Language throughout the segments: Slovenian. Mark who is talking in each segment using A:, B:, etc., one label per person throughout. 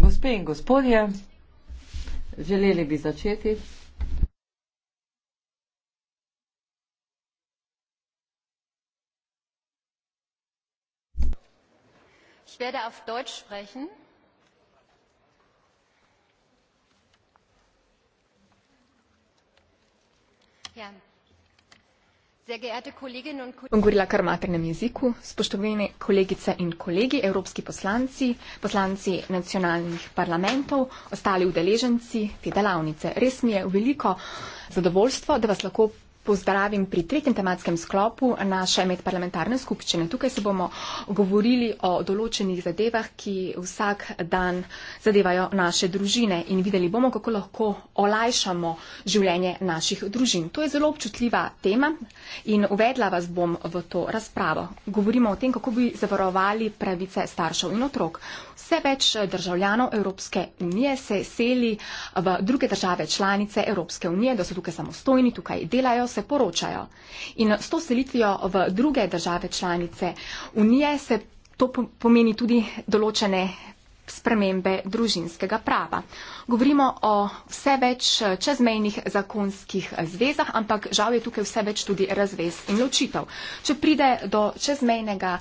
A: Gospe in gospodje, želeli bi začeti.
B: Ich werde auf Deutsch sprechen. Ja. Bom govorila
C: kar maternem jeziku. Spoštovene kolegice in kolegi, evropski poslanci, poslanci nacionalnih parlamentov, ostali udeleženci te delavnice. Res mi je veliko zadovoljstvo, da vas lahko pozdravim pri tretjem tematskem sklopu naše medparlamentarne skupščine. Tukaj se bomo govorili o določenih zadevah, ki vsak dan zadevajo naše družine in videli bomo, kako lahko olajšamo življenje naših družin. To je zelo občutljiva tema in uvedla vas bom v to razpravo. Govorimo o tem, kako bi zavarovali pravice staršev in otrok. Vse več državljanov Evropske unije se seli v druge države članice Evropske unije, da so tukaj samostojni, tukaj delajo se poročajo. In s to selitvijo v druge države članice Unije se to pomeni tudi določene spremembe družinskega prava. Govorimo o vse več eh, čezmejnih zakonskih zvezah, ampak žal je tukaj vse več tudi razvez in ločitev. Če pride do čezmejnega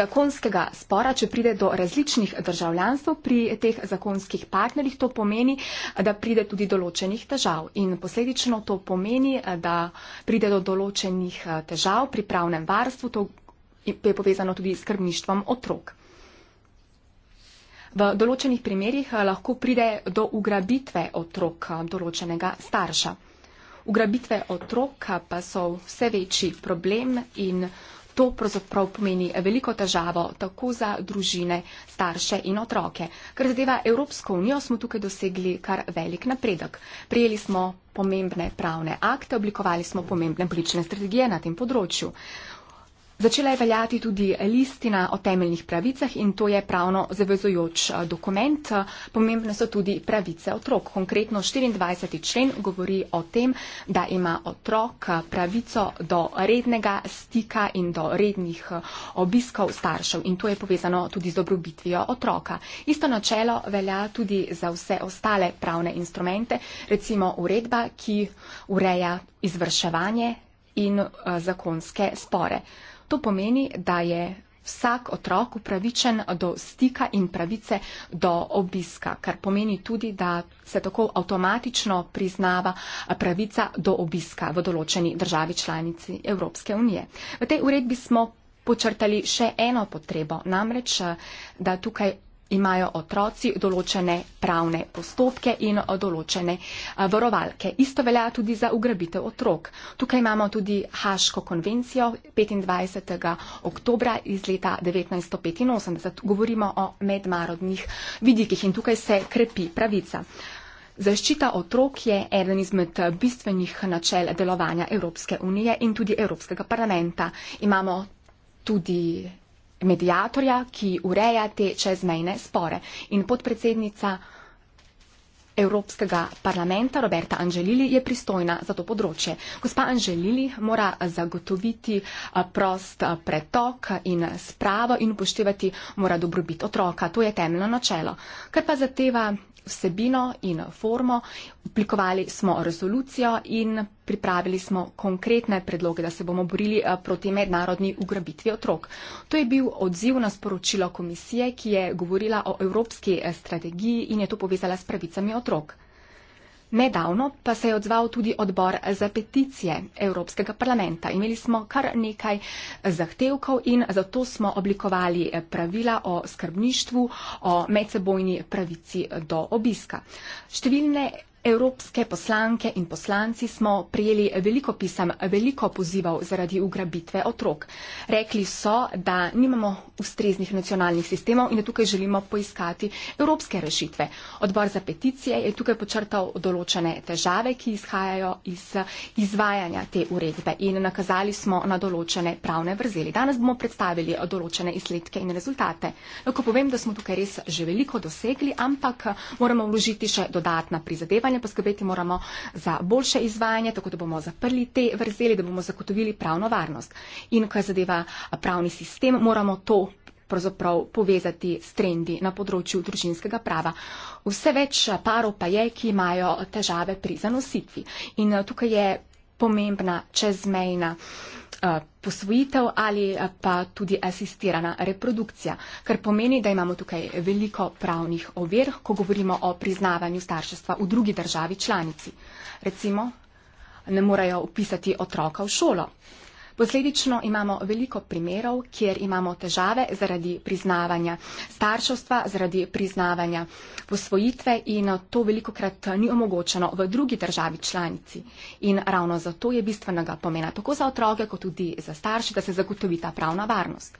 C: zakonskega spora, če pride do različnih državljanstv pri teh zakonskih partnerjih, to pomeni, eh, da pride tudi določenih težav. In posledično to pomeni, eh, da pride do določenih težav pri pravnem varstvu, to je povezano tudi s krmništvom otrok v določenih primerjih eh, lahko pride do ugrabitve otrok določenega starša. Ugrabitve otroka pa so vse večji problem in to pravzaprav pomeni veliko težavo tako za družine, starše in otroke. Ker zadeva Evropsko unijo, smo tukaj dosegli kar velik napredek. Prijeli smo pomembne pravne akte, oblikovali smo pomembne politične strategije na tem področju. Začela je veljati tudi listina o temeljnih pravicah in to je pravno zavezojoč eh, dokument. Pomembne so tudi pravice otrok. Konkretno 24. člen govori o tem, da ima otrok eh, pravico do rednega stika in do rednih eh, obiskov staršev in to je povezano tudi z dobrobitvijo otroka. Isto načelo velja tudi za vse ostale pravne instrumente, recimo uredba, ki ureja izvrševanje in zakonske spore. To pomeni, da je vsak otrok upravičen do stika in pravice do obiska, kar pomeni tudi, da se tako avtomatično priznava pravica do obiska v določeni državi članici Evropske unije. V tej uredbi smo počrtali še eno potrebo, namreč, da tukaj imajo otroci določene pravne postopke in eh, določene eh, varovalke. Isto velja tudi za ugrabitev otrok. Tukaj imamo tudi Haško konvencijo 25. oktober iz leta 1985. Govorimo o mednarodnih vidikih in tukaj se krepi pravica. Zaščita otrok je eden izmed bistvenih načel delovanja Evropske unije in tudi Evropskega parlamenta. Imamo tudi medijatorja, ki ureja te čezmejne spore. In podpredsednica Evropskega parlamenta Roberta Anželili je pristojna za to področje. Gospa Anželili mora zagotoviti prost pretok in spravo in upoštevati mora dobrobit otroka. To je temeljno načelo. Kar pa zateva vsebino in formo, oblikovali smo resolucijo in pripravili smo konkretne predloge, da se bomo borili eh, proti mednarodni ugrabitvi otrok. To je bil odziv na sporočilo komisije, ki je govorila o evropski eh, strategiji in je to povezala s pravicami otrok. Nedavno pa se je odzval tudi odbor eh, za peticije Evropskega parlamenta. Imeli smo kar nekaj zahtevkov in zato smo oblikovali pravila o skrbništvu, o medsebojni pravici do obiska. Številne Evropske poslanke in poslanci smo prijeli veliko pisem, veliko pozivov zaradi ugrabitve otrok. Rekli so, da nimamo ustreznih nacionalnih sistemov in da tukaj želimo poiskati evropske rešitve. Odbor za peticije je tukaj počrtal določene težave, ki izhajajo iz izvajanja te uredbe in nakazali smo na določene pravne vrzeli. Danes bomo predstavili določene izsledke in rezultate. Lahko povem, da smo tukaj res že veliko dosegli, ampak moramo vložiti še dodatna prizadevanja izvajanje, poskrbeti moramo za boljše izvajanje, tako da bomo zaprli te vrzeli, da bomo zagotovili pravno varnost. In kar zadeva pravni sistem, moramo to pravzaprav povezati s trendi na področju družinskega prava. Vse več parov pa je, ki imajo težave pri zanositvi. In tukaj je pomembna čezmejna. Eh, posvojitev ali eh, pa tudi asistirana reprodukcija, kar pomeni, da imamo tukaj veliko pravnih ovir, ko govorimo o priznavanju starševstva v drugi državi članici. Recimo, ne morejo upisati otroka v šolo. Posledično imamo veliko primerov, kjer imamo težave zaradi priznavanja starševstva, zaradi priznavanja posvojitve in to veliko krat ni omogočeno v drugi državi članici. In ravno zato je bistvenega pomena tako za otroke, kot tudi za starše, da se zagotovi ta pravna varnost.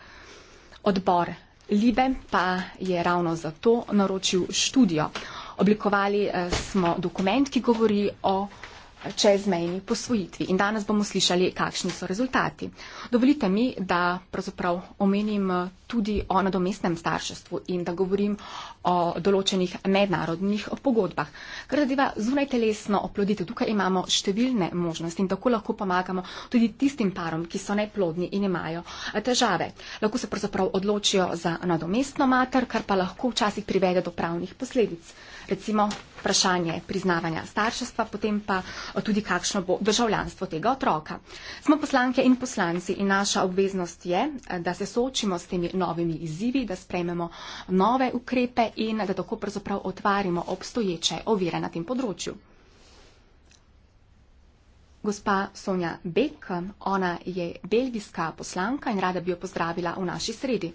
C: Odbor Libe pa je ravno zato naročil študijo. Oblikovali eh, smo dokument, ki govori o čezmejni posvojitvi. In danes bomo slišali, kakšni so rezultati. Dovolite mi, da pravzaprav omenim eh, tudi o nadomestnem starševstvu in da govorim o določenih mednarodnih pogodbah. Kar zadeva zunaj telesno oploditev, tukaj imamo številne možnosti in tako lahko pomagamo tudi tistim parom, ki so neplodni in imajo eh, težave. Lahko se pravzaprav odločijo za nadomestno mater, kar pa lahko včasih privede do pravnih posledic recimo vprašanje priznavanja starševstva, potem pa tudi kakšno bo državljanstvo tega otroka. Smo poslanke in poslanci in naša obveznost je, da se soočimo s temi novimi izzivi, da sprejmemo nove ukrepe in da tako pravzaprav otvarimo obstoječe ovire na tem področju. Gospa Sonja Bek, ona je belgijska poslanka in rada bi jo pozdravila v naši sredi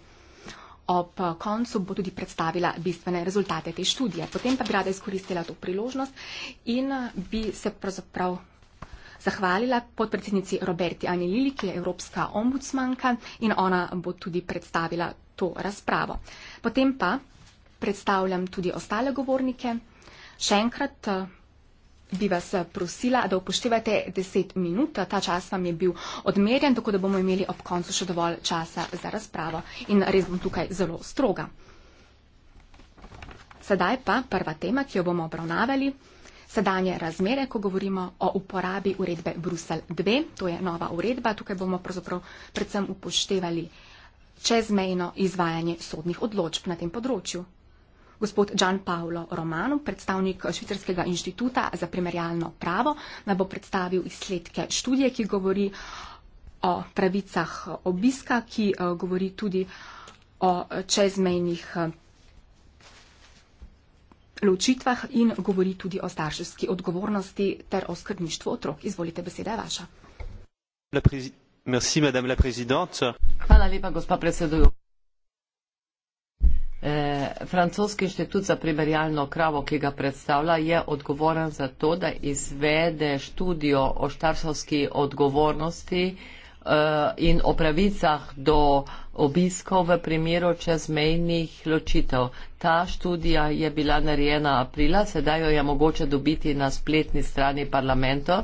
C: ob koncu bo tudi predstavila bistvene rezultate te študije. Potem pa bi rada izkoristila to priložnost in eh, bi se pravzaprav zahvalila podpredsednici Roberti Anilili, ki je evropska ombudsmanka in ona bo tudi predstavila to razpravo. Potem pa predstavljam tudi ostale govornike. Še enkrat eh, bi vas eh, prosila, da upoštevate 10 minut. Ta čas vam je bil odmerjen, tako da bomo imeli ob koncu še dovolj časa za razpravo. In res bom tukaj zelo stroga. Sedaj pa prva tema, ki jo bomo obravnavali. Sedanje razmere, ko govorimo o uporabi uredbe Brusel 2, to je nova uredba, tukaj bomo predvsem upoštevali čezmejno izvajanje sodnih odločb na tem področju. Gospod Gian Paolo Romano, predstavnik Švicarskega inštituta za primerjalno pravo, naj bo predstavil izsledke študije, ki govori o pravicah obiska, ki eh, govori tudi o čezmejnih eh, ločitvah in govori tudi o starševski odgovornosti ter o skrbništvu
A: otrok. Izvolite, beseda je vaša. Hvala lepa, gospa predsedujoča. Eh, francoski inštitut za primerjalno kravo, ki ga predstavlja, je odgovoren za to, da izvede študijo o štarsovski odgovornosti eh, in o pravicah do obiskov v primeru čezmejnih ločitev. Ta študija je bila narejena aprila, sedaj jo je mogoče dobiti na spletni strani parlamenta.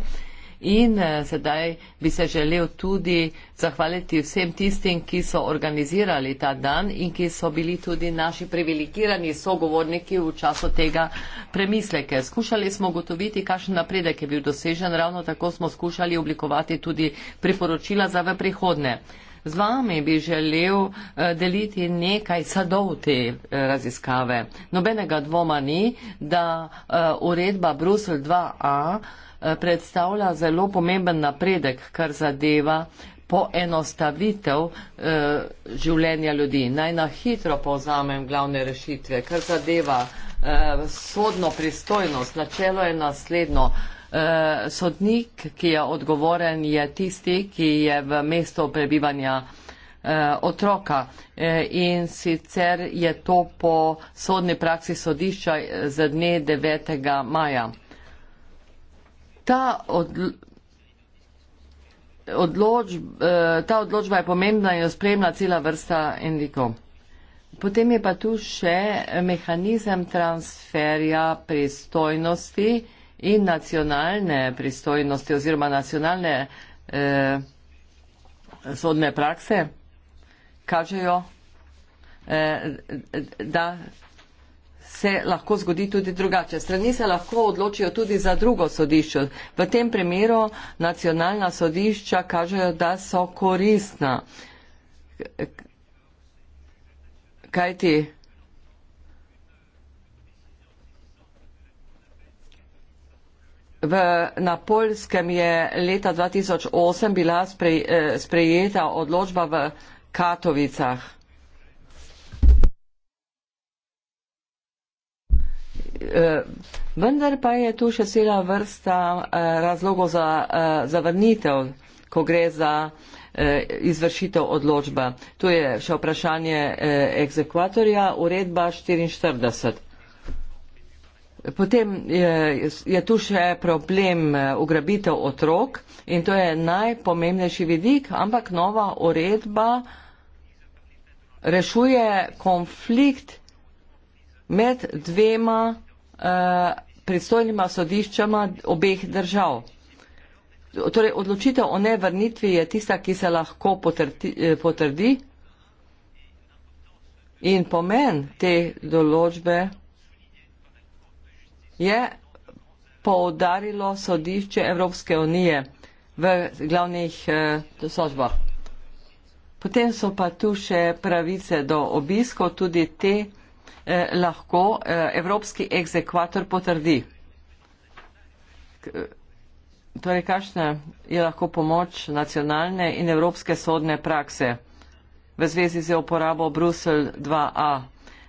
A: In eh, sedaj bi se želel tudi zahvaliti vsem tistim, ki so organizirali ta dan in ki so bili tudi naši privilegirani sogovorniki v času tega premisleke. Skušali smo ugotoviti, kakšen napredek je bil dosežen, ravno tako smo skušali oblikovati tudi priporočila za v prihodne. Z vami bi želel eh, deliti nekaj sadov te eh, raziskave. Nobenega dvoma ni, da uredba Brusel 2a predstavlja zelo pomemben napredek, kar zadeva poenostavitev eh, življenja ljudi. Naj na hitro povzamem glavne rešitve, kar zadeva eh, sodno pristojnost. Načelo je naslednjo. Eh, sodnik, ki je odgovoren, je tisti, ki je v mestu prebivanja eh, otroka eh, in sicer je to po sodni praksi sodišča eh, z dne 9. maja ta odločitev. Odločb, eh, ta odločba je pomembna in jo spremlja cela vrsta indikov. Potem je pa tu še mehanizem transferja pristojnosti in nacionalne pristojnosti oziroma nacionalne eh, sodne prakse. Kažejo, eh, da se lahko zgodi tudi drugače. Strani se lahko odločijo tudi za drugo sodišče. V tem primeru nacionalna sodišča kažejo, da so koristna. Kaj ti? V, na Poljskem je leta 2008 bila sprej, eh, sprejeta odločba v Katovicah. Eh, vendar pa je tu še cela vrsta eh, razlogov za eh, zavrnitev, ko gre za izvršitev odločba. Tu je še vprašanje egzekvatorja, uredba 44. Potem je, je tu še problem ugrabitev otrok in to je najpomembnejši vidik, ampak nova uredba rešuje konflikt med dvema Eh, predstojnima sodiščama obeh držav. Torej, odločitev o nevrnitvi je tista, ki se lahko potrdi, eh, potrdi in pomen te določbe je poudarilo sodišče Evropske unije v glavnih eh, sožbah. Potem so pa tu še pravice do obiskov, tudi te eh, lahko eh, evropski egzekvator potrdi. K, eh, torej, kakšna je lahko pomoč nacionalne in evropske sodne prakse v zvezi z uporabo Brusel 2a?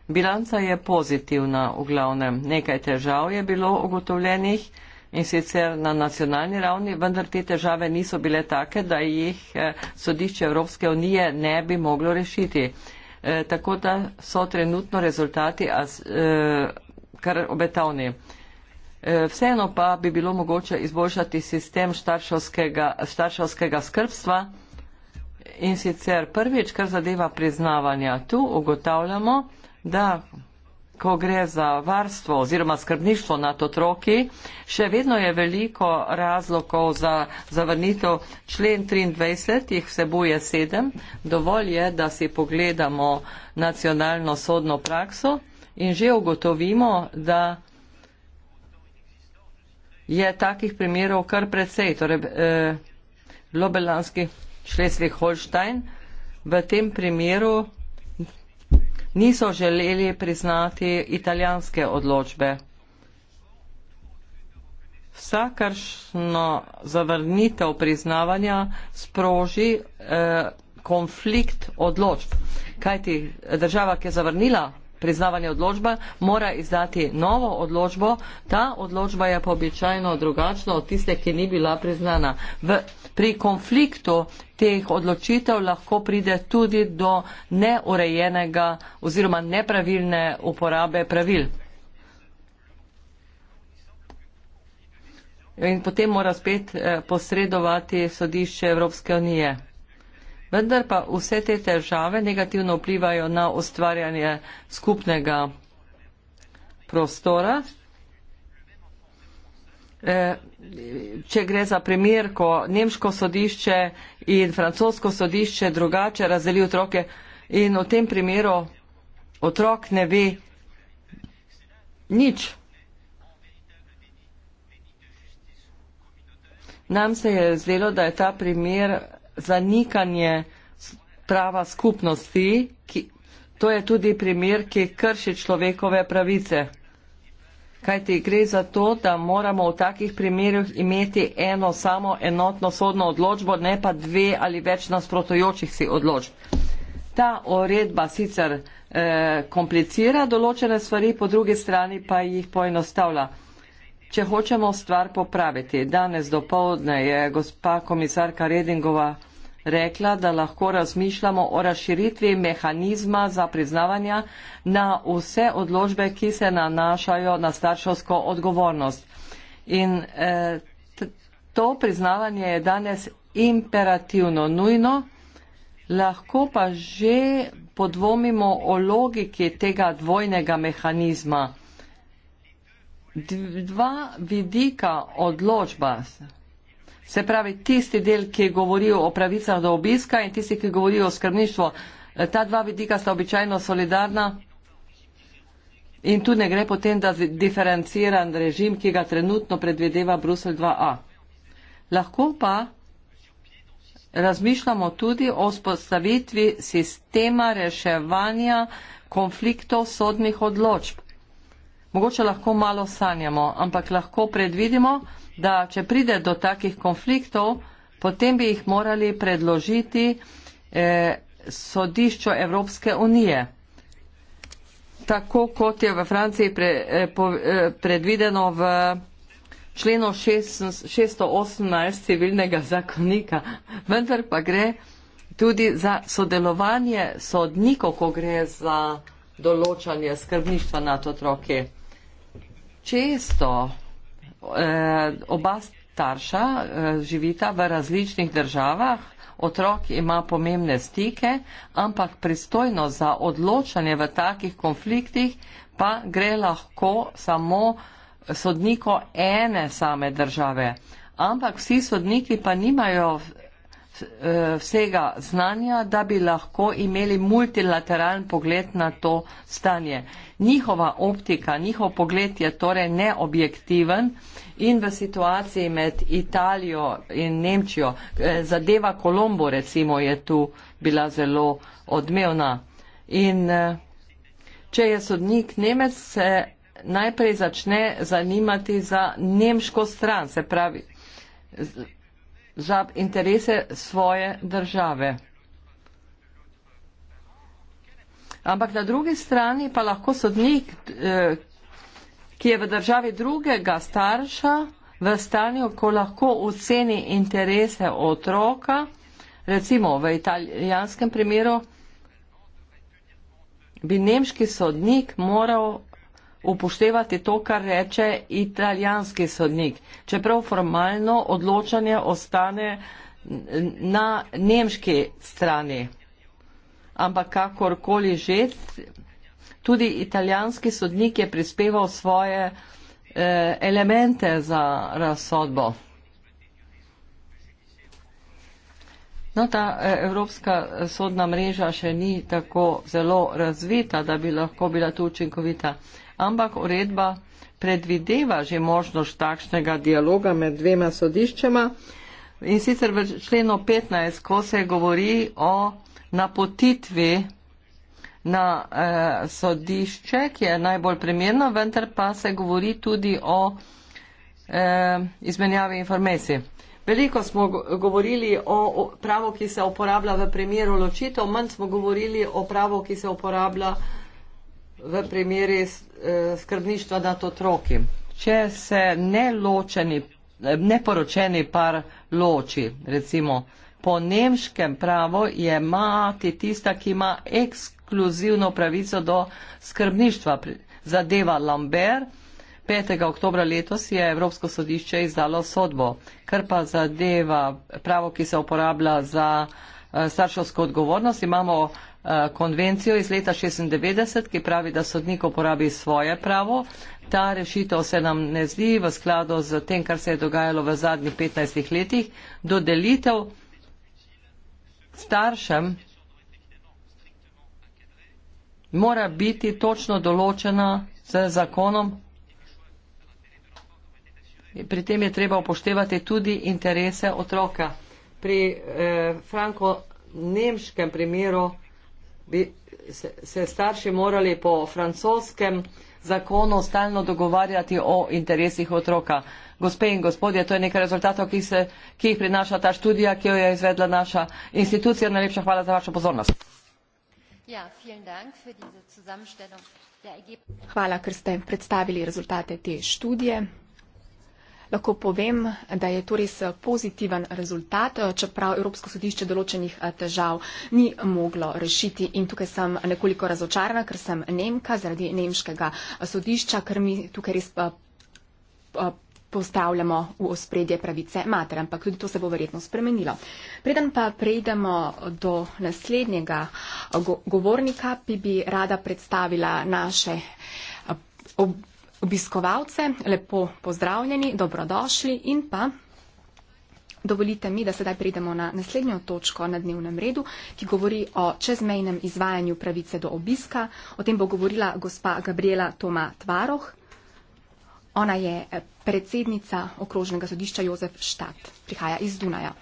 A: Bilanca je pozitivna v glavnem. Nekaj težav je bilo ugotovljenih in sicer na nacionalni ravni, vendar te težave niso bile take, da jih eh, sodišče Evropske unije ne bi moglo rešiti. Eh, tako da so trenutno rezultati as, e, eh, kar obetavni. E, vseeno pa bi bilo mogoče izboljšati sistem starševskega, starševskega skrbstva in sicer prvič, kar zadeva priznavanja. Tu ugotavljamo, da ko gre za varstvo oziroma skrbništvo nad otroki, še vedno je veliko razlogov za zavrnitev. Člen 23 jih vsebuje sedem. Dovolj je, da si pogledamo nacionalno sodno prakso in že ugotovimo, da je takih primerov kar precej. Torej, eh, Lobelanski šlesvih Holštajn v tem primeru niso želeli priznati italijanske odločbe. Vsakršno zavrnitev priznavanja sproži eh, konflikt odločb. Kaj ti država, ki je zavrnila priznavanje odločbe, mora izdati novo odločbo. Ta odločba je pa običajno drugačna od tiste, ki ni bila priznana. V, pri konfliktu teh odločitev lahko pride tudi do neurejenega oziroma nepravilne uporabe pravil. In potem mora spet eh, posredovati sodišče Evropske unije vendar pa vse te težave negativno vplivajo na ustvarjanje skupnega prostora. E, če gre za primer, ko nemško sodišče in francosko sodišče drugače razdeli otroke in v tem primeru otrok ne ve nič. Nam se je zdelo, da je ta primer zanikanje prava skupnosti, ki, to je tudi primer, ki krši človekove pravice. Kajti gre za to, da moramo v takih primerjih imeti eno samo enotno sodno odločbo, ne pa dve ali več nasprotujočih si odločb. Ta uredba sicer eh, komplicira določene stvari, po drugi strani pa jih poenostavlja. Če hočemo stvar popraviti, danes do povdne je gospa komisarka Redingova rekla, da lahko razmišljamo o razširitvi mehanizma za priznavanja na vse odložbe, ki se nanašajo na starševsko odgovornost. In eh, to priznavanje je danes imperativno nujno, lahko pa že podvomimo o logiki tega dvojnega mehanizma dva vidika odločba, se pravi tisti del, ki govori o pravicah do obiska in tisti, ki govori o skrbništvu, ta dva vidika sta običajno solidarna in tu ne gre potem, da diferenciran režim, ki ga trenutno predvedeva Bruselj 2a. Lahko pa razmišljamo tudi o spostavitvi sistema reševanja konfliktov sodnih odločb mogoče lahko malo sanjamo, ampak lahko predvidimo, da če pride do takih konfliktov, potem bi jih morali predložiti eh, sodišču Evropske unije. Tako kot je v Franciji pre, eh, po, eh, predvideno v členu 618 civilnega zakonika. Vendar pa gre tudi za sodelovanje sodnikov, ko gre za določanje skrbništva nad otroki često eh, oba starša eh, živita v različnih državah. Otrok ima pomembne stike, ampak pristojno za odločanje v takih konfliktih pa gre lahko samo sodniko ene same države. Ampak vsi sodniki pa nimajo Eh, vsega znanja, da bi lahko imeli multilateralen pogled na to stanje. Njihova optika, njihov pogled je torej neobjektiven in v situaciji med Italijo in Nemčijo, eh, zadeva Kolombo recimo je tu bila zelo odmevna. In eh, če je sodnik Nemec, se najprej začne zanimati za nemško stran, se pravi za interese svoje države. Ampak na drugi strani pa lahko sodnik, eh, ki je v državi drugega starša, v stanju, ko lahko oceni interese otroka, recimo v italijanskem primeru, bi nemški sodnik moral upoštevati to, kar reče italijanski sodnik, čeprav formalno odločanje ostane na nemški strani. Ampak kakorkoli že, tudi italijanski sodnik je prispeval svoje eh, elemente za razsodbo. No, ta eh, Evropska sodna mreža še ni tako zelo razvita, da bi lahko bila tu učinkovita. Eh, ampak uredba predvideva že možnost takšnega dialoga med dvema sodiščema in sicer v členu 15, ko se govori o napotitvi na eh, sodišče, ki je najbolj primerno, vendar pa se govori tudi o eh, izmenjavi informacij. Veliko smo govorili o pravu, ki se uporablja v primeru ločitev, manj smo govorili o pravu, ki se uporablja v primeri eh, skrbništva nad otroki. Če se neločeni, neporočeni par loči, recimo po nemškem pravu je mati tista, ki ima ekskluzivno pravico do skrbništva. Zadeva Lamber 5. oktober letos je Evropsko sodišče izdalo sodbo, kar pa zadeva pravo, ki se uporablja za eh, starševsko odgovornost. Imamo Eh, konvencijo iz leta 96, ki pravi, da sodnik uporabi svoje pravo. Ta rešitev se nam ne zdi v skladu z tem, kar se je dogajalo v zadnjih 15 letih. Dodelitev staršem mora biti točno določena z zakonom. Pri tem je treba upoštevati tudi interese otroka. Pri eh, franko-nemškem primeru bi se starši morali po francoskem zakonu stalno dogovarjati o interesih otroka. Gospe in gospodje, to je nekaj rezultatov, ki, se, ki jih prinaša ta študija, ki jo je izvedla naša institucija. Najlepša hvala za vašo pozornost. Ja, Hvala, ker ste
C: predstavili rezultate te študije lahko povem, da je to res pozitiven rezultat, čeprav Evropsko sodišče določenih eh, težav ni moglo rešiti. In tukaj sem nekoliko razočarana, ker sem Nemka zaradi nemškega eh, sodišča, ker mi tukaj res eh, postavljamo v ospredje pravice matere, ampak tudi to se bo verjetno spremenilo. Preden pa prejdemo do naslednjega govornika, bi bi rada predstavila naše obiskovalce, lepo pozdravljeni, dobrodošli in pa dovolite mi, da sedaj pridemo na naslednjo točko na dnevnem redu, ki govori o čezmejnem izvajanju pravice do obiska. O tem bo govorila gospa Gabriela Toma Tvaroh. Ona je eh, predsednica okrožnega sodišča Jozef Štat. Prihaja iz Dunaja.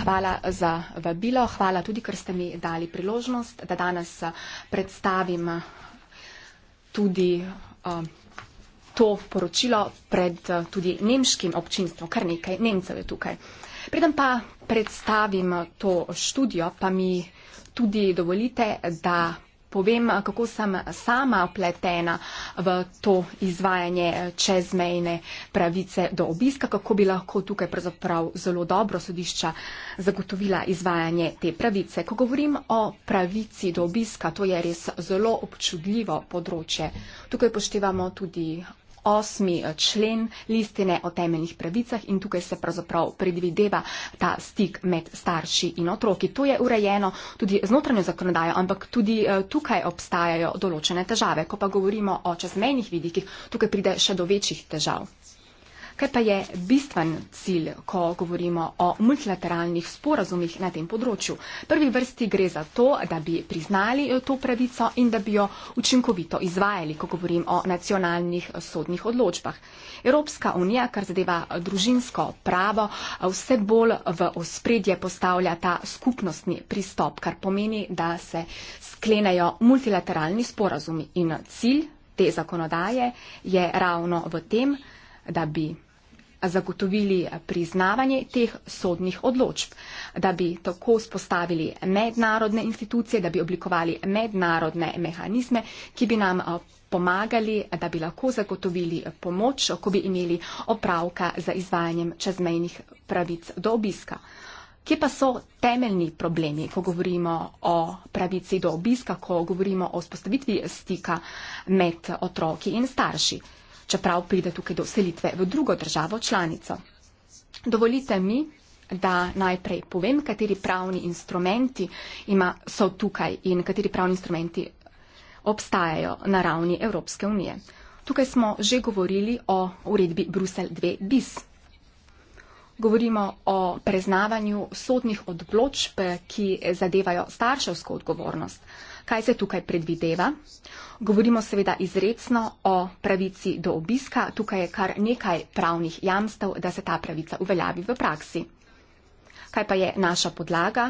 C: Hvala za vabilo, hvala tudi, ker ste mi dali priložnost, da danes eh, predstavim eh, tudi to poročilo pred eh, tudi nemškim občinstvom, kar nekaj Nemcev je tukaj. Preden pa predstavim eh, to študijo, pa mi tudi dovolite, da povem, eh, kako sem sama pletena v to izvajanje čezmejne pravice do obiska, kako bi lahko tukaj pravzaprav zelo dobro sodišča zagotovila izvajanje te pravice. Ko govorim o pravici do obiska, to je res zelo občudljivo področje. Tukaj poštevamo tudi osmi eh, člen listine o temeljnih pravicah in tukaj se pravzaprav predvideva ta stik med starši in otroki. To je urejeno tudi znotraj zakonodaje, ampak tudi eh, tukaj obstajajo določene težave. Ko pa govorimo o čezmejnih vidikih, tukaj pride še do večjih težav. Kaj pa je bistven cilj, ko govorimo o multilateralnih sporazumih na tem področju? Prvi vrsti gre za to, da bi priznali eh, to pravico in da bi jo učinkovito izvajali, ko govorim o nacionalnih eh, sodnih odločbah. Evropska unija, kar zadeva eh, družinsko pravo, vse bolj v ospredje postavlja ta skupnostni pristop, kar pomeni, da se sklenejo multilateralni sporazumi in cilj te zakonodaje je ravno v tem, da bi zagotovili priznavanje teh sodnih odločb, da bi tako spostavili mednarodne institucije, da bi oblikovali mednarodne mehanizme, ki bi nam eh, pomagali, da bi lahko zagotovili pomoč, ko bi imeli opravka za izvajanjem čezmejnih pravic do obiska. Kje pa so temeljni problemi, ko govorimo o pravici do obiska, ko govorimo o spostavitvi stika med otroki in starši? čeprav pride tukaj do selitve v drugo državo članico. Dovolite mi, da najprej povem, kateri pravni instrumenti ima, so tukaj in kateri pravni instrumenti obstajajo na ravni Evropske unije. Tukaj smo že govorili o uredbi Brusel 2 bis. Govorimo o preznavanju sodnih odločb, ki zadevajo starševsko odgovornost. Uh, Kaj se tukaj predvideva? Govorimo seveda izredno o pravici do obiska. Tukaj je kar nekaj pravnih jamstev, da se ta pravica uveljavi v praksi. Kaj pa je naša podlaga?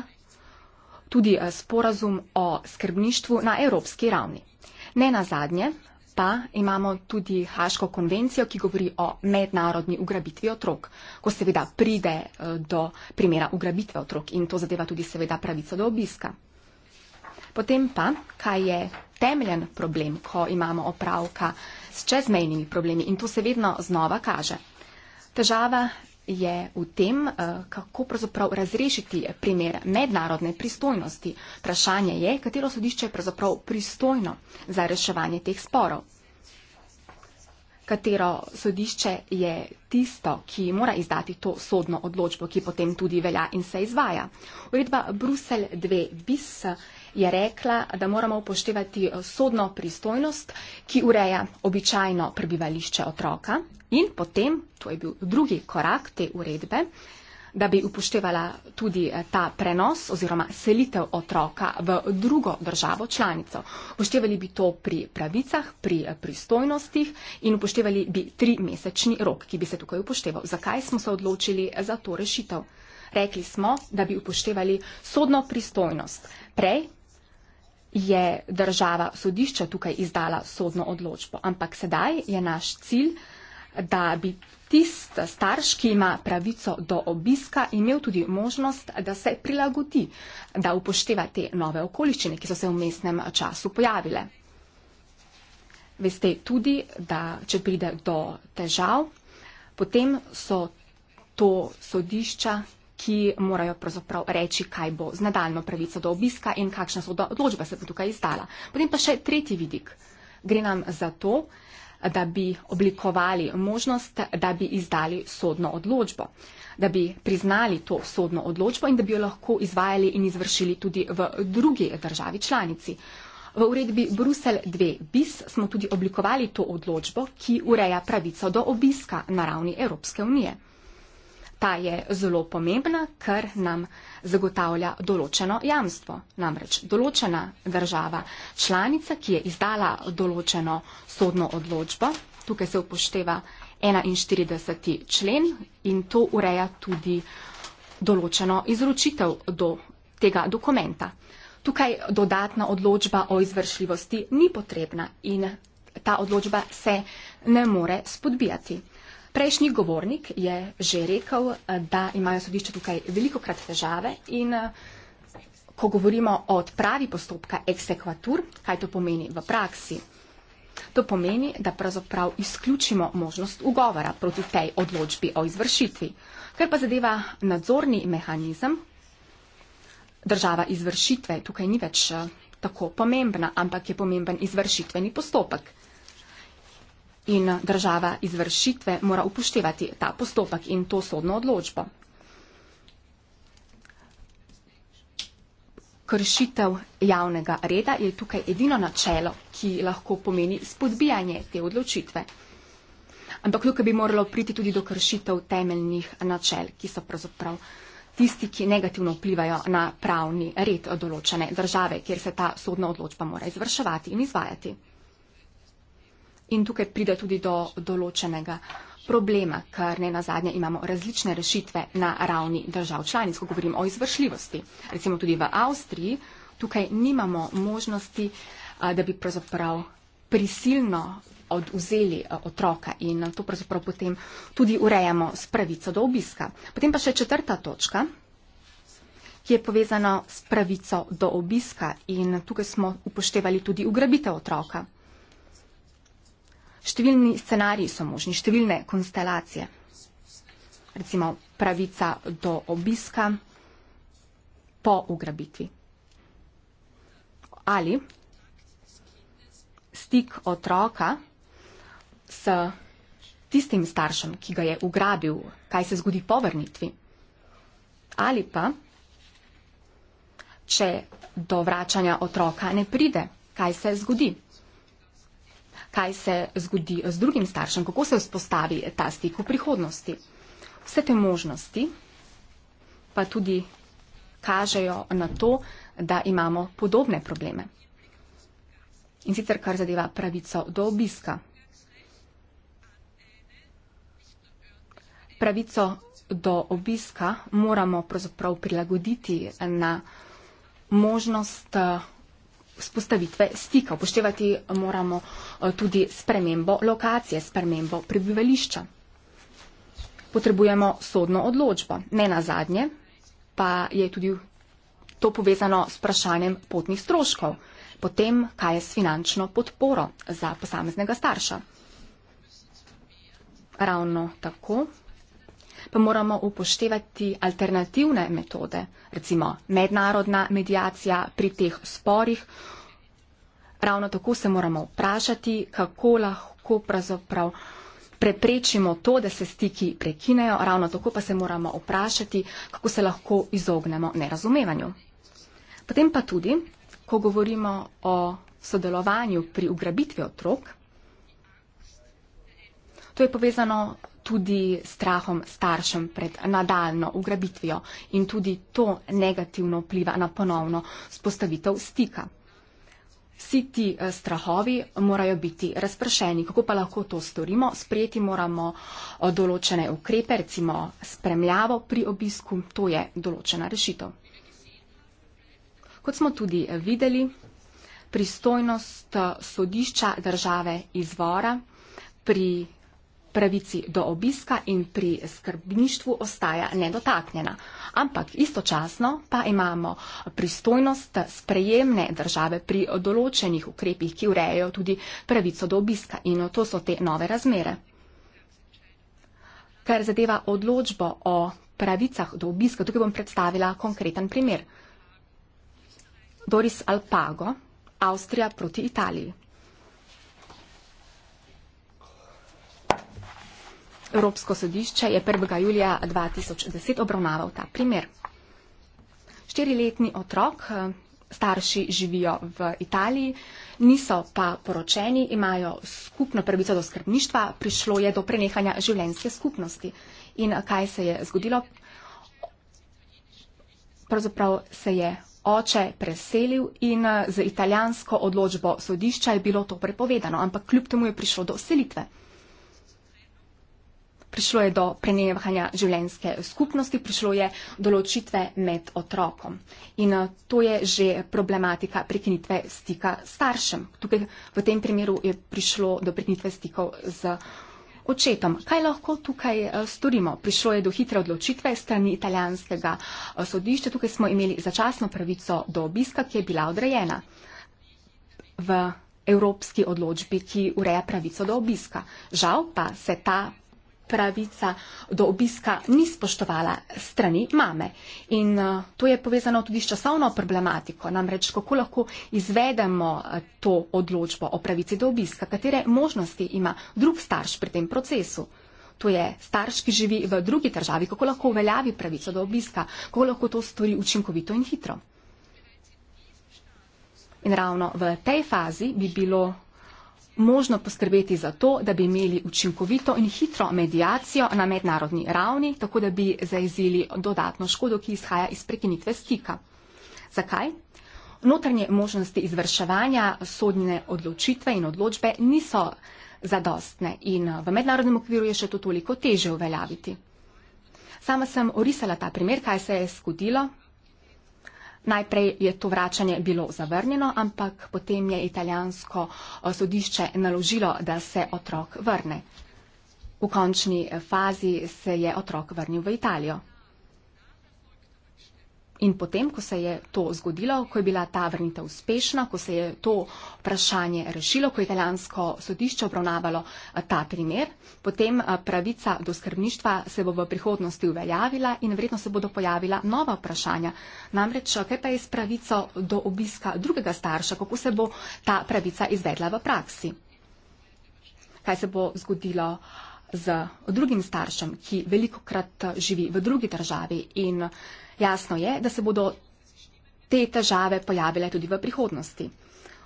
C: Tudi eh, sporazum o skrbništvu na evropski ravni. Ne na zadnje pa imamo tudi Haško konvencijo, ki govori o mednarodni ugrabitvi otrok, ko seveda pride eh, do primera ugrabitve otrok in to zadeva tudi seveda pravico do obiska. Potem pa, kaj je temeljen problem, ko imamo opravka s čezmejnimi problemi in to se vedno znova kaže. Težava je v tem, eh, kako pravzaprav razrešiti primer mednarodne pristojnosti. Vprašanje je, katero sodišče je pravzaprav pristojno za reševanje teh sporov. Katero sodišče je tisto, ki mora izdati to sodno odločbo, ki potem tudi velja in se izvaja. Uredba Brusel 2 bis je rekla, da moramo upoštevati eh, sodno pristojnost, ki ureja običajno prebivališče otroka in potem, to je bil drugi korak te uredbe, da bi upoštevala tudi eh, ta prenos oziroma selitev otroka v drugo državo članico. Upoštevali bi to pri pravicah, pri eh, pristojnostih in upoštevali bi tri mesečni rok, ki bi se tukaj upošteval. Zakaj smo se odločili za to rešitev? Rekli smo, da bi upoštevali sodno pristojnost. Prej je država sodišča tukaj izdala sodno odločbo. Ampak sedaj je naš cilj, da bi tist starš, ki ima pravico do obiska, imel tudi možnost, da se prilagodi, da upošteva te nove okoliščine, ki so se v mestnem času pojavile. Veste tudi, da če pride do težav, potem so to sodišča ki morajo pravzaprav reči, kaj bo z nadaljno pravico do obiska in kakšna odločba se bo tukaj izdala. Potem pa še tretji vidik. Gre nam za to, da bi oblikovali možnost, da bi izdali sodno odločbo, da bi priznali to sodno odločbo in da bi jo lahko izvajali in izvršili tudi v drugi državi članici. V uredbi Brusel 2 bis smo tudi oblikovali to odločbo, ki ureja pravico do obiska na ravni Evropske unije ta je zelo pomembna, ker nam zagotavlja določeno jamstvo. Namreč določena država članica, ki je izdala določeno sodno odločbo, tukaj se upošteva 41. člen in to ureja tudi določeno izročitev do tega dokumenta. Tukaj dodatna odločba o izvršljivosti ni potrebna in ta odločba se ne more spodbijati. Prejšnji govornik je že rekel, da imajo sodišče tukaj veliko krat težave in ko govorimo o odpravi postopka eksekvatur, kaj to pomeni v praksi? To pomeni, da pravzaprav izključimo možnost ugovora proti tej odločbi o izvršitvi. Ker pa zadeva nadzorni mehanizem, država izvršitve tukaj ni več eh, tako pomembna, ampak je pomemben izvršitveni postopek in država izvršitve mora upoštevati ta postopek in to sodno odločbo. Kršitev javnega reda je tukaj edino načelo, ki lahko pomeni spodbijanje te odločitve. Ampak tukaj bi moralo priti tudi do kršitev temeljnih načel, ki so pravzaprav tisti, ki negativno vplivajo na pravni red določene države, kjer se ta sodna odločba mora izvrševati in izvajati in tukaj pride tudi do določenega problema, ker ne na zadnje imamo različne rešitve na ravni držav članic, ko govorimo o izvršljivosti. Recimo tudi v Avstriji tukaj nimamo možnosti, da bi pravzaprav prisilno odvzeli otroka in to pravzaprav potem tudi urejamo s pravico do obiska. Potem pa še četrta točka, ki je povezana s pravico do obiska in tukaj smo upoštevali tudi ugrabitev otroka številni scenariji so možni, številne konstelacije. Recimo pravica do obiska po ugrabitvi. Ali stik otroka s tistim staršem, ki ga je ugrabil, kaj se zgodi po vrnitvi. Ali pa, če do vračanja otroka ne pride, kaj se zgodi kaj se zgodi z drugim staršem, kako se vzpostavi ta stik v prihodnosti. Vse te možnosti pa tudi kažejo na to, da imamo podobne probleme. In sicer kar zadeva pravico do obiska. Pravico do obiska moramo prilagoditi na možnost eh, vzpostavitve stika. Upoštevati moramo eh, tudi spremembo lokacije, spremembo prebivališča. Potrebujemo sodno odločbo. Ne na zadnje, pa je tudi to povezano s vprašanjem potnih stroškov, potem kaj je s finančno podporo za posameznega starša. Ravno tako pa moramo upoštevati alternativne metode, recimo mednarodna medijacija pri teh sporih. Ravno tako se moramo vprašati, kako lahko pravzaprav preprečimo to, da se stiki prekinejo, ravno tako pa se moramo vprašati, kako se lahko izognemo nerazumevanju. Potem pa tudi, ko govorimo o sodelovanju pri ugrabitvi otrok, to je povezano tudi strahom staršem pred nadaljno ugrabitvijo in tudi to negativno vpliva na ponovno spostavitev stika. Vsi ti eh, strahovi morajo biti razpršeni. Kako pa lahko to storimo? Sprejeti moramo eh, določene ukrepe, recimo spremljavo pri obisku, to je določena rešitev. Kot smo tudi eh, videli, pristojnost sodišča države izvora pri pravici do obiska in pri skrbništvu ostaja nedotaknjena. Ampak istočasno pa imamo pristojnost sprejemne države pri določenih ukrepih, ki urejajo tudi pravico do obiska in to so te nove razmere. Kar zadeva odločbo o pravicah do obiska, tukaj bom predstavila konkreten primer. Doris Alpago, Avstrija proti Italiji. Evropsko sodišče je 1. julija 2010 obravnaval ta primer. Štiriletni otrok, eh, starši živijo v Italiji, niso pa poročeni, imajo skupno pravico do skrbništva, prišlo je do prenehanja življenjske skupnosti. In eh, kaj se je zgodilo? Pravzaprav se je oče preselil in eh, z italijansko odločbo sodišča je bilo to prepovedano, ampak kljub temu je prišlo do selitve prišlo je do prenehanja življenjske skupnosti, prišlo je do ločitve med otrokom. In eh, to je že problematika prekinitve stika s staršem. Tukaj v tem primeru je prišlo do prekinitve stikov z očetom. Kaj lahko tukaj eh, storimo? Prišlo je do hitre odločitve strani italijanskega eh, sodišča. Tukaj smo imeli začasno pravico do obiska, ki je bila odrejena v evropski odločbi, ki ureja pravico do obiska. Žal pa se ta pravica do obiska ni spoštovala strani mame. In eh, to je povezano tudi s časovno problematiko, namreč kako lahko izvedemo eh, to odločbo o pravici do obiska, katere možnosti ima drug starš pri tem procesu. To je starš, ki živi v drugi državi, kako lahko uveljavi pravico do obiska, kako lahko to stori učinkovito in hitro. In ravno v tej fazi bi bilo možno poskrbeti za to, da bi imeli učinkovito in hitro medijacijo na mednarodni ravni, tako da bi zaezili dodatno škodo, ki izhaja iz prekinitve stika. Zakaj? Notranje možnosti izvrševanja sodne odločitve in odločbe niso zadostne in v mednarodnem okviru je še to toliko teže uveljaviti. Sama sem orisala ta primer, kaj se je zgodilo. Najprej je to vračanje bilo zavrnjeno, ampak potem je italijansko eh, sodišče naložilo, da se otrok vrne. V končni eh, fazi se je otrok vrnil v Italijo. In potem, ko se je to zgodilo, ko je bila ta vrnitev uspešna, ko se je to vprašanje rešilo, ko je italijansko sodišče obravnavalo eh, ta primer, potem eh, pravica do skrbništva se bo v prihodnosti uveljavila in verjetno se bodo pojavila nova vprašanja. Namreč, eh, kaj pa je s pravico do obiska drugega starša, kako se bo ta pravica izvedla v praksi? Kaj se bo zgodilo? z drugim staršem, ki veliko krat eh, živi v drugi državi in jasno je, da se bodo te težave pojavile tudi v prihodnosti.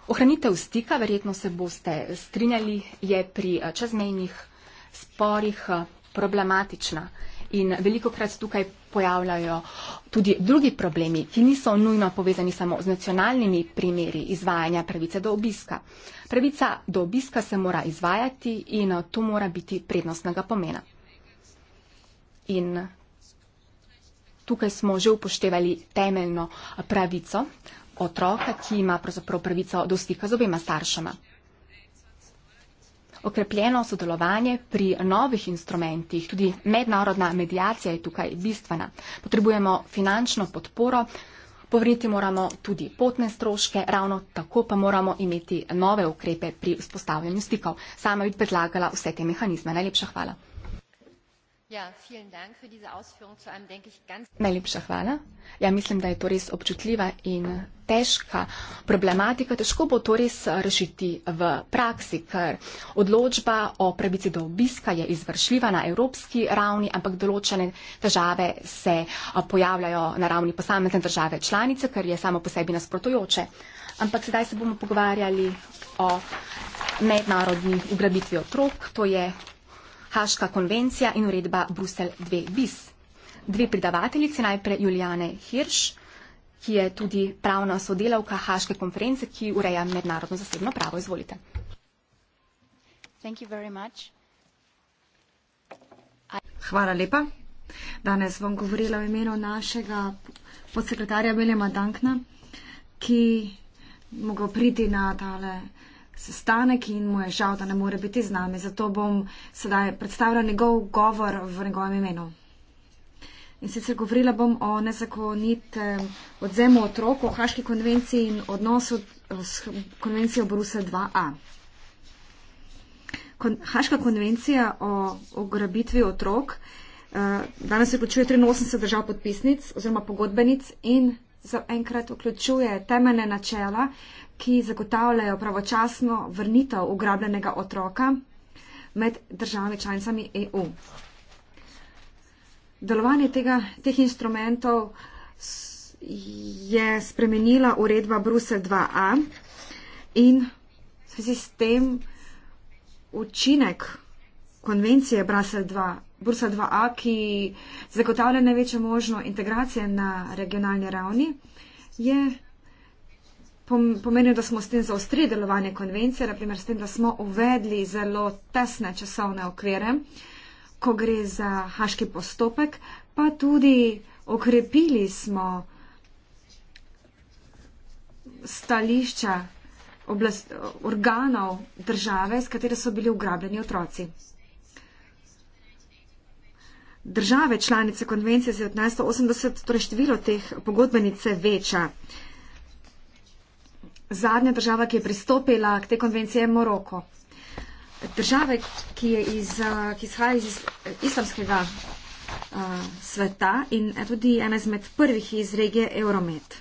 C: Ohranitev stika, verjetno se boste strinjali, je pri eh, čezmejnih sporih eh, problematična in veliko krat tukaj pojavljajo tudi drugi problemi, ki niso nujno povezani samo z nacionalnimi primeri izvajanja pravice do obiska. Pravica do obiska se mora izvajati in to mora biti prednostnega pomena. In tukaj smo že upoštevali temeljno pravico otroka, ki ima pravzaprav pravico do stika z obema staršema okrepljeno sodelovanje pri novih instrumentih, tudi mednarodna medijacija je tukaj bistvena. Potrebujemo finančno podporo, povriti moramo tudi potne stroške, ravno tako pa moramo imeti nove ukrepe pri vzpostavljanju stikov. Sama bi predlagala vse te mehanizme. Najlepša hvala.
B: Ja, vielen Dank für diese Ausführung zu einem, denke ich, ganz.
C: Najlepša hvala. Ja, mislim, da je to res občutljiva in težka problematika. Težko bo to res eh, rešiti v praksi, ker odločba o pravici do obiska je izvršljiva na evropski ravni, ampak določene težave se eh, pojavljajo na ravni posamezne države članice, kar je samo po sebi nasprotujoče. Ampak sedaj se bomo pogovarjali o mednarodni ugrabitvi otrok. To je Haška konvencija in uredba Brusel 2 bis. Dve predavateljice, najprej Juliane Hirš, ki je tudi pravna sodelavka Haške konference, ki ureja mednarodno zasebno pravo. Izvolite.
D: Hvala lepa. Danes bom govorila v imenu našega podsekretarja Belema Dankna, ki mogo priti na tale konference sestanek in mu je žal, da ne more biti z nami. Zato bom sedaj predstavila njegov govor v njegovem imenu. In sicer govorila bom o nezakonitem odzemu otrok, o Haški konvenciji in odnosu s konvencijo Brusa 2a. Kon, Haška konvencija o ograbitvi otrok eh, danes vključuje 83 držav podpisnic oziroma pogodbenic in zaenkrat vključuje temeljne načela, ki zagotavljajo pravočasno vrnitev ugrabljenega otroka med državami članicami EU. Delovanje tega, teh instrumentov je spremenila uredba Brusel 2a in v zvezi s tem učinek konvencije Brusel 2, Brusel 2a, ki zagotavlja največjo možno integracijo na regionalni ravni, je pomenil, da smo s tem zaostrili delovanje konvencije, naprimer s tem, da smo uvedli zelo tesne časovne okvire, ko gre za haški postopek, pa tudi okrepili smo stališča oblast, organov države, s katere so bili ugrabljeni otroci. Države članice konvencije se je od 1980, torej število teh pogodbenice veča zadnja država, ki je pristopila k te konvencije, je Moroko. Države, ki, iz, eh, ki izhaja iz islamskega uh, sveta in je eh, tudi ena izmed prvih iz regije Euromed.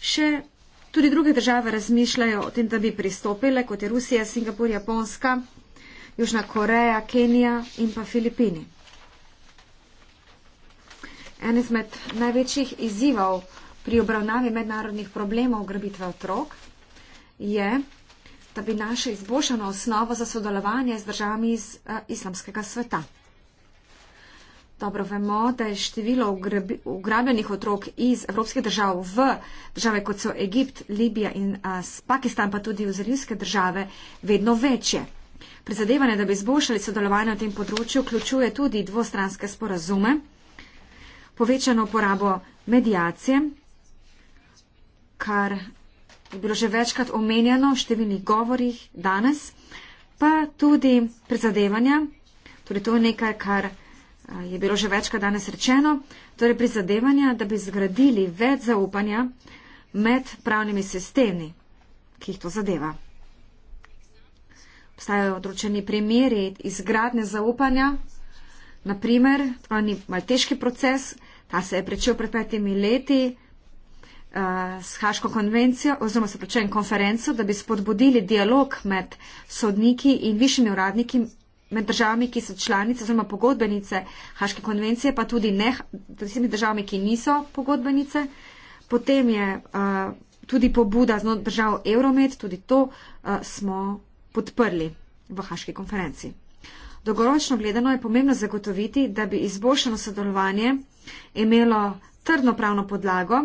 D: Še tudi druge države razmišljajo o tem, da bi pristopile, kot je Rusija, Singapur, Japonska, Južna Koreja, Kenija in pa Filipini. En izmed največjih izzivov, pri obravnavi mednarodnih problemov grabitve otrok je, da bi naše izboljšano osnovo za sodelovanje z državami iz uh, islamskega sveta. Dobro vemo, da je število ugrabljenih otrok iz evropskih držav v države, kot so Egipt, Libija in uh, Pakistan, pa tudi v zelinske države, vedno večje. Prizadevanje, da bi izboljšali sodelovanje na tem področju, vključuje tudi dvostranske sporazume, povečano uporabo medijacije, kar je bilo že večkrat omenjeno v številnih govorih danes, pa tudi prizadevanja. Torej, to je nekaj, kar eh, je bilo že večkrat danes rečeno. Torej, prizadevanja, da bi zgradili več zaupanja med pravnimi sistemi, ki jih to zadeva. Obstajajo odročeni primeri izgradne zaupanja. Naprimer, to ni malteški proces, ta se je pričel pred petimi leti. Eh, s Haško konvencijo oziroma se pričajem konferenco, da bi spodbudili dialog med sodniki in višjimi uradniki med državami, ki so članice oziroma pogodbenice Haške konvencije, pa tudi ne, tudi državami, ki niso pogodbenice. Potem je uh, tudi pobuda znot držav Euromed, tudi to uh, smo podprli v Haški konferenci. Dogoročno gledano je pomembno zagotoviti, da bi izboljšano sodelovanje imelo trdno pravno podlago,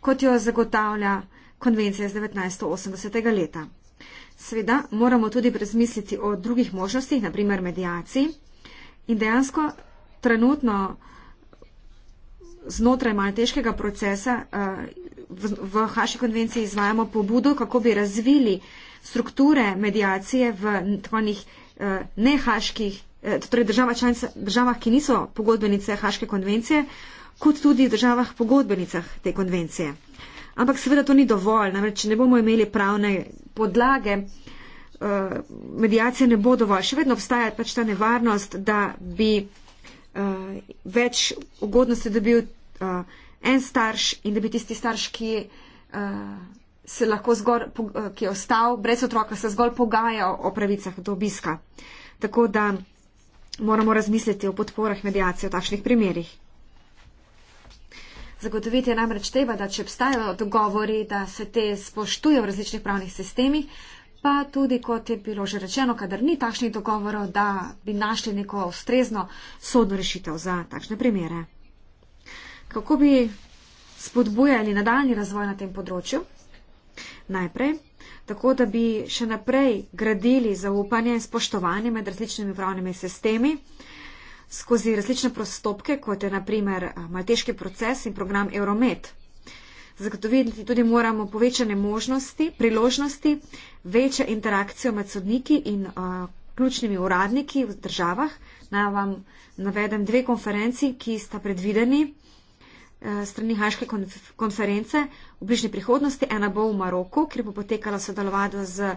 D: kot jo zagotavlja konvencija iz 1980. leta. Sveda moramo tudi razmisliti o drugih možnostih, naprimer medijaciji in dejansko trenutno znotraj malteškega procesa eh, v Haški konvenciji izvajamo pobudo, kako bi razvili strukture medijacije v tvojnih eh, nehaških, eh, torej država članica, državah, ki niso pogodbenice Haške konvencije, kot tudi v državah pogodbenicah te konvencije. Ampak seveda to ni dovolj, namreč ne bomo imeli pravne podlage, eh, medijacija ne bo dovolj. Še vedno obstaja pač ta nevarnost, da bi eh, več ugodnosti dobil eh, en starš in da bi tisti starš, ki se lahko zgor, ki je ostal brez otroka, se zgolj pogaja o pravicah do obiska. Tako da moramo razmisliti o podporah medijacije v takšnih primerjih. Zagotoviti je namreč treba, da če obstajajo dogovori, da se te spoštuje v različnih pravnih sistemih, pa tudi, kot je bilo že rečeno, kadar ni takšnih dogovorov, da bi našli neko ustrezno sodno rešitev za takšne primere. Kako bi spodbujali nadaljni razvoj na tem področju? Najprej, tako da bi še naprej gradili zaupanje in spoštovanje med različnimi pravnimi sistemi skozi različne prostopke, kot je naprimer eh, malteški proces in program Euromed. Zagotoviti tudi moramo povečane možnosti, priložnosti, večjo interakcijo med sodniki in a, eh, ključnimi uradniki v državah. Naj vam navedem dve konferenci, ki sta predvideni eh, strani Haške konference v bližnji prihodnosti. Ena bo v Maroku, kjer bo potekala sodelovanje z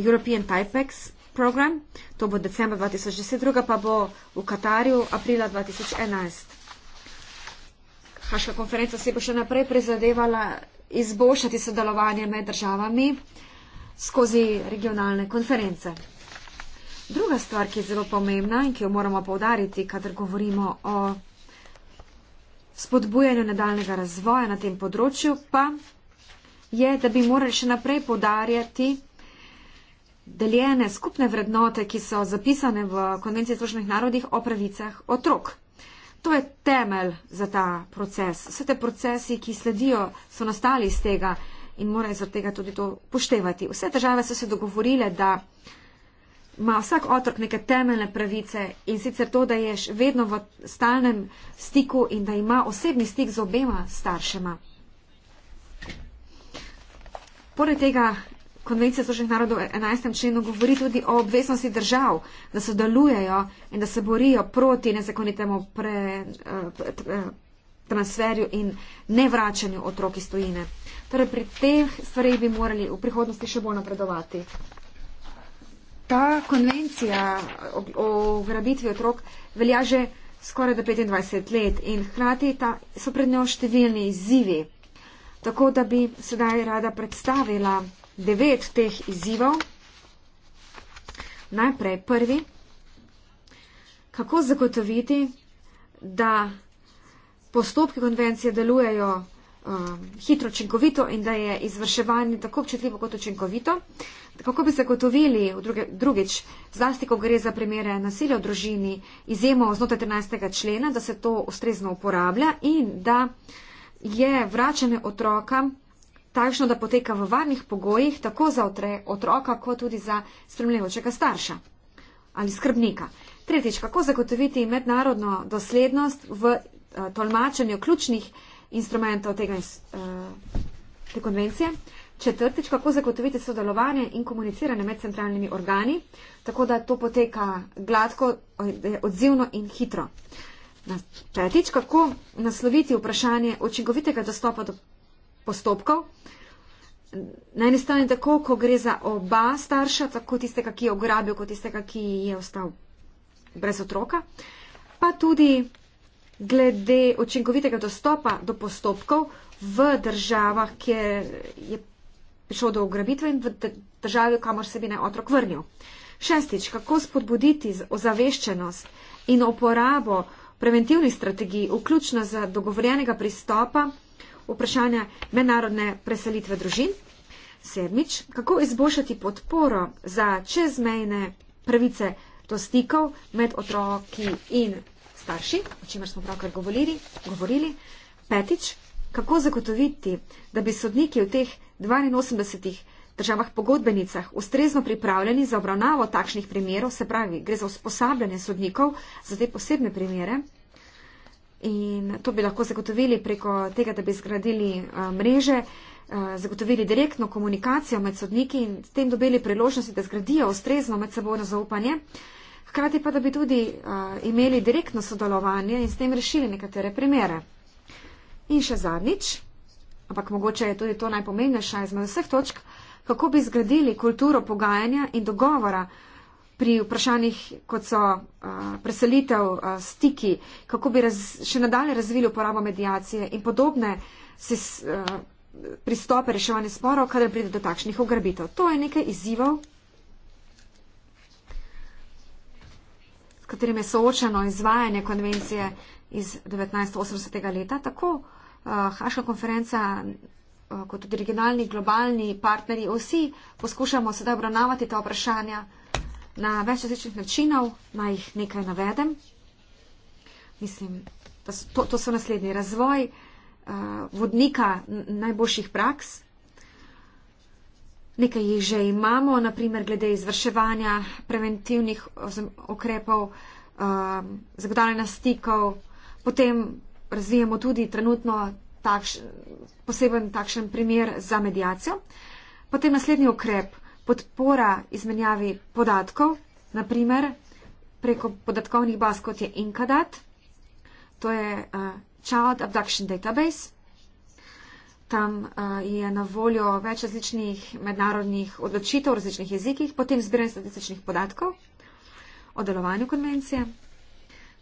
D: European Typex program. To bo decembra 2010, druga pa bo v Katarju aprila 2011. Haška konferenca se bo še naprej prizadevala izboljšati sodelovanje med državami skozi regionalne konference. Druga stvar, ki je zelo pomembna in ki jo moramo povdariti, kadar govorimo o spodbujanju nadaljnega razvoja na tem področju, pa je, da bi morali še naprej podarjati deljene skupne vrednote, ki so zapisane v Konvenciji Združenih narodih o pravicah otrok. To je temelj za ta proces. Vse te procesi, ki sledijo, so nastali iz tega in morajo zaradi tega tudi to poštevati. Vse države so se dogovorile, da ima vsak otrok neke temeljne pravice in sicer to, da ješ vedno v stalnem stiku in da ima osebni stik z obema staršema. Poleg tega Konvencija Združenih narodov 11. členu govori tudi o obveznosti držav, da sodelujejo in da se borijo proti nezakonitemu pre, eh, eh, transferju in nevračanju otrok iz tujine. Torej pri teh stvarih bi morali v prihodnosti še bolj napredovati. Ta konvencija o ugrabitvi otrok velja že skoraj do 25 let in hkrati ta, so pred njo številni izzivi. Tako da bi sedaj rada predstavila devet teh izzivov. Najprej prvi, kako zagotoviti, da postopki konvencije delujejo um, hitro, učinkovito in da je izvrševanje tako občutljivo kot učinkovito. Kako bi zagotovili drugič, zlasti, ko gre za primere nasilja v družini, izjemo znotraj 13. člena, da se to ustrezno uporablja in da je vračanje otroka takšno, da poteka v varnih pogojih, tako za otroka, kot tudi za spremljajočega starša ali skrbnika. Tretjič, kako zagotoviti mednarodno doslednost v eh, tolmačenju ključnih instrumentov tega, eh, te konvencije. Četrtič, kako zagotoviti sodelovanje in komuniciranje med centralnimi organi, tako da to poteka gladko, eh, odzivno in hitro. Petič, kako nasloviti vprašanje očinkovitega dostopa do postopkov. Na eni strani tako, ko gre za oba starša, tako tistega, ki je ograbil, kot tistega, ki je ostal brez otroka, pa tudi glede očinkovitega dostopa do postopkov v državah, kjer je prišlo do ograbitve in v državi, kamor se bi naj otrok vrnil. Šestič, kako spodbuditi ozaveščenost in uporabo preventivnih strategij, vključno za dogovorjenega pristopa vprašanja mednarodne preselitve družin. Sedmič, kako izboljšati podporo za čezmejne pravice do stikov med otroki in starši, o čemer smo pravkar govorili. govorili. Petič, kako zagotoviti, da bi sodniki v teh 82 državah pogodbenicah ustrezno pripravljeni za obravnavo takšnih primerov, se pravi, gre za usposabljanje sodnikov za te posebne primere in to bi lahko zagotovili preko tega, da bi zgradili eh, mreže, eh, zagotovili direktno komunikacijo med sodniki in s tem dobili priložnosti, da zgradijo ustrezno med seboj na zaupanje. Hkrati pa, da bi tudi uh, imeli direktno sodelovanje in s tem rešili nekatere primere. In še zadnjič, ampak mogoče je tudi to najpomembnejša izmed vseh točk, kako bi zgradili kulturo pogajanja in dogovora pri vprašanjih, kot so uh, preselitev, uh, stiki, kako bi raz, še nadalje razvili uporabo medijacije in podobne ses, uh, pristope reševanja sporov, kadar pride do takšnih ograbitev. To je nekaj izzivov. katerim je soočeno izvajanje konvencije iz 1980. leta. Tako uh, Haška konferenca uh, kot tudi regionalni, globalni partnerji, vsi poskušamo sedaj obravnavati ta vprašanja na več različnih načinov, naj jih nekaj navedem. Mislim, to, to so naslednji razvoj uh, vodnika najboljših praks. Nekaj jih že imamo, naprimer glede izvrševanja preventivnih okrepov, um, zagotavljanja stikov, potem razvijamo tudi trenutno takš, poseben takšen primer za medijacijo. Potem naslednji ukrep, podpora izmenjavi podatkov, naprimer preko podatkovnih baz, kot je Inkadat, to je uh, Child Abduction Database. Tam uh, je na voljo več različnih mednarodnih odločitev v različnih jezikih, potem zbiranje statističnih podatkov o delovanju konvencije,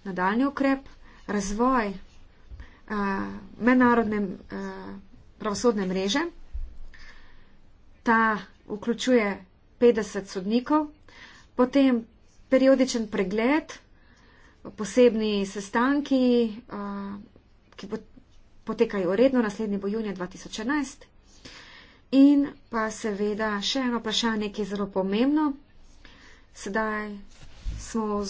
D: nadaljni ukrep, razvoj uh, mednarodne uh, pravosodne mreže. Ta vključuje 50 sodnikov, potem periodičen pregled, posebni sestanki, ki potekajo redno, naslednji bo junija 2011. In pa seveda še eno vprašanje, ki je zelo pomembno. Sedaj smo v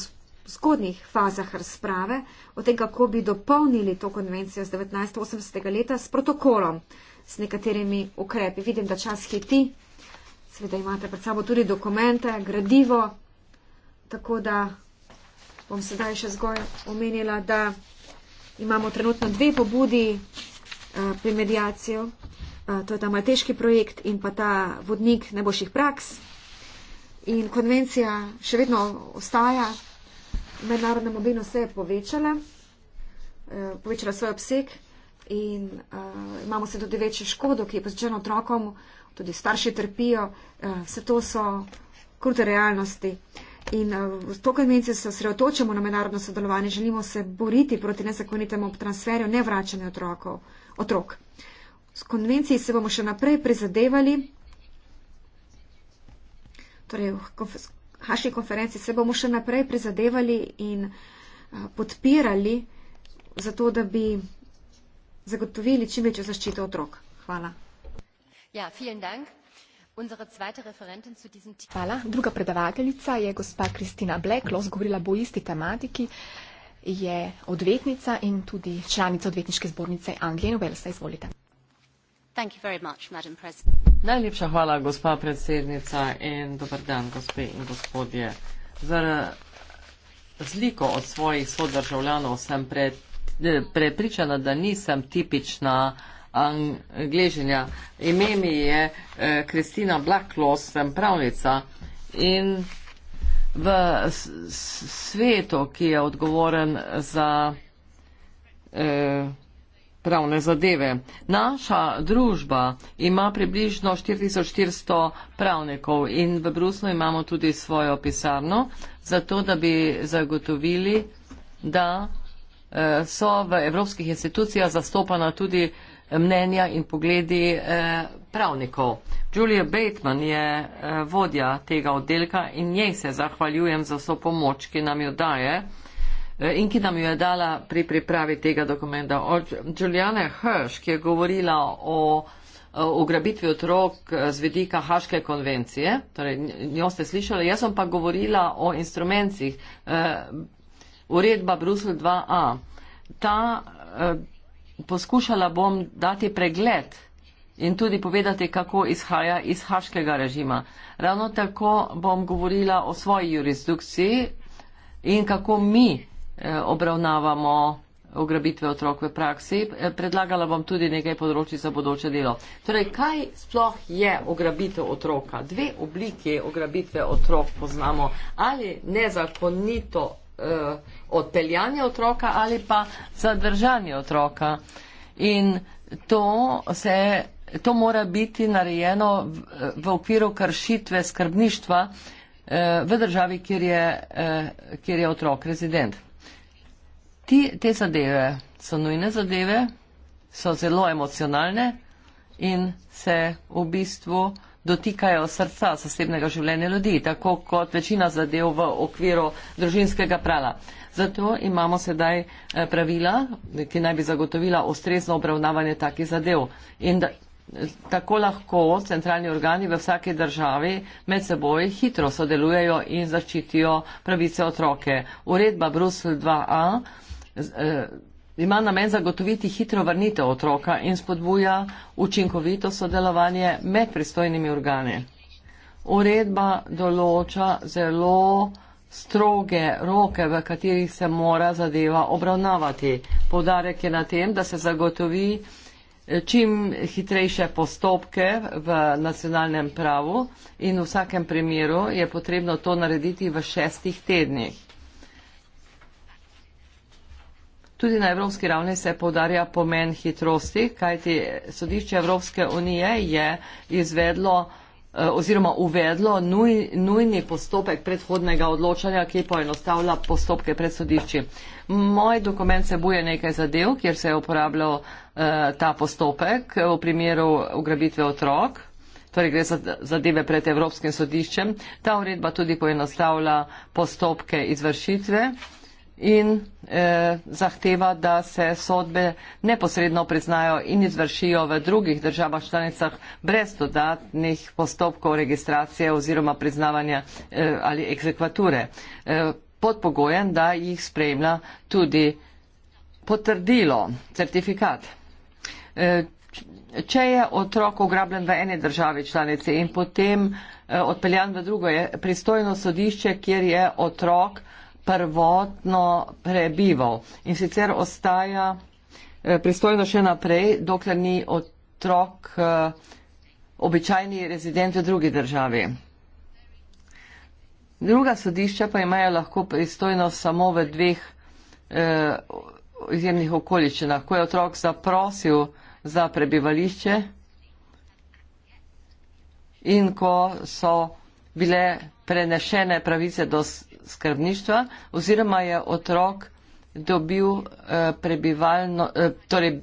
D: zgodnih fazah razprave o tem, kako bi dopolnili to konvencijo z 1980. leta s protokolom, s nekaterimi ukrepi. Vidim, da čas hiti. Sveda imate pred sabo tudi dokumente, gradivo, tako da bom sedaj še zgolj omenila, da imamo trenutno dve pobudi eh, pri medijacijo, eh, to je ta malteški projekt in pa ta vodnik najboljših praks. In konvencija še vedno ostaja, mednarodna mobilnost se je povečala, eh, povečala svoj obseg in imamo se tudi večjo škodo, ki je posvečena otrokom tudi starši trpijo, eh, vse to so krute realnosti. In eh, v to konvencijo se osredotočamo na mednarodno sodelovanje, želimo se boriti proti nezakonitemu transferju nevračanja otrokov, otrok. S konvencijo se bomo še naprej prizadevali, torej v Haški konferenci se bomo še naprej prizadevali in eh, podpirali za to, da bi
C: zagotovili čim večjo zaščito otrok. Hvala.
B: Ja, vielen Dank. Unsere zweite Referentin zu diesem Thema.
C: Hvala. Druga predavateljica je gospa Kristina Bleklos, govorila bo o isti tematiki, je odvetnica in tudi članica odvetniške zbornice Anglije in Velsa. Izvolite.
B: Thank you very much, madam
A: Najlepša hvala, gospa predsednica in dober dan, gospe in gospodje. Za razliko od svojih sodržavljanov sem pre, prepričana, da nisem tipična angliženja. Ime mi je eh, Kristina eh, Blacklos, sem pravnica in v svetu, ki je odgovoren za eh, pravne zadeve. Naša družba ima približno 4400 pravnikov in v Bruslu imamo tudi svojo pisarno, zato da bi zagotovili, da eh, so v evropskih institucijah zastopana tudi eh, mnenja in pogledi eh, pravnikov. Julia Bateman je eh, vodja tega oddelka in njej se zahvaljujem za vso pomoč, ki nam jo daje eh, in ki nam jo je dala pri pripravi tega dokumenta. Od Juliane Hirsch, ki je govorila o ugrabitvi otrok z vedika Haške konvencije, torej njo ste slišali, jaz sem pa govorila o instrumentih. Uredba Brusel 2a. Ta Poskušala bom dati pregled in tudi povedati, kako izhaja iz haškega režima. Ravno tako bom govorila o svoji jurisdikciji in kako mi eh, obravnavamo ugrabitve otrok v praksi. Eh, predlagala bom tudi nekaj področji za bodoče delo. Torej, kaj sploh je ugrabitev otroka? Dve obliki ugrabitve otrok poznamo. Ali nezakonito uh, odpeljanje otroka ali pa zadržanje otroka. In to, se, to mora biti narejeno v, v okviru kršitve skrbništva uh, v državi, kjer je, uh, kjer je otrok rezident. Ti, te zadeve so nujne zadeve, so zelo emocionalne in se v bistvu. Uh, dotikajo srca zasebnega življenja ljudi, tako kot večina zadev v okviru družinskega prava. Zato imamo sedaj eh, pravila, ki naj bi zagotovila ustrezno obravnavanje takih zadev. In da, tako lahko centralni organi v vsaki državi med seboj hitro sodelujejo in zaščitijo pravice otroke. Uredba Brusel 2a. Z, eh, ima namen zagotoviti hitro vrnitev otroka in spodbuja učinkovito sodelovanje med pristojnimi organi. Uredba določa zelo stroge roke, v katerih se mora zadeva obravnavati. Povdarek je na tem, da se zagotovi eh, čim hitrejše postopke v nacionalnem pravu in v vsakem primeru je potrebno to narediti v šestih tednih. Tudi na evropski ravni se povdarja pomen hitrosti, kajti sodišče Evropske unije je izvedlo eh, oziroma uvedlo nuj, nujni postopek predhodnega odločanja, ki poenostavlja postopke pred sodišči. Moj dokument se buje nekaj zadev, kjer se je uporabljal eh, ta postopek eh, v primeru ugrabitve otrok, torej gre za zadeve pred Evropskim sodiščem. Ta uredba tudi poenostavlja postopke izvršitve in eh, zahteva, da se sodbe neposredno priznajo in izvršijo v drugih državah članicah brez dodatnih postopkov registracije oziroma priznavanja eh, ali egzekvature. Eh, pod pogojem, da jih spremlja tudi potrdilo, certifikat. Eh, če je otrok ograbljen v eni državi članici in potem eh, odpeljan v drugo, je pristojno sodišče, kjer je otrok eh, prvotno prebival. In sicer ostaja eh, pristojno še naprej, dokler ni otrok eh, običajni rezident v drugi državi. Druga sodišča pa imajo lahko pristojnost samo v dveh eh, izjemnih okoliščinah. Ko je otrok zaprosil za prebivališče in ko so bile prenešene pravice do skrbništva oziroma je otrok dobil eh, prebivalno, eh, torej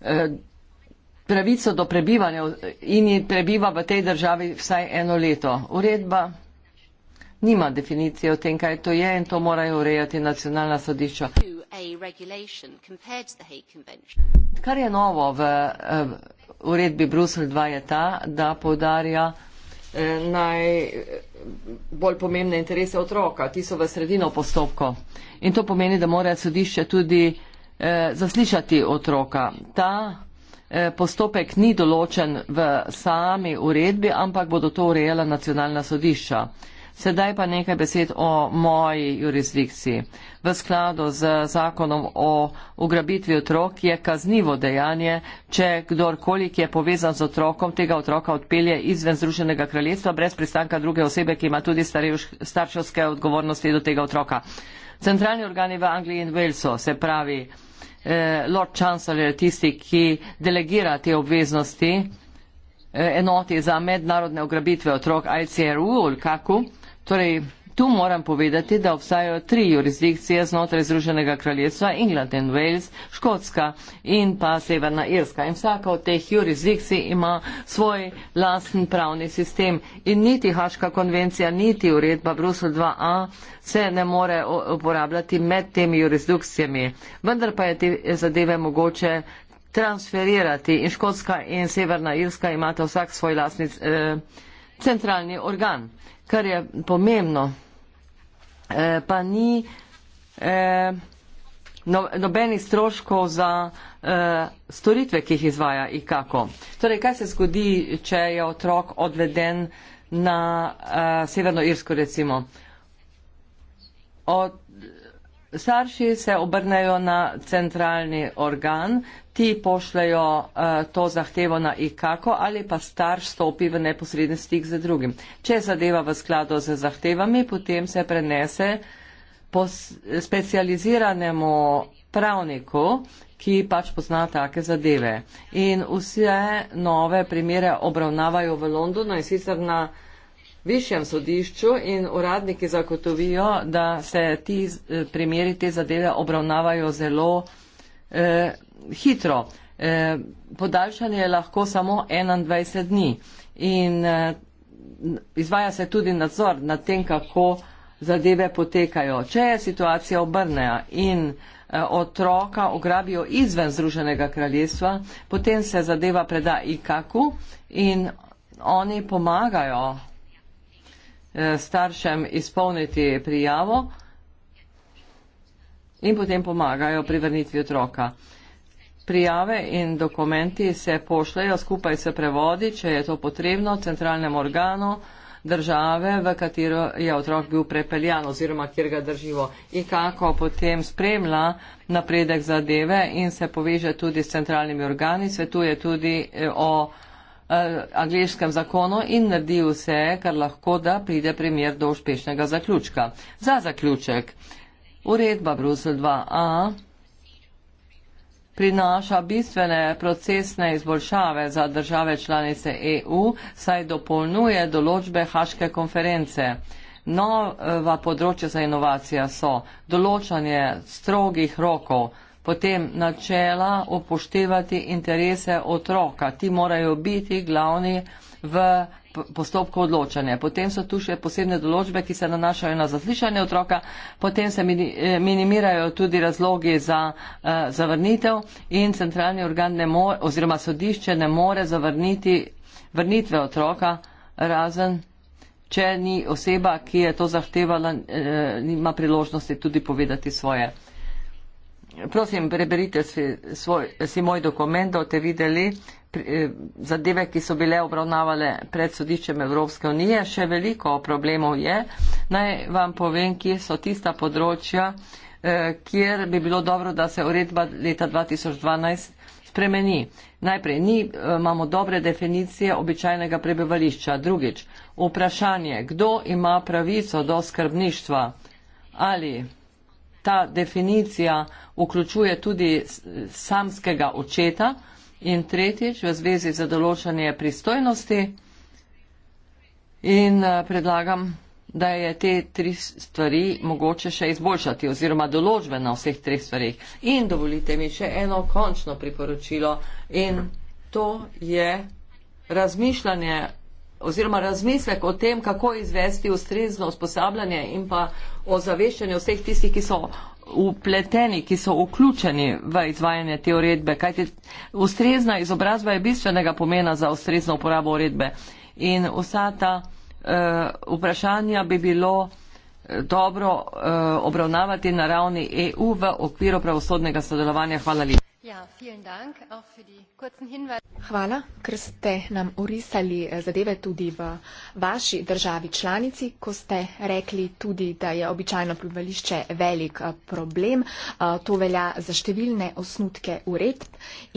A: eh, pravico do prebivanja in je prebiva v tej državi vsaj eno leto. Uredba nima definicije o tem, kaj to je in to morajo urejati nacionalna sodišča. Kar je novo v uredbi Brusel 2 je ta, da povdarja Eh, najbolj pomembne interese otroka, ti so v sredino postopko. In to pomeni, da mora sodišče tudi eh, zaslišati otroka. Ta eh, postopek ni določen v sami uredbi, ampak bodo to urejala nacionalna sodišča. Eh, Sedaj pa nekaj besed o moji jurisdikciji. V skladu z zakonom o ugrabitvi otrok je kaznivo dejanje, če kdorkoli, ki je povezan z otrokom, tega otroka odpelje izven Združenega kraljestva brez pristanka druge osebe, ki ima tudi starševske odgovornosti do tega otroka. Centralni organi v Angliji in Walesu, se pravi eh, Lord Chancellor, tisti, ki delegira te obveznosti eh, enoti za mednarodne ugrabitve otrok ICRU ali kako, Torej, tu moram povedati, da obstajajo tri jurisdikcije znotraj Združenega kraljestva, England and Wales, Škotska in pa Severna Irska. In vsaka od teh jurisdikcij ima svoj lasten pravni sistem. In niti Haška konvencija, niti uredba Brusel 2a se ne more uporabljati med temi jurisdikcijami. Vendar pa je te zadeve mogoče transferirati in Škotska in Severna Irska imata vsak svoj lasni eh, centralni organ kar je pomembno, e, pa ni e, no, nobenih stroškov za e, storitve, ki jih izvaja in kako. Torej, kaj se zgodi, če je otrok odveden na e, Severno Irsko, recimo? Od, starši se obrnejo na centralni organ, ti pošljajo uh, to zahtevo na ikako ali pa starš stopi v neposreden stik z drugim. Če zadeva v skladu z zahtevami, potem se prenese po specializiranemu pravniku, ki pač pozna take zadeve. In vse nove primere obravnavajo v Londonu in sicer na višjem sodišču in uradniki zagotovijo, da se ti primeri, te zadeve obravnavajo zelo eh, hitro. Eh, podaljšanje je lahko samo 21 dni in eh, izvaja se tudi nadzor nad tem, kako zadeve potekajo. Če je situacija obrnena in eh, otroka ograbijo izven Združenega kraljestva, potem se zadeva preda IKAKU in oni pomagajo staršem izpolniti prijavo in potem pomagajo pri vrnitvi otroka. Prijave in dokumenti se pošljajo skupaj s prevodi, če je to potrebno, centralnemu organu države, v katero je otrok bil prepeljan oziroma kjer ga držimo in kako potem spremlja napredek zadeve in se poveže tudi s centralnimi organi, svetuje tudi eh, o eh, angliškem zakonu in naredi vse, kar lahko, da pride primer do uspešnega zaključka. Za zaključek. Uredba Brusel 2a prinaša bistvene procesne izboljšave za države članice EU, saj dopolnjuje določbe Haške konference. Nova področja za inovacija so določanje strogih rokov, potem načela upoštevati interese otroka, ti morajo biti glavni v postopku odločanja. Potem so tu še posebne določbe, ki se nanašajo na zaslišanje otroka, potem se eh, minimirajo tudi razlogi za eh, zavrnitev in centralni organ ne more, oziroma sodišče ne more zavrniti vrnitve otroka, razen če ni oseba, ki je to zahtevala, eh, nima priložnosti tudi povedati svoje. Prosim, preberite si, svoj, si moj dokument, da boste videli, Eh, zadeve, ki so bile obravnavale pred sodiščem Evropske unije, še veliko problemov je. Naj vam povem, kje so tista področja, eh, kjer bi bilo dobro, da se uredba leta 2012 spremeni. Najprej, ni, eh, imamo dobre definicije običajnega prebivališča. Drugič, vprašanje, kdo ima pravico do skrbništva ali ta definicija vključuje tudi samskega očeta, in tretjič v zvezi za določanje pristojnosti in eh, predlagam, da je te tri stvari mogoče še izboljšati oziroma določbe na vseh treh stvarih. In dovolite mi še eno končno priporočilo in to je razmišljanje oziroma razmislek o tem, kako izvesti ustrezno usposabljanje in pa o zaveščanju vseh tistih, ki so upleteni, ki so vključeni v izvajanje te uredbe, kajti ustrezna izobrazba je bistvenega pomena za ustrezno uporabo uredbe. In vsa ta uh, vprašanja bi bilo eh, dobro uh, obravnavati na ravni EU v okviru pravosodnega sodelovanja. Hvala lepa. Ja,
C: Hvala, ker ste nam orisali eh, zadeve tudi v vaši državi članici, ko ste rekli tudi, da je običajno prebivališče velik eh, problem. Eh, to velja za številne osnutke uredb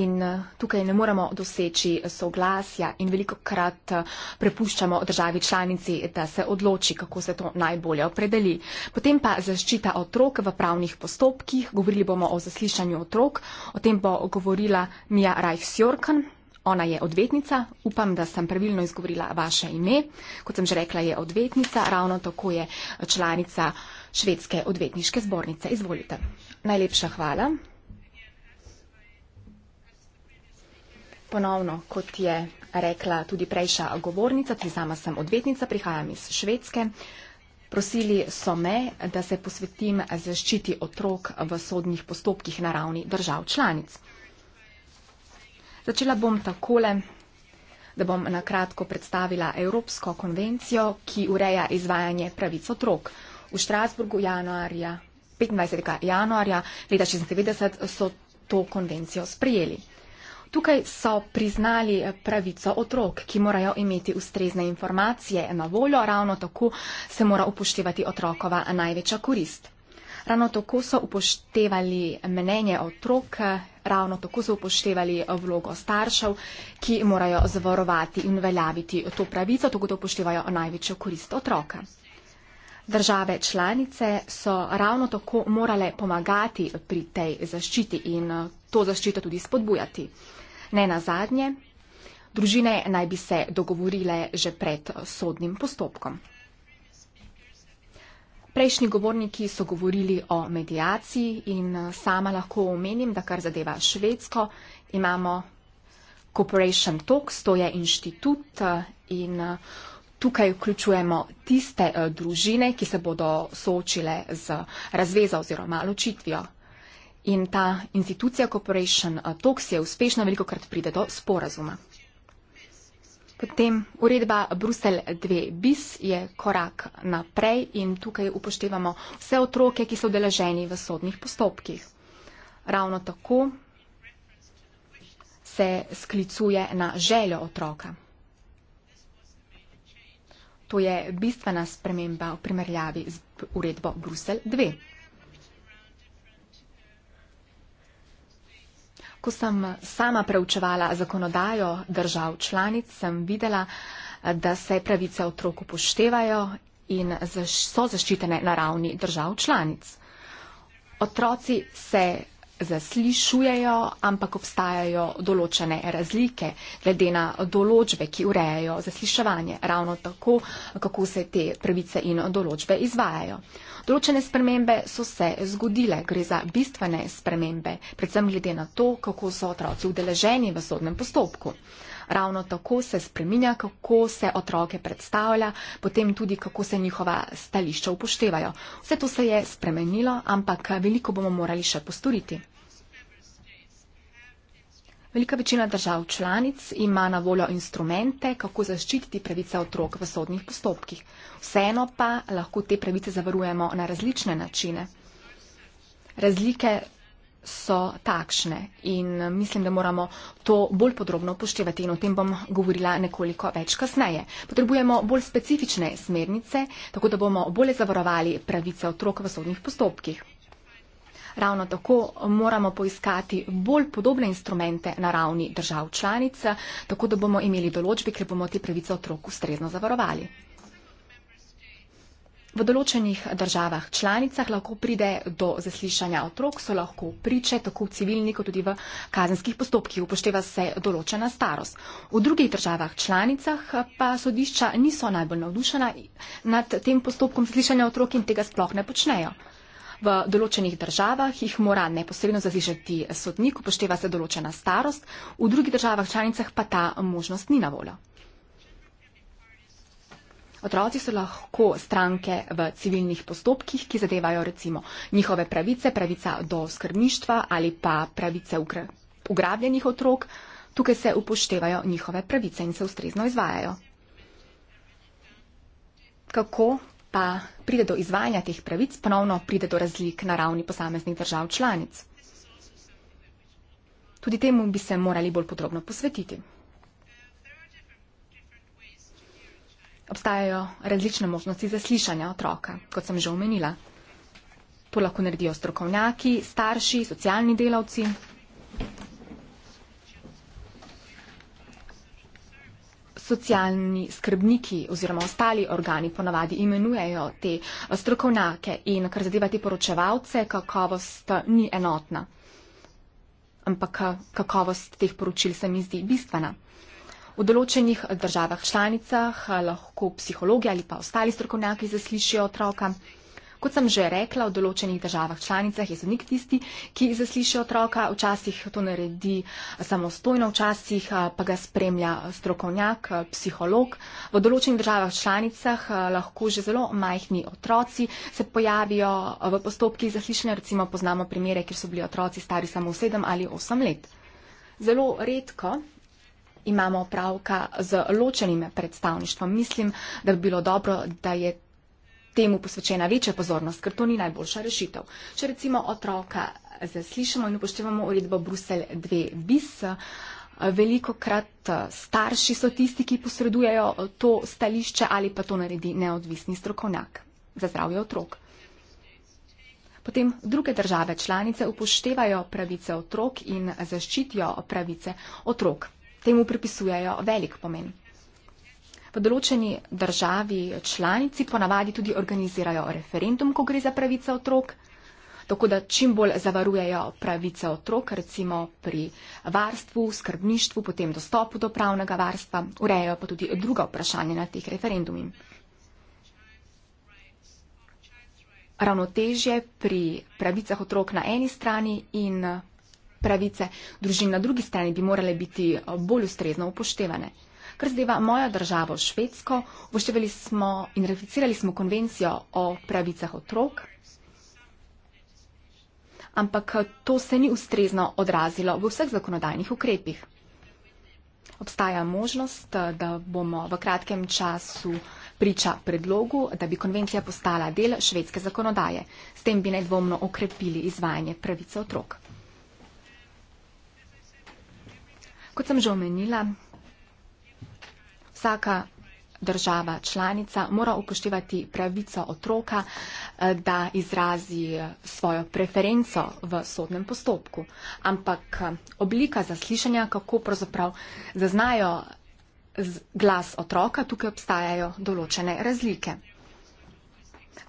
C: in tukaj ne moremo doseči soglasja in veliko krat prepuščamo državi članici, da se odloči, kako se to najbolje opredeli. Potem pa zaščita otrok v pravnih postopkih. Govorili bomo o zaslišanju otrok. O tem bo govorila Mija Rajhs. Sjorkan, ona je odvetnica, upam, da sem pravilno izgovorila vaše ime. Kot sem že rekla, je odvetnica, ravno tako je članica Švedske odvetniške zbornice. Izvolite. Najlepša hvala. Ponovno, kot je rekla tudi prejša govornica, tudi sama sem odvetnica, prihajam iz Švedske. Prosili so me, da se posvetim zaščiti otrok v sodnih postopkih na ravni držav članic. Začela bom takole, da bom na kratko predstavila Evropsko konvencijo, ki ureja izvajanje pravic otrok. V Štrasburgu januarja, 25. januarja leta 1996 so to konvencijo sprejeli. Tukaj so priznali pravico otrok, ki morajo imeti ustrezne informacije na voljo, ravno tako se mora upoštevati otrokova največja korist. Ravno tako so upoštevali mnenje otrok, ravno tako so upoštevali vlogo staršev, ki morajo zavarovati in veljaviti to pravico, tako da upoštevajo največjo korist otroka. Države članice so ravno tako morale pomagati pri tej zaščiti in to zaščito tudi spodbujati. Ne na zadnje, družine naj bi se dogovorile že pred sodnim postopkom. Prejšnji govorniki so govorili o medijaciji in eh, sama lahko omenim, da kar zadeva Švedsko, imamo Cooperation Talks, to je inštitut eh, in eh, tukaj vključujemo tiste družine, ki se bodo soočile z razvezo oziroma ločitvijo. In ta institucija Cooperation Talks je uspešna, veliko krat pride do sporazuma. Potem uredba Brusel 2 bis je korak naprej in tukaj upoštevamo vse otroke, ki so deleženi v sodnih postopkih. Ravno tako se sklicuje na željo otroka. To je bistvena sprememba v primerjavi z uredbo Brusel 2. Ko sem sama preučevala zakonodajo držav članic, sem videla, da se pravice otrok upoštevajo in so zaščitene na ravni držav članic. Otroci se zaslišujejo, ampak obstajajo določene razlike glede na določbe, ki urejajo zasliševanje, ravno tako, kako se te pravice in določbe izvajajo. Določene spremembe so se zgodile, gre za bistvene spremembe, predvsem glede na to, kako so otroci udeleženi v sodnem postopku ravno tako se spreminja, kako se otroke predstavlja, potem tudi kako se njihova stališča upoštevajo. Vse to se je spremenilo, ampak veliko bomo morali še postoriti. Velika večina držav članic ima na voljo instrumente, kako zaščititi pravice otrok v sodnih postopkih. Vseeno pa lahko te pravice zavarujemo na različne načine. Razlike so takšne in eh, mislim, da moramo to bolj podrobno upoštevati in o tem bom govorila nekoliko več kasneje. Potrebujemo bolj specifične smernice, tako da bomo bolje zavarovali pravice otrok v sodnih postopkih. Ravno tako moramo poiskati bolj podobne instrumente na ravni držav članic, eh, tako da bomo imeli določbe, ker bomo te pravice otrok ustrezno zavarovali. V določenih državah članicah lahko pride do zaslišanja otrok, so lahko priče, tako v civilni kot tudi v kazenskih postopkih, upošteva se določena starost. V drugih državah članicah pa sodišča niso najbolj navdušena nad tem postopkom zaslišanja otrok in tega sploh ne počnejo. V določenih državah jih mora neposredno zaslišati sodnik, upošteva se določena starost, v drugih državah članicah pa ta možnost ni na voljo. Otroci so lahko stranke v civilnih postopkih, ki zadevajo recimo njihove pravice, pravica do skrbništva ali pa pravice ugrabljenih otrok. Tukaj se upoštevajo njihove pravice in se ustrezno izvajajo. Kako pa pride do izvajanja teh pravic, ponovno pride do razlik na ravni posameznih držav članic. Tudi temu bi se morali bolj podrobno posvetiti. obstajajo različne možnosti zaslišanja otroka, kot sem že omenila. To lahko naredijo strokovnjaki, starši, socialni delavci. Socialni skrbniki oziroma ostali organi ponavadi imenujejo te eh, strokovnjake in kar zadeva te poročevalce, kakovost eh, ni enotna. Ampak eh, kakovost teh poročil se mi zdi bistvena. V določenih državah članicah eh, lahko psihologi ali pa ostali strokovnjaki zaslišijo otroka. Kot sem že rekla, v določenih državah članicah je sodnik tisti, ki zasliši otroka, včasih to naredi eh, samostojno, včasih eh, pa ga spremlja strokovnjak, psiholog. V določenih državah članicah lahko že zelo majhni otroci se pojavijo v postopkih zaslišanja, recimo poznamo primere, kjer so bili otroci stari samo 7 ali 8 let. Zelo redko imamo opravka z ločenim predstavništvom. Mislim, da bi bilo dobro, da je temu posvečena večja pozornost, ker to ni najboljša rešitev. Če recimo otroka zaslišamo in upoštevamo uredbo Brusel 2 bis, veliko krat starši so tisti, ki posredujejo to stališče ali pa to naredi neodvisni strokovnjak za zdravje otrok. Potem druge države članice upoštevajo pravice otrok in zaščitijo pravice otrok temu pripisujejo velik pomen. V določeni državi članici ponavadi tudi organizirajo referendum, ko gre za pravice otrok, tako da čim bolj zavarujejo pravice otrok, recimo pri varstvu, skrbništvu, potem dostopu do pravnega varstva, urejajo pa tudi druga vprašanja na teh referendumih. Ravnotežje pri pravicah otrok na eni strani in pravice družin na drugi strani bi morale biti eh, bolj ustrezno upoštevane. Kar zdeva mojo državo Švedsko, upoštevali smo in ratificirali smo konvencijo o pravicah otrok, ampak eh, to se ni ustrezno odrazilo v vseh zakonodajnih ukrepih. Obstaja možnost, eh, da bomo v kratkem času priča predlogu, da bi konvencija postala del švedske zakonodaje. S tem bi nedvomno okrepili izvajanje pravice otrok. Kot sem že omenila, vsaka država članica mora upoštevati pravico otroka, eh, da izrazi svojo preferenco v sodnem postopku. Ampak eh, oblika zaslišanja, kako pravzaprav zaznajo glas otroka, tukaj obstajajo določene razlike.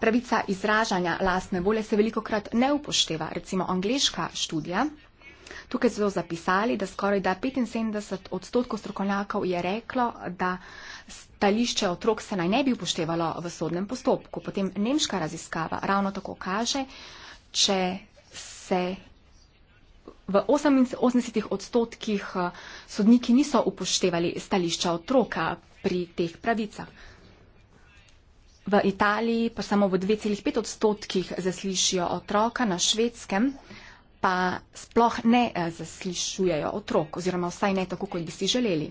C: Pravica izražanja lastne volje se veliko krat ne upošteva. Recimo angliška študija Tukaj so zapisali, da skoraj da 75 odstotkov strokovnjakov je reklo, da stališče otrok se naj ne bi upoštevalo v sodnem postopku. Potem nemška raziskava ravno tako kaže, če se v 80 odstotkih eh, sodniki niso upoštevali stališča otroka pri teh pravicah. V Italiji pa samo v 2,5 odstotkih zaslišijo otroka, na švedskem pa sploh ne eh, zaslišujejo otrok oziroma vsaj ne tako, kot bi si želeli.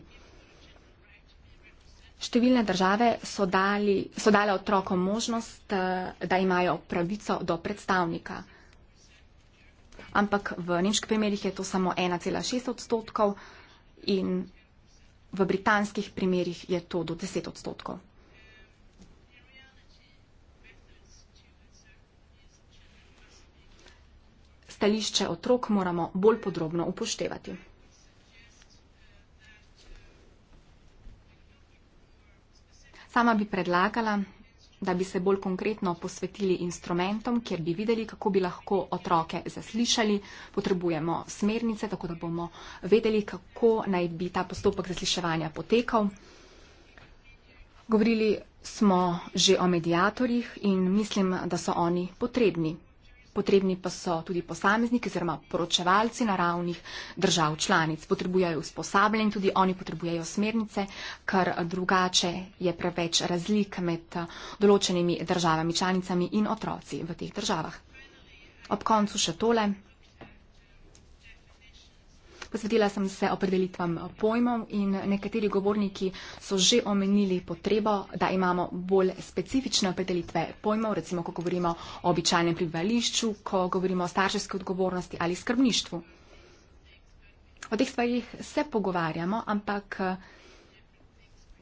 C: Številne države so, dali, so dale otrokom možnost, eh, da imajo pravico do predstavnika. Ampak v nemških primerjih je to samo 1,6 odstotkov in v britanskih primerjih je to do 10 odstotkov. stališče otrok moramo bolj podrobno upoštevati. Sama bi predlagala, da bi se bolj konkretno posvetili instrumentom, kjer bi videli, kako bi lahko otroke zaslišali. Potrebujemo smernice, tako da bomo vedeli, kako naj bi ta postopek zasliševanja potekal. Govorili smo že o medijatorjih in mislim, da so oni potrebni potrebni pa so tudi posamezniki oziroma poročevalci na ravnih držav članic. Potrebujejo usposabljanje, tudi oni potrebujejo smernice, ker drugače je preveč razlik med določenimi državami članicami in otroci v teh državah. Ob koncu še tole. Posvetila sem se opredelitvam pojmov in nekateri govorniki so že omenili potrebo, da imamo bolj specifične opredelitve pojmov, recimo, ko govorimo o običajnem prebivališču, ko govorimo o starševski odgovornosti ali skrbništvu. O teh stvarih se pogovarjamo, ampak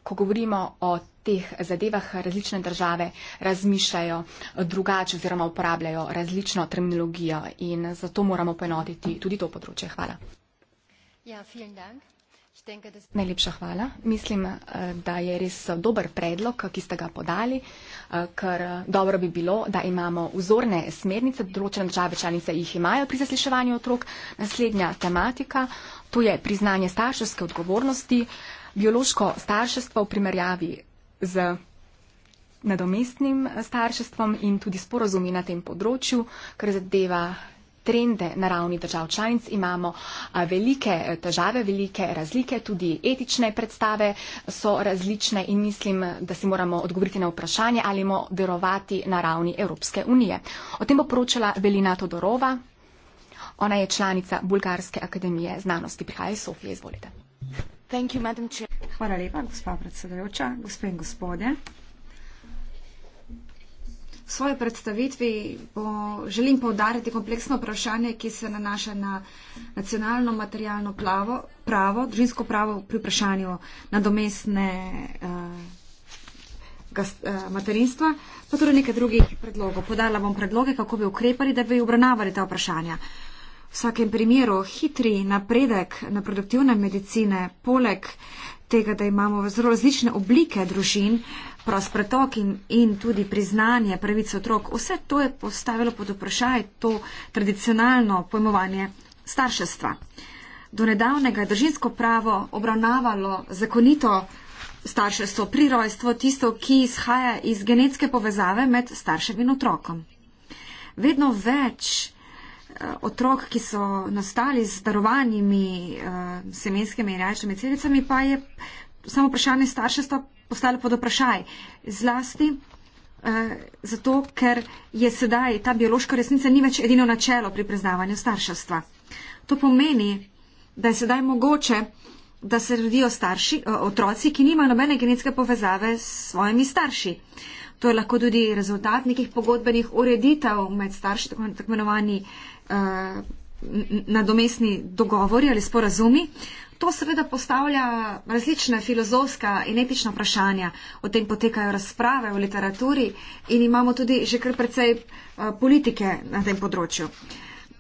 C: ko govorimo o teh zadevah, različne države razmišljajo drugače oziroma uporabljajo različno terminologijo in zato moramo poenotiti tudi to področje. Hvala. Ja, Najlepša hvala. Mislim, eh, da je res eh, dober predlog, ki ste ga podali, eh, ker dobro bi bilo, da imamo vzorne smernice, določene države članice jih imajo pri zasliševanju otrok. Naslednja tematika, to je priznanje starševske odgovornosti, biološko starševstvo v primerjavi z nadomestnim starševstvom in tudi sporozumi na tem področju, kar zadeva trende na ravni držav članic, imamo velike e, težave, velike razlike, tudi etične predstave so različne in mislim, da si moramo odgovoriti na vprašanje, ali moramo delovati na ravni Evropske unije. O tem bo poročala Velina Todorova. Ona je članica Bulgarske akademije znanosti. Prihaja iz Sofije, izvolite.
D: Hvala lepa, gospa predsedajoča, gospe in gospodje. V svoji predstavitvi bo, želim povdariti kompleksno vprašanje, ki se nanaša na nacionalno materialno plavo, pravo, družinsko pravo pri vprašanju nadomestne uh, gast, uh, materinstva, pa tudi nekaj drugih predlogov. Podala bom predloge, kako bi ukrepali, da bi obravnavali ta vprašanja. V vsakem primeru hitri napredek na produktivne medicine, poleg tega, da imamo zelo različne oblike družin, uh, prost pretok in, in tudi priznanje pravice otrok, vse to je postavilo pod vprašaj to tradicionalno pojmovanje starševstva. Do nedavnega je držinsko pravo obravnavalo zakonito starševstvo, prirojstvo, tisto, ki izhaja iz genetske povezave med staršem in otrokom. Vedno več eh, otrok, ki so nastali z darovanimi eh, semenskimi in rajčnimi celicami, pa je samo vprašanje starševstva postalo pod vprašaj. Zlasti eh, zato, ker je sedaj ta biološka resnica ni več edino načelo pri priznavanju starševstva. To pomeni, da je sedaj mogoče, da se rodijo starši, eh, otroci, ki nimajo nobene genetske povezave s svojimi starši. To je lahko tudi rezultat nekih pogodbenih ureditev med starši, tako imenovani. Eh, nadomestni dogovori ali sporazumi. To seveda postavlja različna filozofska in etična vprašanja. O tem potekajo razprave v literaturi in imamo tudi že kar precej eh, politike na tem področju.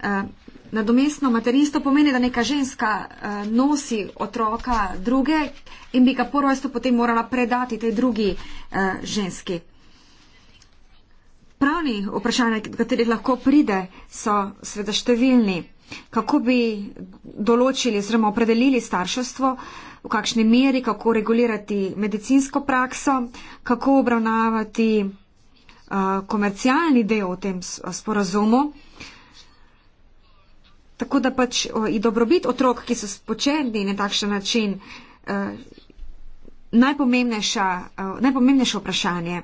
D: Eh, nadomestno materinstvo pomeni, da neka ženska eh, nosi otroka druge in bi ga porojstvo potem morala predati tej drugi ženski. Pravni vprašanja, do katerih lahko pride, so sveda številni. Kako bi določili oziroma opredelili starševstvo, v kakšni meri, kako regulirati medicinsko prakso, kako obravnavati uh, komercialni del v tem sporazumu, tako da pač uh, in dobrobit otrok, ki so spočeni na takšen način, uh, najpomembnejša, uh, najpomembnejše vprašanje.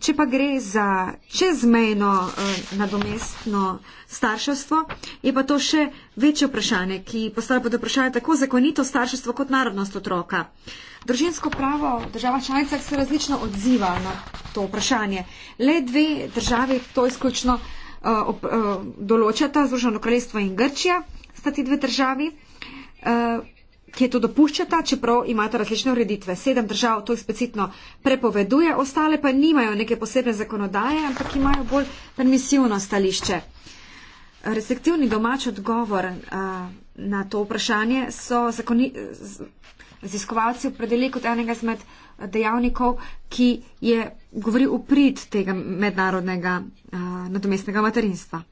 D: Če pa gre za čezmejno eh, nadomestno starševstvo, je pa to še večje vprašanje, ki postavlja pod vprašanje tako zakonito starševstvo kot narodnost otroka. Družinsko pravo v državah članicah se različno odziva na to vprašanje. Le dve državi to izključno eh, eh določata, Združeno kraljestvo in Grčija, sta ti dve državi. Eh, ki je to dopuščata, čeprav imate različne ureditve. Sedem držav to eksplicitno prepoveduje, ostale pa nimajo neke posebne zakonodaje, ampak imajo bolj permisivno stališče. Restriktivni domač odgovor a, eh, na to vprašanje so zakoni, z, raziskovalci opredelili kot enega izmed dejavnikov, ki je govoril v prid tega mednarodnega a, eh, nadomestnega materinstva.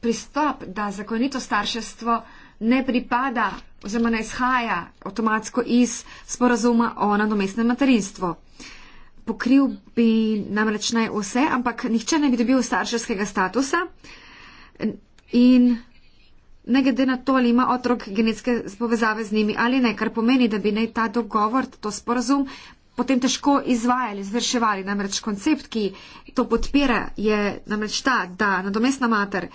D: pristop, da zakonito starševstvo ne pripada oziroma ne izhaja avtomatsko iz sporazuma o nadomestnem materinstvu. Pokril bi namreč naj vse, ampak nihče ne bi dobil starševskega statusa in ne glede na to, ali ima otrok genetske povezave z njimi ali ne, kar pomeni, da bi naj ta dogovor, to sporazum potem težko izvajali, izvrševali. Namreč koncept, ki to podpira, je namreč ta, da nadomestna mater,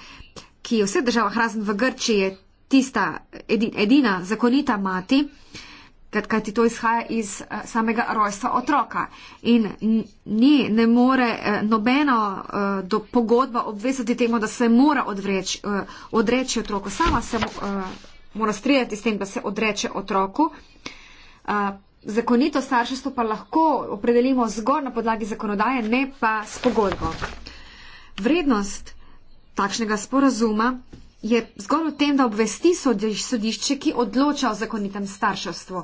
D: ki je v vseh državah, razen v Grči, je tista edina zakonita mati, kajti to izhaja iz eh, samega rojstva otroka. In ni, ne more eh, nobeno eh, do pogodba obvezati temu, da se mora odreč, odreči otroku. Sama se mora strijati s tem, da se odreče otroku zakonito starševstvo pa lahko opredelimo zgolj na podlagi zakonodaje, ne pa s pogodbo. Vrednost takšnega sporazuma je zgolj v tem, da obvesti sodišče, ki odloča o zakonitem starševstvu.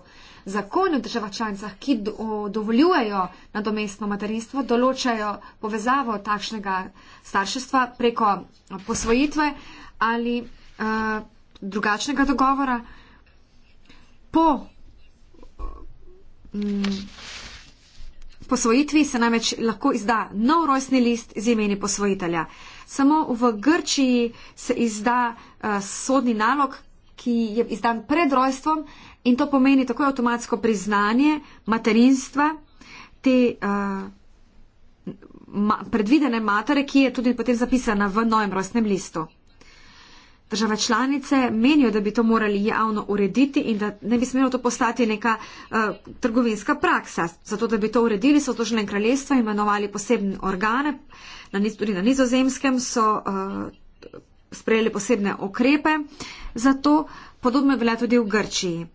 D: Zakon v državah članicah, ki do, dovoljujejo nadomestno materinstvo, določajo povezavo takšnega starševstva preko posvojitve ali uh, drugačnega dogovora. Po Mm. posvojitvi se namreč lahko izda nov rojstni list z imeni posvojitelja. Samo v Grčiji se izda uh, sodni nalog, ki je izdan pred rojstvom in to pomeni takoj avtomatsko priznanje materinstva te uh, ma predvidene matere, ki je tudi potem zapisana v novem rojstnem listu države članice menijo, da bi to morali javno urediti in da ne bi smelo to postati neka uh, trgovinska praksa. Zato, da bi to uredili, so otožene kraljestva imenovali posebne organe. Na, tudi na nizozemskem so uh, sprejeli posebne okrepe. Zato podobno je bila tudi v Grčiji.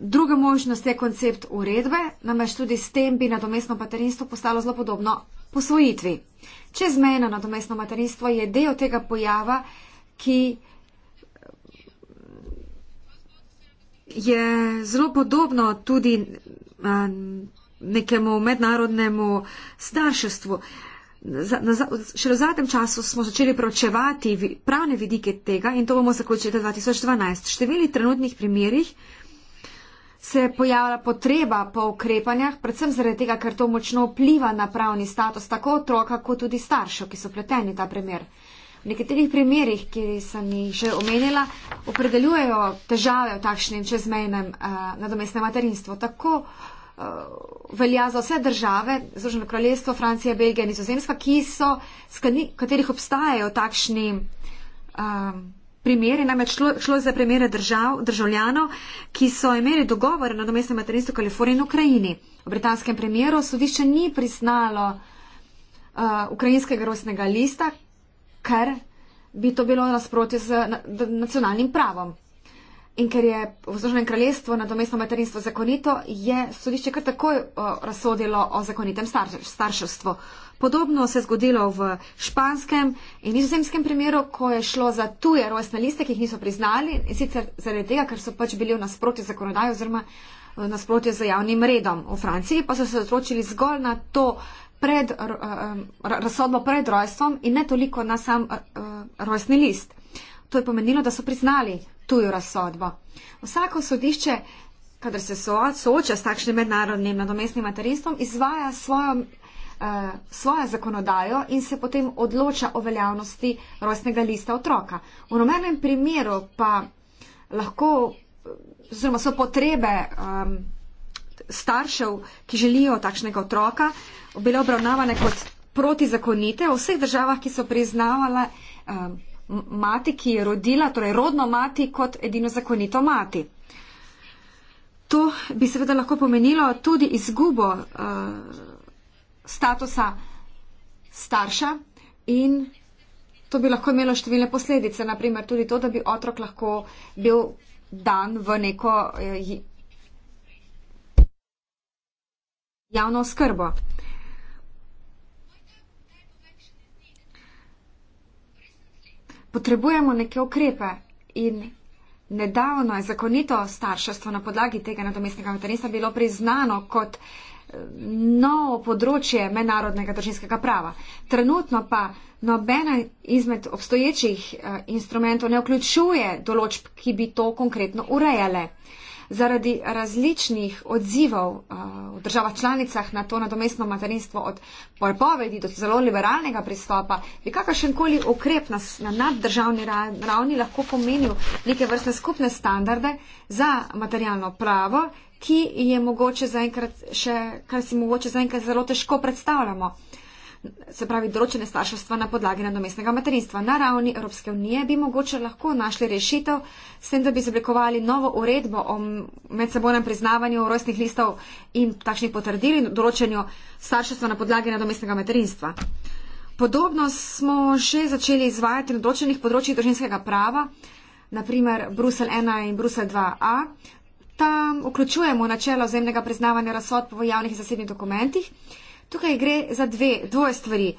D: Druga možnost je koncept uredbe, namreč tudi s tem bi nadomestno materinstvo postalo zelo podobno posvojitvi. Čezmejno nadomestno materinstvo je del tega pojava, ki je zelo podobno tudi nekemu mednarodnemu starševstvu. Šele v zadnjem času smo začeli pročevati pravne vidike tega in to bomo zaključili 2012. V številnih trenutnih primerjih se je pojavila potreba po ukrepanjah, predvsem zaradi tega, ker to močno vpliva na pravni status tako otroka, kot tudi staršev, ki so pleteni ta primer. V nekaterih primerjih, ki sem jih že omenila, opredeljujejo težave v takšnem čezmejnem eh, nadomestnem materinstvu. Tako eh, velja za vse države, Združeno kraljestvo, Francija, Belgija, Nizozemska, so, katerih obstajajo takšni eh, primeri. Namreč šlo, šlo je za primere držav, državljanov, ki so imeli dogovore na domestnem materinstvu v Kaliforniji in Ukrajini. V britanskem primeru sodišče ni priznalo eh, ukrajinskega rostnega lista, ker bi to bilo nasprotje z nacionalnim pravom. In ker je v Združenem kraljestvu nadomestno materinstvo zakonito, je sodišče kar takoj razsodilo o zakonitem starševstvu. Podobno se je zgodilo v španskem in nizozemskem primeru, ko je šlo za tuje rojstne liste, ki jih niso priznali in sicer zaradi tega, ker so pač bili v nasprotju z zakonodajo oziroma v nasprotju z javnim redom. V Franciji pa so se odločili zgolj na to, pred, eh, eh, razsodbo pred rojstvom in ne toliko na sam eh, rojstni list. To je pomenilo, da so priznali tujo razsodbo. Vsako sodišče, kadar se sooča s takšnim mednarodnim nadomestnim materinstvom, izvaja svojo, svojo zakonodajo in se potem odloča o veljavnosti rojstnega lista otroka. V nobenem primeru pa lahko, oziroma so potrebe. Um, staršev, ki želijo takšnega otroka, bile obravnavane kot protizakonite v vseh državah, ki so priznavale eh, mati, ki je rodila, torej rodno mati, kot edino zakonito mati. To bi seveda lahko pomenilo tudi izgubo eh, statusa starša in to bi lahko imelo številne posledice, naprimer tudi to, da bi otrok lahko bil dan v neko. Eh, javno oskrbo. Potrebujemo neke ukrepe in nedavno je zakonito starševstvo na podlagi tega nadomestnega materinstva bilo priznano kot eh, novo področje mednarodnega družinskega prava. Trenutno pa nobena izmed obstoječih uh, instrumentov ne vključuje določb, ki bi to konkretno urejale. Uh, zaradi različnih odzivov eh, v državah članicah na to nadomestno materinstvo od prepovedi do zelo liberalnega pristopa, bi kakršen koli ukrep na, na naddržavni ravni lahko pomenil neke vrste skupne standarde za materialno pravo, ki je mogoče zaenkrat še, kar si mogoče zaenkrat zelo težko predstavljamo se pravi določene starševstva na podlagi nadomestnega materinstva. Na ravni Evropske unije bi mogoče lahko našli rešitev s tem, da bi zablikovali novo uredbo o medsebojnem priznavanju rojstnih listov in takšnih potrdil in določenju starševstva na podlagi nadomestnega materinstva. Podobno smo že začeli izvajati na določenih področjih družinskega prava, naprimer Brusel 1 in Brusel 2a. Tam vključujemo načelo vzemnega priznavanja razsodb v javnih in zasebnih dokumentih. Tukaj gre za dve, dve stvari.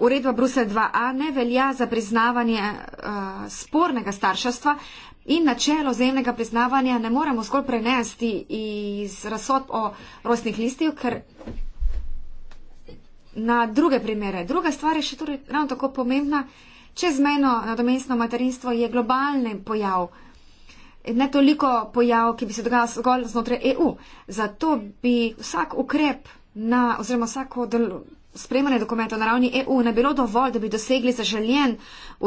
D: Uredba Brusel 2a ne velja za priznavanje uh, spornega starševstva in načelo zemnega priznavanja ne moremo zgolj prenesti iz razsodb o rostnih listih, ker na druge primere. Druga stvar je še torej ravno tako pomembna. Čezmeno nadomestno materinstvo je globalni pojav, ne toliko pojav, ki bi se dogajal zgolj znotraj EU. Zato bi vsak ukrep na, oziroma vsako del, spremanje dokumenta na ravni EU ne bilo dovolj, da bi dosegli zaželjen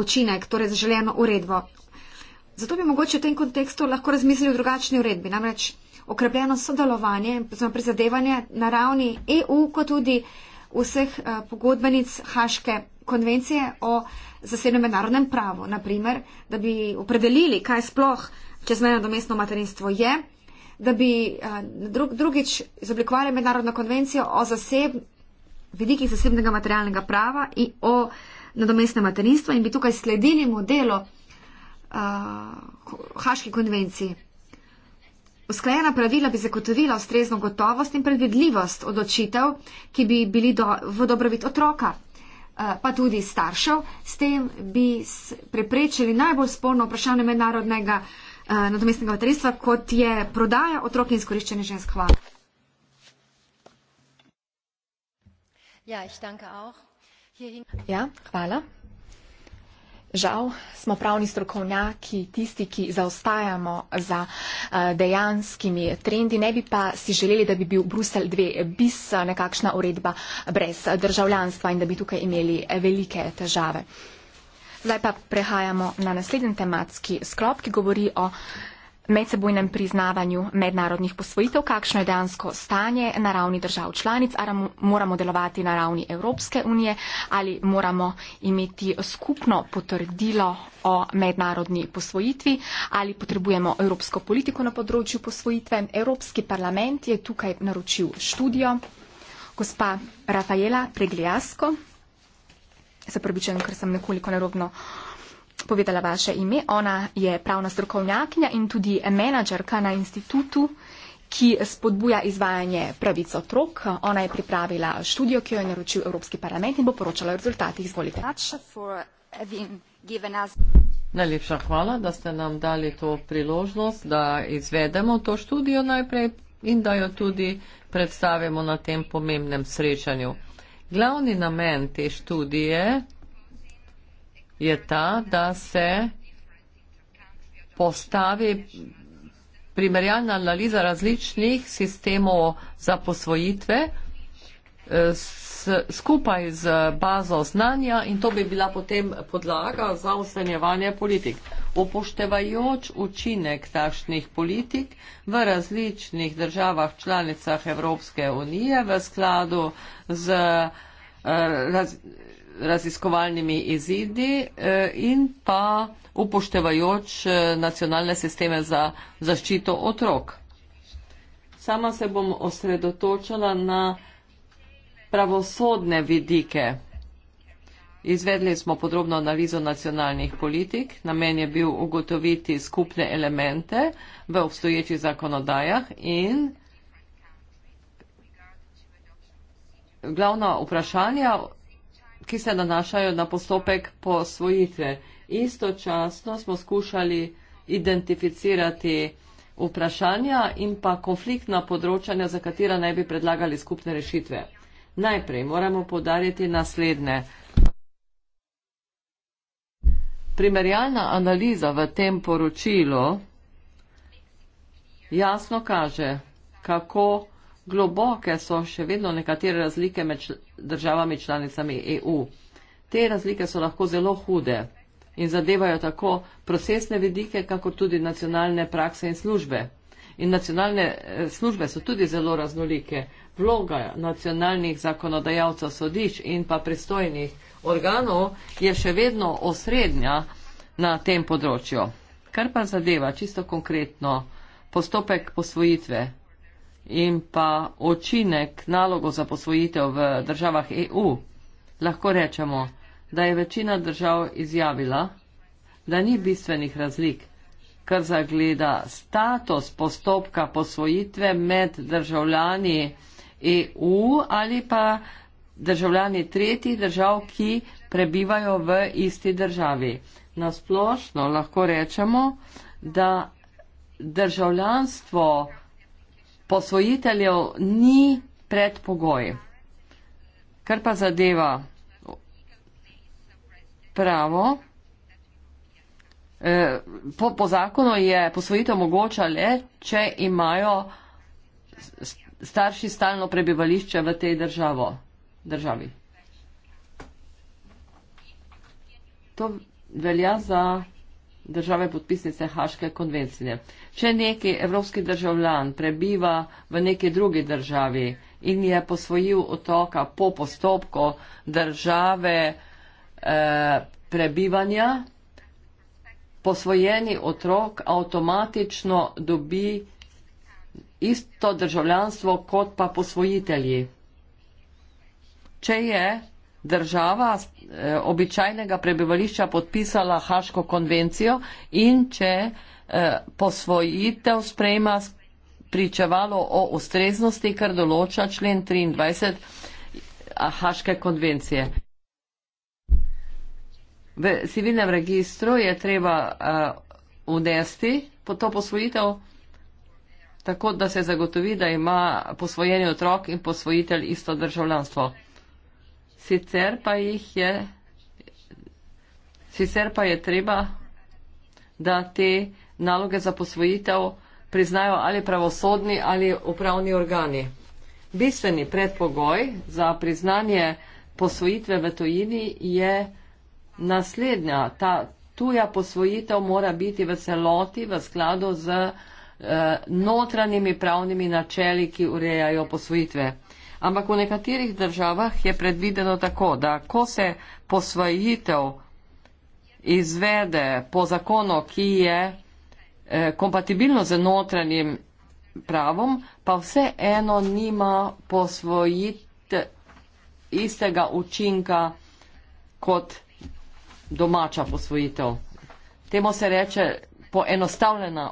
D: učinek, torej zaželjeno uredbo. Zato bi mogoče v tem kontekstu lahko razmislili o drugačni uredbi, namreč okrepljeno sodelovanje, prizadevanje na ravni EU, kot tudi vseh eh, pogodbenic Haške konvencije o zasebnem mednarodnem pravu, naprimer, da bi opredelili, kaj sploh čezmejno domestno materinstvo je da bi eh, drug, drugič izoblikovali mednarodno konvencijo o zaseb, vidikih zasebnega materialnega prava in o nadomestnem materinstvu in bi tukaj sledili modelu uh, Haški konvenciji. Usklajena pravila bi zagotovila ustrezno gotovost in predvidljivost odločitev, ki bi bili do, v dobrobit otroka, eh, pa tudi staršev. S tem bi preprečili najbolj sporno vprašanje mednarodnega uh, Eh, nadomestnega materinstva, kot je prodaja otrok in
C: izkoriščanje žensk. Hvala. Ja, ja, hvala. Žal smo pravni strokovnjaki tisti, ki zaostajamo za eh, dejanskimi trendi, ne bi pa si želeli, da bi bil Bruselj 2 bis eh, nekakšna uredba brez državljanstva in da bi tukaj imeli velike težave. Zdaj pa prehajamo na naslednji tematski sklop, ki govori o medsebojnem priznavanju mednarodnih posvojitev, kakšno je dejansko stanje na ravni držav članic, ali moramo delovati na ravni Evropske unije, ali moramo imeti skupno potrdilo o mednarodni posvojitvi, ali potrebujemo evropsko politiko na področju posvojitve. Evropski parlament je tukaj naročil študijo. Gospa Rafaela Pregliasko, se prebičujem, ker sem nekoliko nerodno povedala vaše ime. Ona je pravna strokovnjakinja in tudi menadžerka na institutu, ki spodbuja izvajanje pravic otrok. Ona je pripravila študijo, ki jo je naročil Evropski parlament in bo
A: poročala o rezultatih. Izvolite. Najlepša hvala, da ste nam dali to priložnost, da izvedemo to študijo najprej in da jo tudi predstavimo na tem pomembnem srečanju. Glavni namen te študije je ta, da se postavi primerjalna analiza različnih sistemov za posvojitve s eh, skupaj z bazo znanja in to bi bila potem podlaga za ocenjevanje politik. Upoštevajoč učinek takšnih politik v različnih državah članicah Evropske unije v skladu z eh, raz, raziskovalnimi izidi eh, in pa upoštevajoč eh, nacionalne sisteme za zaščito otrok. Sama se bom osredotočila na pravosodne vidike. Izvedli smo podrobno analizo nacionalnih politik, namen je bil ugotoviti skupne elemente v obstoječih zakonodajah in glavna vprašanja, ki se nanašajo na postopek posvojitve. Istočasno smo skušali identificirati vprašanja in pa konfliktna področja, za katera naj bi predlagali skupne rešitve. Najprej moramo podariti naslednje. Primerjalna analiza v tem poročilu jasno kaže, kako globoke so še vedno nekatere razlike med državami članicami EU. Te razlike so lahko zelo hude in zadevajo tako procesne vidike, kako tudi nacionalne prakse in službe. In nacionalne eh, službe so tudi zelo raznolike vloga nacionalnih zakonodajalcev sodišč in pa pristojnih organov je še vedno osrednja na tem področju. Kar pa zadeva čisto konkretno postopek posvojitve in pa očinek nalogo za posvojitev v državah EU, lahko rečemo, da je večina držav izjavila, da ni bistvenih razlik, kar zagleda status postopka posvojitve med državljani, EU ali pa državljani tretjih držav, ki prebivajo v isti državi. Na splošno lahko rečemo, da državljanstvo posvojiteljev ni predpogoj. Kar pa zadeva pravo, eh, po, po zakonu je posvojitev mogoča le, če imajo starši stalno prebivališče v tej državo, državi. To velja za države podpisnice Haške konvencije. Če neki evropski državljan prebiva v neki drugi državi in je posvojil otoka po postopku države eh, prebivanja, posvojeni otrok avtomatično dobi isto državljanstvo kot pa posvojitelji. Če je država eh, običajnega prebivališča podpisala Haško konvencijo in če eh, posvojitev sprejma pričevalo o ustreznosti, kar določa člen 23 Haške konvencije. V civilnem registru je treba uh, vnesti po to posvojitev tako da se zagotovi, da ima posvojeni otrok in posvojitelj isto državljanstvo. Sicer pa jih je, sicer pa je treba, da te naloge za posvojitev priznajo ali pravosodni ali upravni organi. Bistveni predpogoj za priznanje posvojitve v tujini je naslednja. Ta tuja posvojitev mora biti v celoti v skladu z Eh, notranjimi pravnimi načeli, ki urejajo posvojitve. Ampak v nekaterih državah je predvideno tako, da ko se posvojitev izvede po zakonu, ki je eh, kompatibilno z notranjim pravom, pa vse eno nima posvojit istega učinka kot domača posvojitev. Temu se reče poenostavljena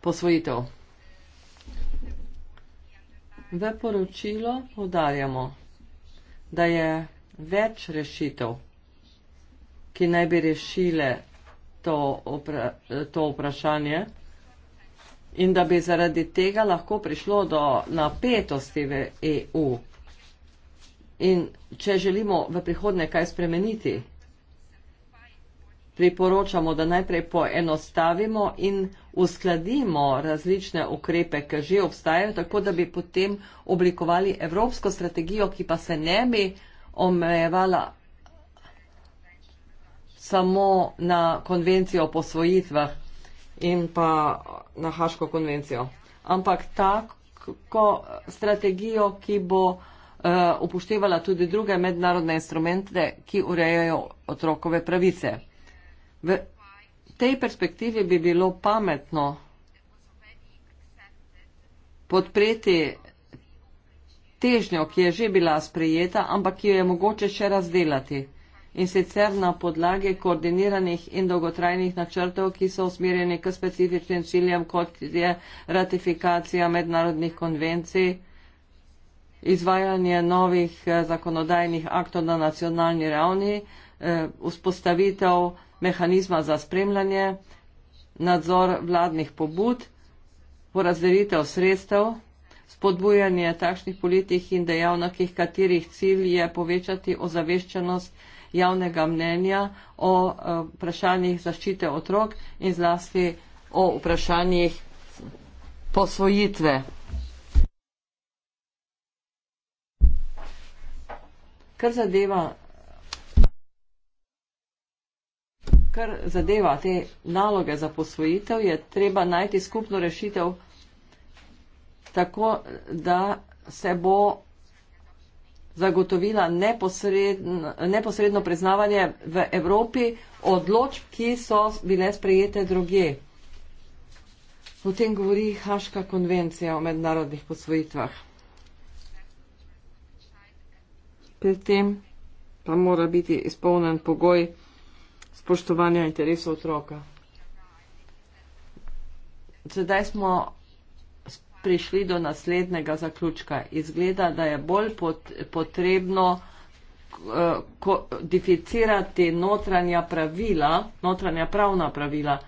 A: posvojitev. V poročilo podarjamo, da je več rešitev, ki naj bi rešile to, opra to vprašanje in da bi zaradi tega lahko prišlo do napetosti v EU. In če želimo v prihodnje kaj spremeniti, priporočamo, da najprej poenostavimo in uskladimo različne ukrepe, ki že obstajajo, tako da bi potem oblikovali evropsko strategijo, ki pa se ne bi omejevala samo na konvencijo o posvojitvah in pa na Haško konvencijo, ampak tako strategijo, ki bo uh, upoštevala tudi druge mednarodne instrumente, ki urejajo otrokove pravice. V tej perspektivi bi bilo pametno podpreti težnjo, ki je že bila sprejeta, ampak ki jo je mogoče še razdelati. In sicer na podlagi koordiniranih in dolgotrajnih načrtov, ki so usmerjeni k specifičnim ciljem, kot je ratifikacija mednarodnih konvencij, izvajanje novih eh, zakonodajnih aktov na nacionalni ravni, eh, vzpostavitev mehanizma za spremljanje, nadzor vladnih pobud, porazdelitev sredstev, spodbujanje takšnih politik in dejavnikih, katerih cilj je povečati ozaveščenost javnega mnenja o eh, vprašanjih zaščite otrok in zlasti o vprašanjih posvojitve. Kar zadeva kar zadeva te naloge za posvojitev, je treba najti skupno rešitev tako, da se bo zagotovila neposredno, neposredno priznavanje v Evropi odločb, ki so bile sprejete druge. O tem govori Haška konvencija o mednarodnih posvojitvah. Pri tem pa mora biti izpolnen pogoj, spoštovanja interesov otroka. Sedaj smo prišli do naslednjega zaključka. Izgleda, da je bolj pot, potrebno eh, kodificirati notranja pravila, notranja pravna pravila,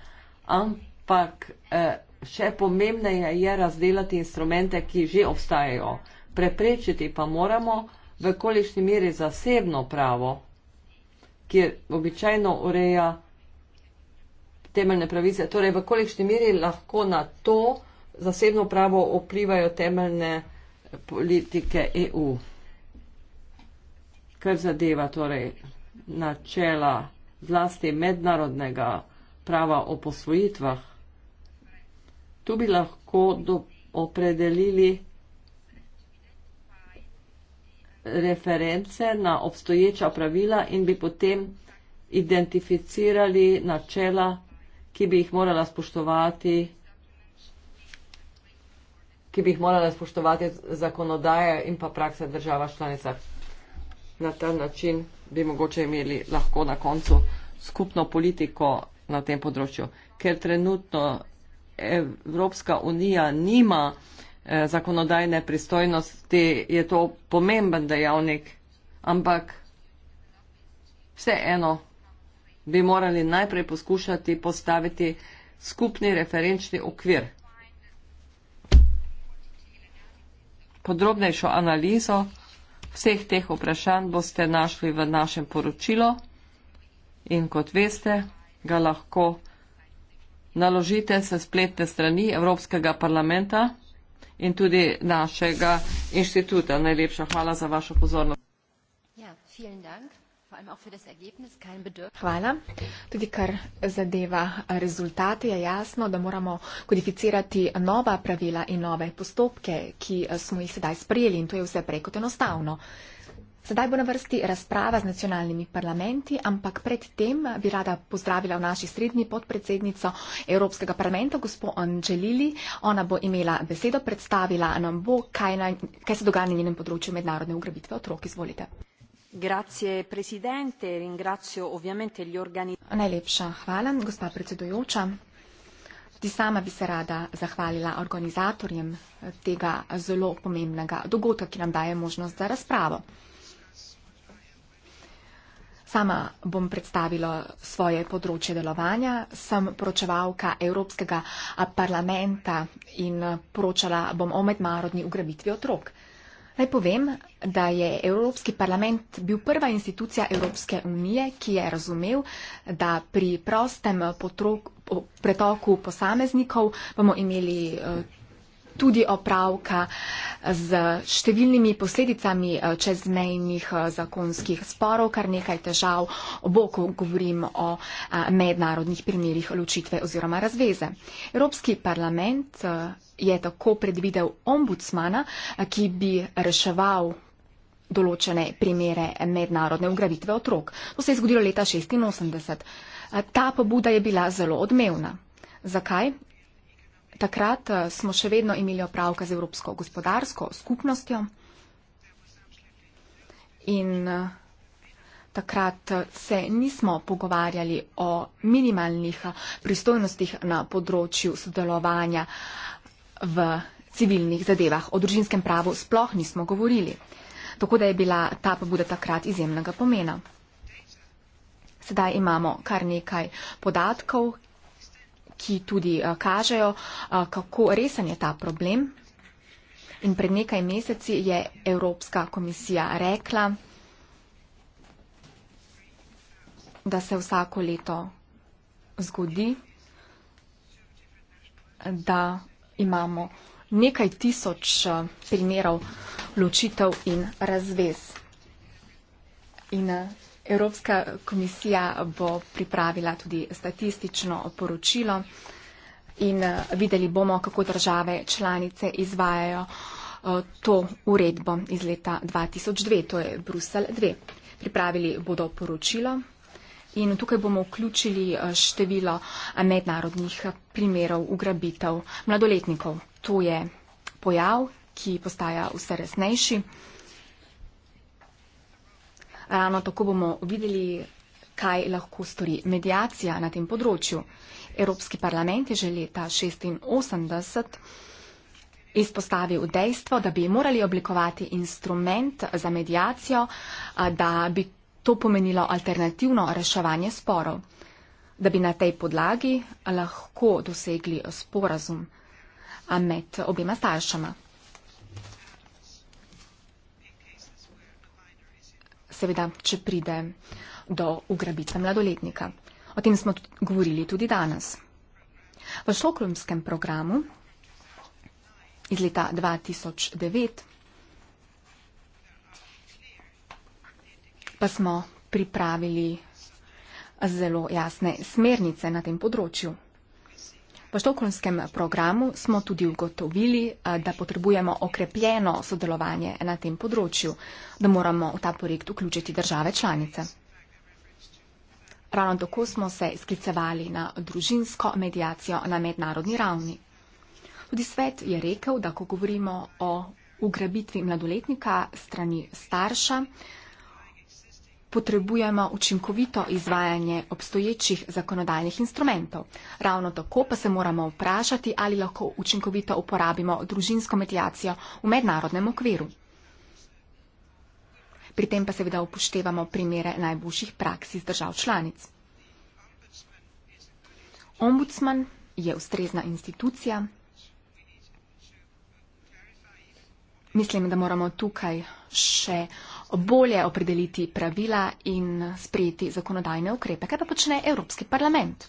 A: ampak eh, še pomembneje je razdelati instrumente, ki že obstajajo. Preprečiti pa moramo v kolišni meri zasebno pravo, kjer običajno ureja temeljne pravice. Torej, v kolikšni miri lahko na to zasebno pravo vplivajo temeljne politike EU, kar zadeva torej načela zlasti mednarodnega prava o posvojitvah. Tu bi lahko opredelili reference na obstoječa pravila in bi potem identificirali načela, ki bi jih morala spoštovati, ki bi jih morala spoštovati zakonodaja in pa praksa država članica. Na ta način bi mogoče imeli lahko na koncu skupno politiko na tem področju, ker trenutno Evropska unija nima uh, Eh, zakonodajne pristojnosti, je to pomemben dejavnik, ampak vseeno bi morali najprej poskušati postaviti skupni referenčni okvir. Podrobnejšo analizo vseh teh vprašanj boste našli v našem poročilu in kot veste, ga lahko naložite se spletne strani Evropskega parlamenta in tudi našega inštituta. Najlepša hvala za vašo pozornost.
B: Ja, hvala.
A: Tudi kar
C: zadeva rezultate, je jasno, da moramo kodificirati nova pravila in nove postopke, ki smo jih sedaj sprejeli in to je vse prej kot enostavno. Sedaj bo na vrsti razprava z nacionalnimi parlamenti, ampak predtem bi rada pozdravila v naši srednji podpredsednico Evropskega parlamenta, gospo Angelili. Ona bo imela besedo, predstavila nam bo, kaj, na, kaj se dogaja na njenem področju mednarodne ugrabitve otrok. Izvolite. Grazie, presidente, ringrazio ovviamente gli organi. Najlepša hvala, gospa predsedujoča. Ti sama bi se rada zahvalila organizatorjem tega zelo pomembnega dogodka, ki nam daje možnost za razpravo. Sama bom predstavila svoje področje delovanja. Sem poročevalka Evropskega parlamenta in poročala bom o mednarodni ugrabitvi otrok. Naj povem, da je Evropski parlament bil prva institucija Evropske unije, ki je razumel, da pri prostem potrok, pretoku posameznikov bomo imeli tudi opravka z številnimi posledicami eh, čezmejnih eh, zakonskih sporov, kar nekaj težav bo, ko govorim o eh, mednarodnih primerjih ločitve oziroma razveze. Evropski parlament je tako predvidel ombudsmana, ki bi reševal določene primere mednarodne ugravitve otrok. To se je zgodilo leta 1986. Ta pobuda je bila zelo odmevna. Zakaj? Takrat eh, smo še vedno imeli opravka z Evropsko gospodarsko skupnostjo in eh, takrat eh, se nismo pogovarjali o minimalnih pristojnostih na področju sodelovanja v civilnih zadevah. O družinskem pravu sploh nismo govorili. Tako da je bila ta pobuda takrat izjemnega pomena. Sedaj imamo kar nekaj podatkov, ki tudi eh, kažejo, eh, kako resen je ta problem. In pred nekaj meseci je Evropska komisija rekla, da se vsako leto zgodi, da imamo nekaj tisoč eh, primerov ločitev in razvez. In Evropska komisija bo pripravila tudi statistično poročilo in eh, videli bomo, kako države članice izvajajo eh, to uredbo iz leta 2002, to je Brusel 2. Pripravili bodo poročilo in tukaj bomo vključili eh, število mednarodnih primerov ugrabitev mladoletnikov. To je pojav, ki postaja vse resnejši. Ravno tako bomo videli, kaj lahko stori medijacija na tem področju. Evropski parlament je že leta 1986 izpostavil dejstvo, da bi morali oblikovati instrument za medijacijo, da bi to pomenilo alternativno reševanje sporov, da bi na tej podlagi lahko dosegli sporazum med obima staršama. seveda, če pride do ugrabitve mladoletnika. O tem smo govorili tudi danes. V šokolmskem programu iz leta 2009 pa smo pripravili zelo jasne smernice na tem področju. V štokholmskem programu smo tudi ugotovili, eh, da potrebujemo okrepljeno sodelovanje na tem področju, da moramo v ta projekt vključiti države članice. Ravno tako smo se sklicevali na družinsko medijacijo na mednarodni ravni. Tudi svet je rekel, da ko govorimo o ugrabitvi mladoletnika strani starša, potrebujemo učinkovito izvajanje obstoječih zakonodajnih instrumentov. Ravno tako pa se moramo vprašati, ali lahko učinkovito uporabimo družinsko medijacijo v mednarodnem okviru. Pri tem pa seveda upoštevamo primere najboljših praks iz držav članic. Ombudsman je ustrezna institucija. Mislim, da moramo tukaj še bolje opredeliti pravila in sprejeti zakonodajne ukrepe. Kaj pa počne Evropski parlament?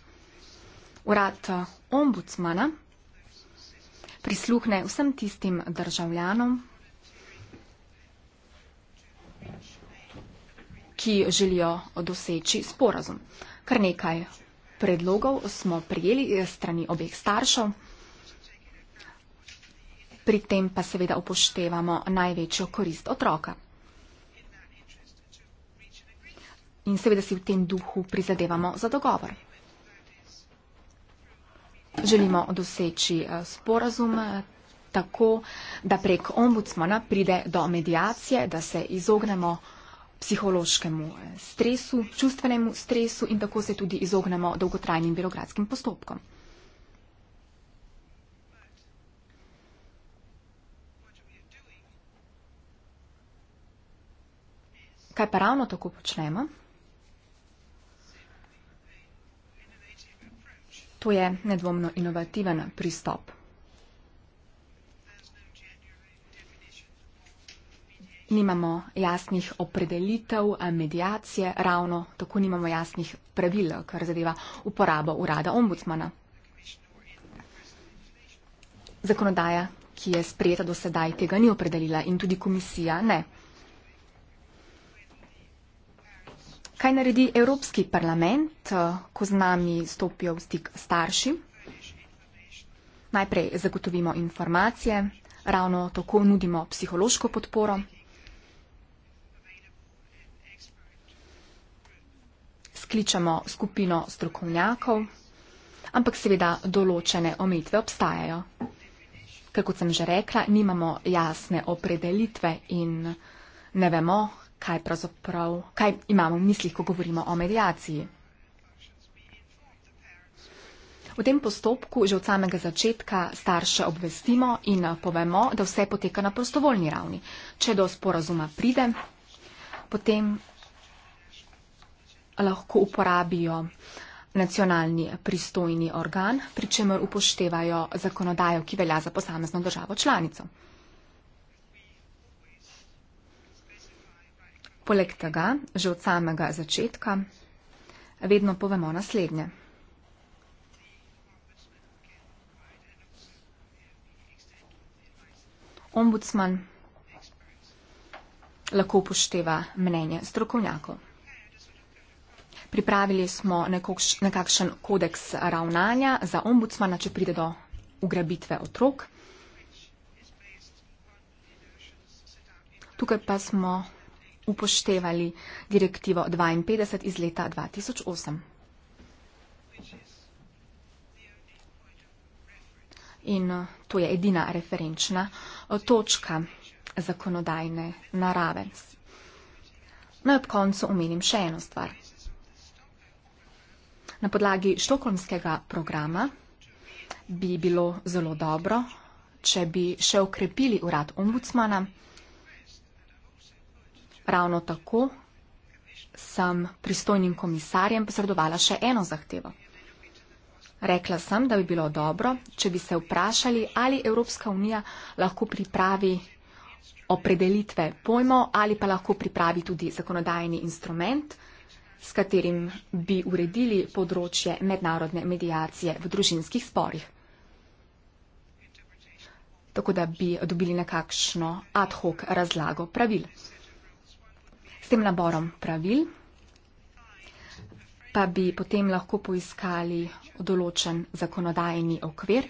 C: Urad eh, ombudsmana prisluhne vsem tistim državljanom, ki želijo doseči sporazum. Kar nekaj predlogov smo prijeli eh, strani obeh staršev. Pri tem pa seveda upoštevamo največjo korist otroka. in seveda si v tem duhu prizadevamo za dogovor. Želimo doseči eh, sporazum eh, tako, da prek ombudsmana pride do medijacije, da se izognemo psihološkemu eh, stresu, čustvenemu stresu in tako se tudi izognemo dolgotrajnim birokratskim postopkom. Kaj pa ravno tako počnemo? To je nedvomno inovativen pristop. Nimamo jasnih opredelitev medijacije, ravno tako nimamo jasnih pravil, kar zadeva uporabo urada ombudsmana. Zakonodaja, ki je sprejeta do sedaj, tega ni opredelila in tudi komisija ne. Kaj naredi Evropski parlament, eh, ko z nami stopijo v stik starši? Najprej zagotovimo informacije, ravno tako nudimo psihološko podporo. Skličemo skupino strokovnjakov, ampak seveda določene omejitve obstajajo. Ker kot sem že rekla, nimamo jasne opredelitve in ne vemo, kaj pravzaprav, kaj imamo v mislih, ko govorimo o medijaciji. V tem postopku že od samega začetka starše obvestimo in povemo, da vse poteka na prostovoljni ravni. Če do sporazuma pride, potem lahko uporabijo nacionalni pristojni organ, pri čemer upoštevajo zakonodajo, ki velja za posamezno državo članico. Poleg tega, že od samega začetka, vedno povemo naslednje. Ombudsman lahko upošteva mnenje strokovnjakov. Pripravili smo nekokš, nekakšen kodeks ravnanja za ombudsmana, če pride do ugrabitve otrok. Tukaj pa smo upoštevali direktivo 52 iz leta 2008. In eh, to je edina referenčna eh, točka zakonodajne narave. Naj ob koncu omenim še eno stvar. Na podlagi štokholmskega programa bi bilo zelo dobro, če bi še okrepili urad ombudsmana. Ravno tako sem pristojnim komisarjem posredovala še eno zahtevo. Rekla sem, da bi bilo dobro, če bi se vprašali, ali Evropska unija lahko pripravi opredelitve pojmov ali pa lahko pripravi tudi zakonodajni instrument, s katerim bi uredili področje mednarodne medijacije v družinskih sporih. Tako da bi dobili nekakšno ad hoc razlago pravil tem naborom pravil, pa bi potem lahko poiskali določen zakonodajni okvir,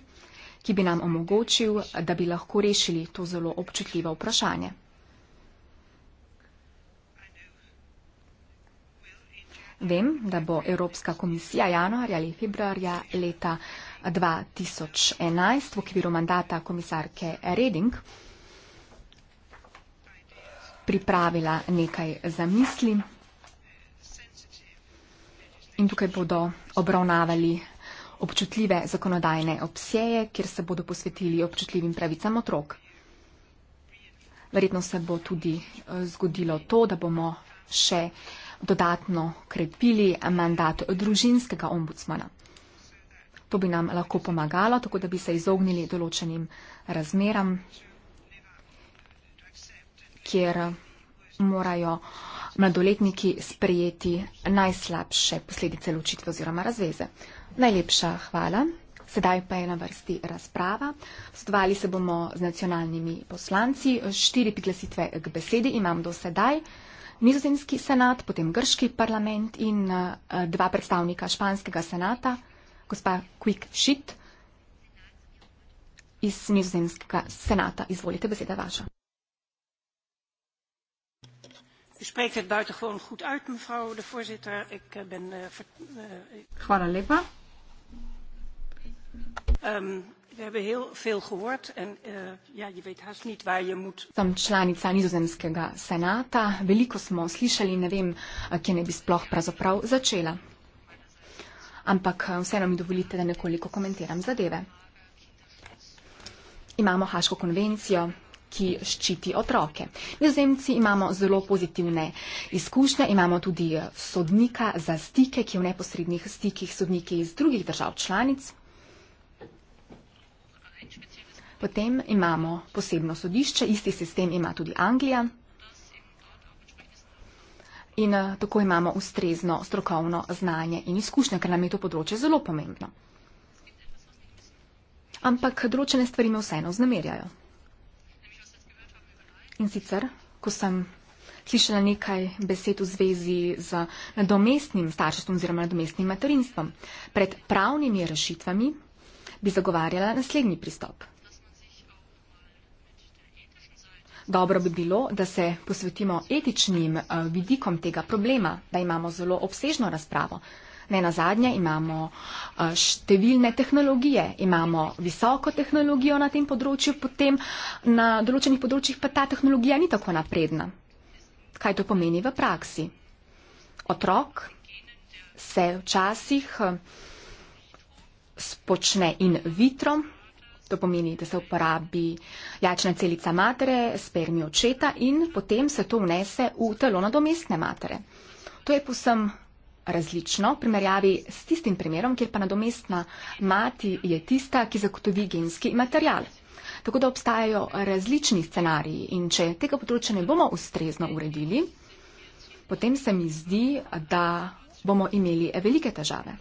C: ki bi nam omogočil, da bi lahko rešili to zelo občutljivo vprašanje. Vem, da bo Evropska komisija januarja ali februarja leta 2011 v okviru mandata komisarke Reding pripravila nekaj zamisli. In tukaj bodo obravnavali občutljive zakonodajne obseje, kjer se bodo posvetili občutljivim pravicam otrok. Verjetno se bo tudi eh, zgodilo to, da bomo še dodatno krepili mandat družinskega ombudsmana. To bi nam lahko pomagalo, tako da bi se izognili določenim razmeram kjer morajo mladoletniki sprejeti najslabše posledice ločitve oziroma razveze. Najlepša hvala. Sedaj pa je na vrsti razprava. Sodvali se bomo z nacionalnimi poslanci. Štiri priglasitve k besedi imam do sedaj. Nizozemski senat, potem grški parlament in eh, dva predstavnika španskega senata, gospa Quick Shit iz nizozemskega senata. Izvolite, beseda vaša.
E: U spreekt het buitengewoon goed uit, mevrouw de voorzitter. Ik eh, ben. Uh, uh, ik... Um, we hebben heel veel gehoord en uh, ja, je weet
B: haast niet waar je moet.
C: Sam članica Nizozemskega senata. Veliko smo slišali, ne vem, kje ne bi sploh pravzaprav začela. Ampak vseeno mi dovolite, da nekoliko komentiram zadeve. Imamo Haško konvencijo, ki ščiti otroke. Nizozemci imamo zelo pozitivne izkušnje, imamo tudi eh, sodnika za stike, ki je v neposrednih stikih sodniki iz drugih držav članic. Potem imamo posebno sodišče, isti sistem ima tudi Anglija. In eh, tako imamo ustrezno strokovno znanje in izkušnje, ker nam je to področje zelo pomembno. Ampak določene stvari me vseeno znamerjajo. In sicer, ko sem slišala nekaj besed v zvezi z nadomestnim starševstvom oziroma nadomestnim materinstvom, pred pravnimi rešitvami bi zagovarjala naslednji pristop. Dobro bi bilo, da se posvetimo etičnim eh, vidikom tega problema, da imamo zelo obsežno razpravo. Ne na zadnje imamo eh, številne tehnologije, imamo visoko tehnologijo na tem področju, potem na določenih področjih pa ta tehnologija ni tako napredna. Kaj to pomeni v praksi? Otrok se včasih eh, spočne in vitro, to pomeni, da se uporabi jačna celica matere, spermi očeta in potem se to vnese v telo nadomestne matere. To je posem različno v primerjavi s tistim primerom, kjer pa nadomestna mati je tista, ki zagotovi genski material. Tako da obstajajo različni scenariji in če tega področja ne bomo ustrezno uredili, potem se mi zdi, da bomo imeli velike težave.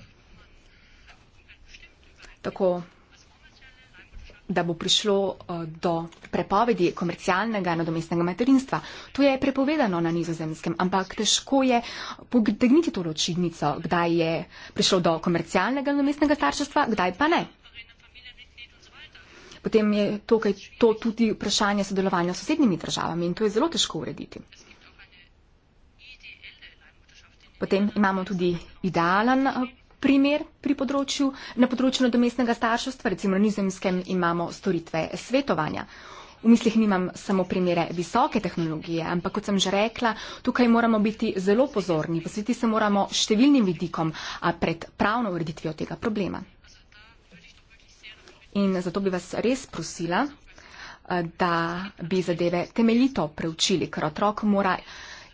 C: Tako da bo prišlo eh, do prepovedi komercialnega nadomestnega materinstva. To je prepovedano na nizozemskem, ampak težko je potegniti to ločinico, kdaj je prišlo do komercialnega nadomestnega starševstva, kdaj pa ne. Potem je to, to tudi vprašanje sodelovanja s sosednjimi državami in to je zelo težko urediti. Potem imamo tudi idealen eh, primer pri področju, na področju nadomestnega starševstva, recimo na nizemskem imamo storitve svetovanja. V mislih nimam samo primere visoke tehnologije, ampak kot sem že rekla, tukaj moramo biti zelo pozorni, posvetiti se moramo številnim vidikom pred pravno ureditvijo tega problema. In zato bi vas res prosila, eh, da bi zadeve temeljito preučili, ker otrok mora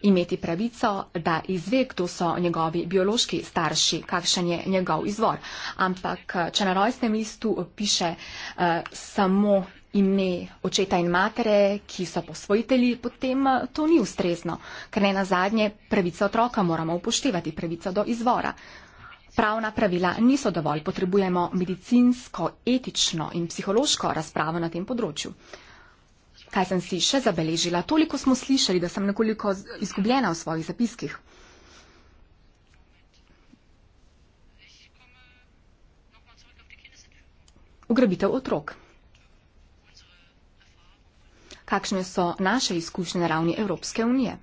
C: imeti pravico, da izve, kdo so njegovi biološki starši, kakšen je njegov izvor. Ampak, eh, če na rojstnem listu piše uh, samo ime očeta in matere, ki so posvojitelji, potem eh, to ni ustrezno, ker ne na zadnje pravico otroka moramo upoštevati, pravico do izvora. Pravna pravila niso dovolj, potrebujemo medicinsko, etično in psihološko razpravo na tem področju. Kaj sem si še zabeležila? Toliko smo slišali, da sem nekoliko izgubljena v svojih zapiskih. Ugrabitev otrok. Kakšne so naše izkušnje na ravni Evropske unije?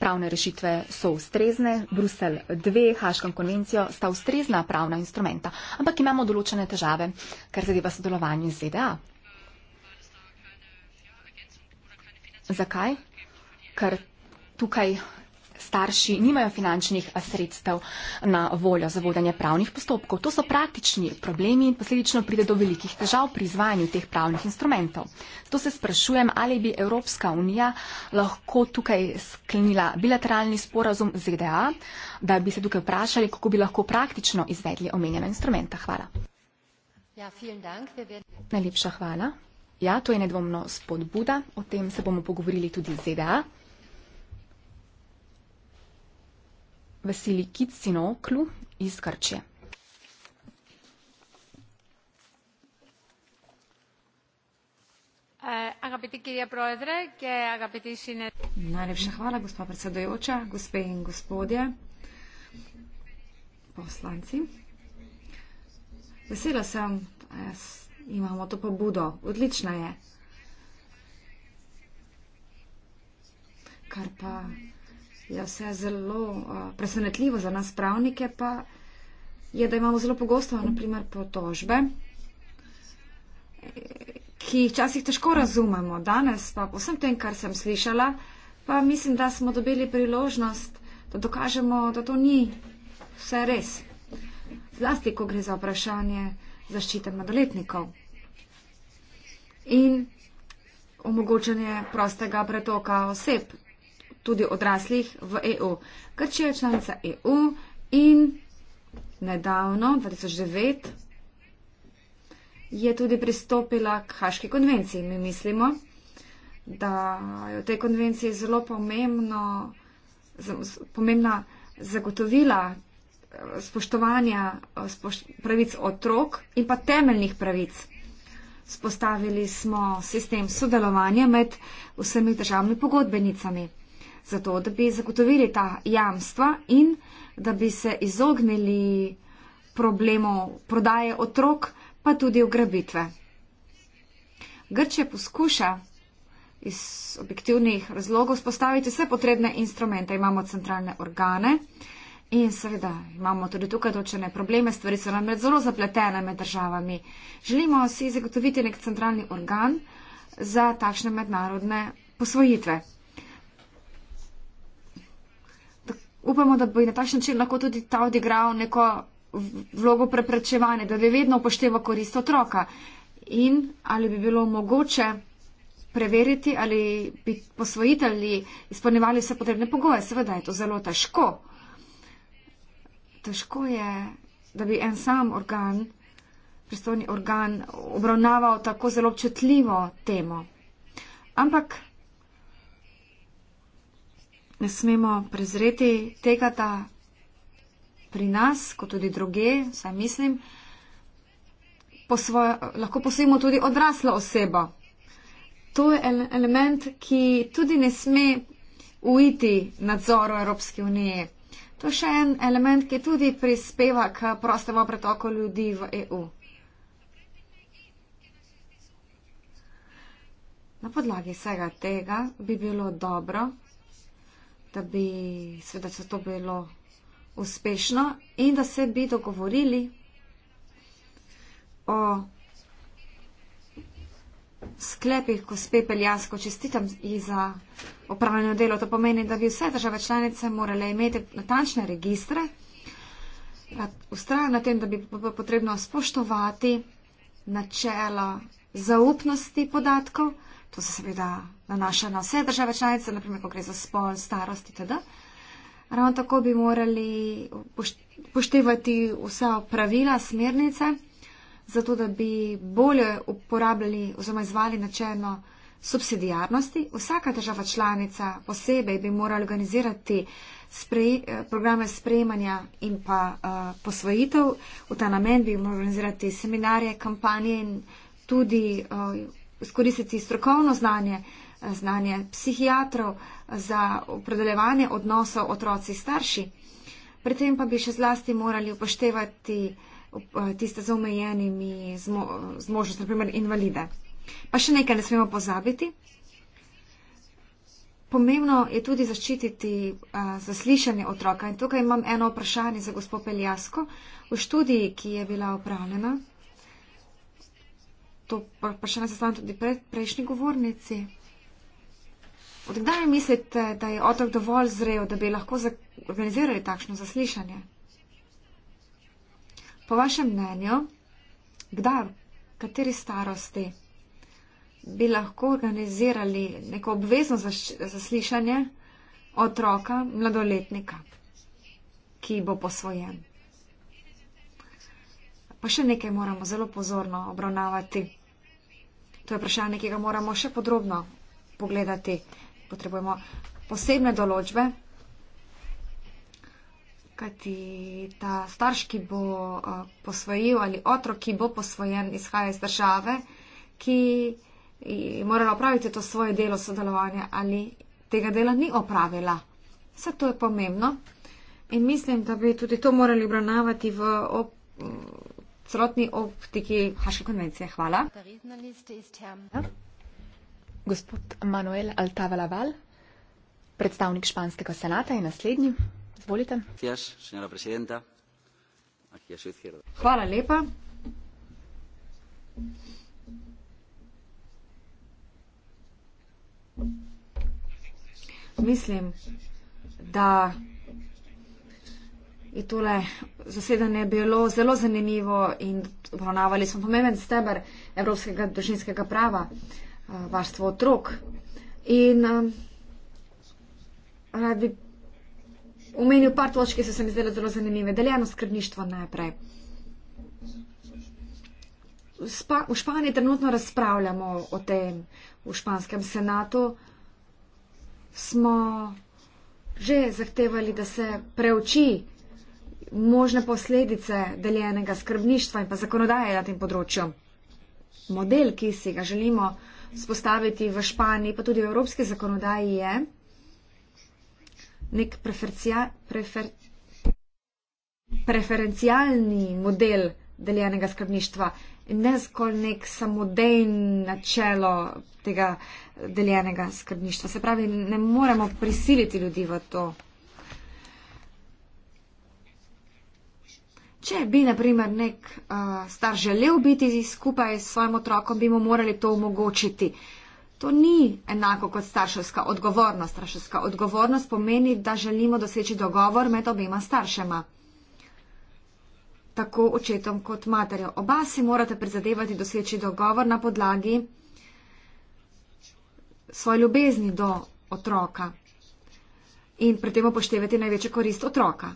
C: Pravne rešitve so ustrezne, Brusel 2, Haška konvencija sta ustrezna pravna instrumenta, ampak imamo določene težave, kar zadeva sodelovanje z ZDA. Zakaj? Ker tukaj starši nimajo finančnih sredstev na voljo za vodanje pravnih postopkov. To so praktični problemi in posledično pride do velikih težav pri izvajanju teh pravnih instrumentov. Zato se sprašujem, ali bi Evropska unija lahko tukaj sklenila bilateralni sporazum z ZDA, da bi se tukaj vprašali, kako bi lahko praktično izvedli omenjena instrumenta. Hvala. Ja, Najlepša hvala. Ja, to je nedvomno spodbuda, o tem se bomo pogovorili tudi z ZDA. Vasili Kicinoklu iz Krče.
D: Eh, Najlepša hvala, gospa predsedojoča, gospe in gospodje, poslanci. Vesela sem, Imamo to pobudo, odlična je. Kar pa je vse zelo uh, presenetljivo za nas pravnike, pa je, da imamo zelo pogosto, naprimer, potožbe, ki jih včasih težko razumemo. Danes pa po vsem tem, kar sem slišala, pa mislim, da smo dobili priložnost, da dokažemo, da to ni vse res. Zlasti, ko gre za vprašanje zaščite mladoletnikov in omogočanje prostega pretoka oseb, tudi odraslih v EU. Grčija je članica EU in nedavno, 2009, je tudi pristopila k Haški konvenciji. Mi mislimo, da je v tej konvenciji zelo pomembno, pomembna zagotovila eh, spoštovanja eh, spoš, pravic otrok in pa temeljnih pravic. Spostavili smo sistem sodelovanja med vsemi državami pogodbenicami, zato da bi zagotovili ta jamstva in da bi se izognili problemov prodaje otrok, pa tudi ugrabitve. Grče poskuša iz objektivnih razlogov spostaviti vse potrebne instrumente. Imamo centralne organe, In seveda imamo tudi tukaj določene probleme, stvari so namreč zelo zapletene med državami. Želimo si zagotoviti nek centralni organ za takšne mednarodne posvojitve. Upamo, da bo na takšen način lahko tudi ta odigral neko vlogo preprečevanja, da bi vedno upošteval korist otroka. In ali bi bilo mogoče preveriti, ali bi posvojitelji izpolnjevali vse potrebne pogoje. Seveda je to zelo težko težko je, da bi en sam organ, pristojni organ, obravnaval tako zelo občutljivo temo. Ampak ne smemo prezreti tega, da pri nas, kot tudi druge, saj mislim, posvojo, lahko posvojimo tudi odraslo osebo. To je element, ki tudi ne sme uiti nadzoru Evropske unije. To je še en element, ki tudi prispeva k prostemu pretoku ljudi v EU. Na podlagi vsega tega bi bilo dobro, da bi seveda se to bilo uspešno in da se bi dogovorili o sklepih, ko spepel jasko čestitam ji za upravljanju delov. To pomeni, da bi vse države članice morale imeti natančne registre, ustraja na tem, da bi potrebno spoštovati načela zaupnosti podatkov. To se seveda nanaša na vse države članice, naprimer, ko gre za spol, starost itd. Ravno tako bi morali poštevati vsa pravila, smernice, zato da bi bolje uporabljali oziroma izvali načelno subsidijarnosti. Vsaka država članica posebej bi morala organizirati sprej, eh, programe sprejemanja in pa uh, posvojitev. V ta namen bi morali organizirati seminarje, kampanje in tudi uh, eh, skoristiti strokovno znanje, znanje psihiatrov za opredeljevanje odnosov otroci starši. Pri tem pa bi še zlasti morali upoštevati tiste z omejenimi zmožnostmi, naprimer invalide. Pa še nekaj ne smemo pozabiti. Pomembno je tudi zaščititi a, eh, zaslišanje otroka. In tukaj imam eno vprašanje za gospod Peljasko. V študiji, ki je bila upravljena, to vprašanje se stane tudi pred prejšnji govornici. Odkdaj mislite, da je otrok dovolj zrel, da bi lahko organizirali takšno zaslišanje? Po vašem mnenju, kdaj, kateri starosti? bi lahko organizirali neko obvezno zaslišanje otroka, mladoletnika, ki bo posvojen. Pa še nekaj moramo zelo pozorno obravnavati. To je vprašanje, ki ga moramo še podrobno pogledati. Potrebujemo posebne določbe, kajti ta starš, ki bo eh, posvojil ali otrok, ki bo posvojen, izhaja iz države, ki morala opraviti to svoje delo sodelovanja ali tega dela ni opravila. Vse to je pomembno in mislim, da bi tudi to morali obravnavati v ob,
C: celotni optiki Haške konvencije. Hvala. Gospod Manuel Altavalaval, predstavnik Španskega senata, je naslednji. Zvolite. Hvala lepa.
D: mislim, da je tole zasedanje bilo zelo zanimivo in obravnavali smo pomemben stebr evropskega družinskega prava, eh, varstvo otrok. In eh, rad bi omenil par točk, ki so se mi zdele zelo zanimive. Deljeno skrbništvo najprej. V Španiji trenutno razpravljamo o tem v španskem senatu smo že zahtevali, da se preuči možne posledice deljenega skrbništva in pa zakonodaje na tem področju. Model, ki si ga želimo spostaviti v Španiji, pa tudi v evropski zakonodaji, je nek prefer, preferencialni model deljenega skrbništva in ne zgolj nek samodejn načelo tega deljenega skrbništva. Se pravi, ne moremo prisiliti ljudi v to. Če bi, naprimer, nek uh, star želel biti skupaj s svojim otrokom, bi mu morali to omogočiti. To ni enako kot starševska odgovornost. Starševska odgovornost pomeni, da želimo doseči dogovor med obima staršema tako očetom kot materjo. Oba si morate prizadevati doseči dogovor na podlagi svoje ljubezni do otroka in pri tem upoštevati največjo korist otroka.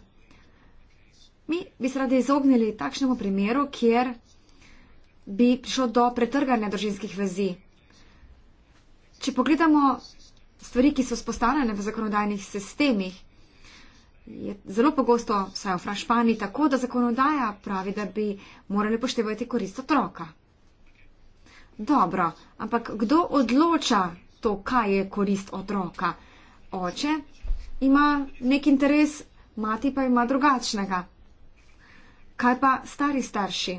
D: Mi bi se radi izognili takšnemu primeru, kjer bi prišlo do pretrganja družinskih vezi. Če pogledamo stvari, ki so spostavljene v zakonodajnih sistemih, je zelo pogosto, vsaj v Frašpani, tako, da zakonodaja pravi, da bi morali poštevati korist otroka. Dobro, ampak kdo odloča to, kaj je korist otroka? Oče ima nek interes, mati pa ima drugačnega. Kaj pa stari starši?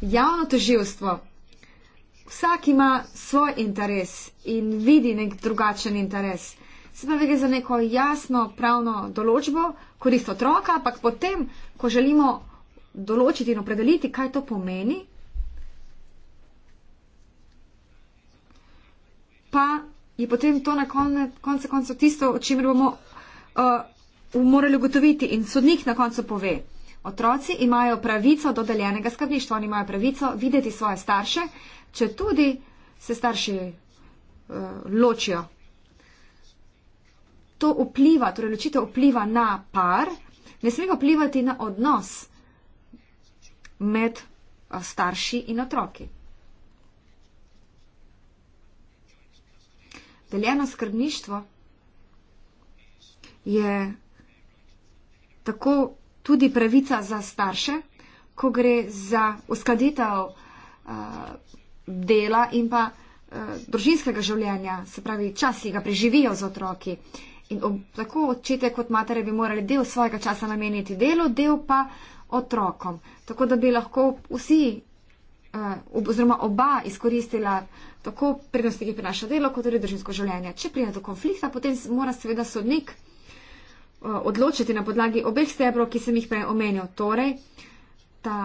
D: Javno toživstvo vsak ima svoj interes in vidi nek drugačen interes. Se pravi, gre za neko jasno pravno določbo korist otroka, ampak potem, ko želimo določiti in opredeliti, kaj to pomeni, pa je potem to na konce koncu tisto, o čemer bomo uh, morali ugotoviti in sodnik na koncu pove. Otroci imajo pravico do deljenega skrbništva, oni imajo pravico videti svoje starše, če tudi se starši uh, ločijo. To vpliva, torej ločitev vpliva na par, ne sme ga vplivati na odnos med eh, starši in otroki. Deljeno skrbništvo je tako tudi pravica za starše, ko gre za uskladitev eh, dela in pa uh, družinskega življenja, se pravi, čas, ki ga preživijo z otroki. In ob, tako očete kot matere bi morali del svojega časa nameniti delu, del pa otrokom. Tako da bi lahko vsi, uh, oziroma oba, izkoristila tako prednosti, ki prinaša delo, kot tudi družinsko življenje. Če pride do konflikta, potem mora seveda sodnik eh, odločiti na podlagi obeh stebrov, ki sem jih prej omenil. Torej, ta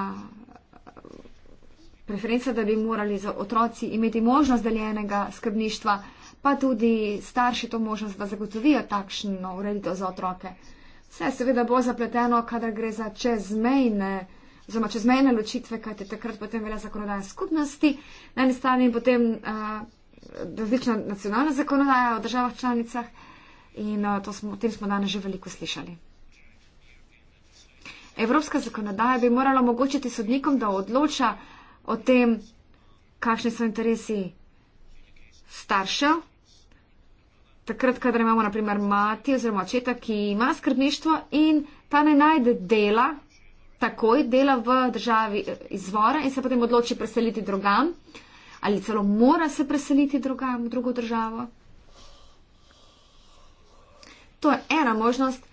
D: preference, da bi morali otroci imeti možnost deljenega skrbništva, pa tudi starši to možnost, da zagotovijo takšno ureditev za otroke. Vse seveda bo zapleteno, kadar gre za čezmejne. Oziroma, čez mejne ločitve, kaj te takrat potem velja zakonodaja skupnosti, na eni strani potem uh, različna nacionalna zakonodaja v državah članicah in uh, smo, o tem smo danes že veliko slišali. Evropska zakonodaja bi morala omogočiti sodnikom, da odloča o tem, kakšni so interesi staršev. Takrat, kadar imamo naprimer mati oziroma očeta, ki ima skrbništvo in ta ne najde dela, takoj dela v državi eh, izvora in se potem odloči preseliti drugam ali celo mora se preseliti drugam v drugo državo. To je ena možnost.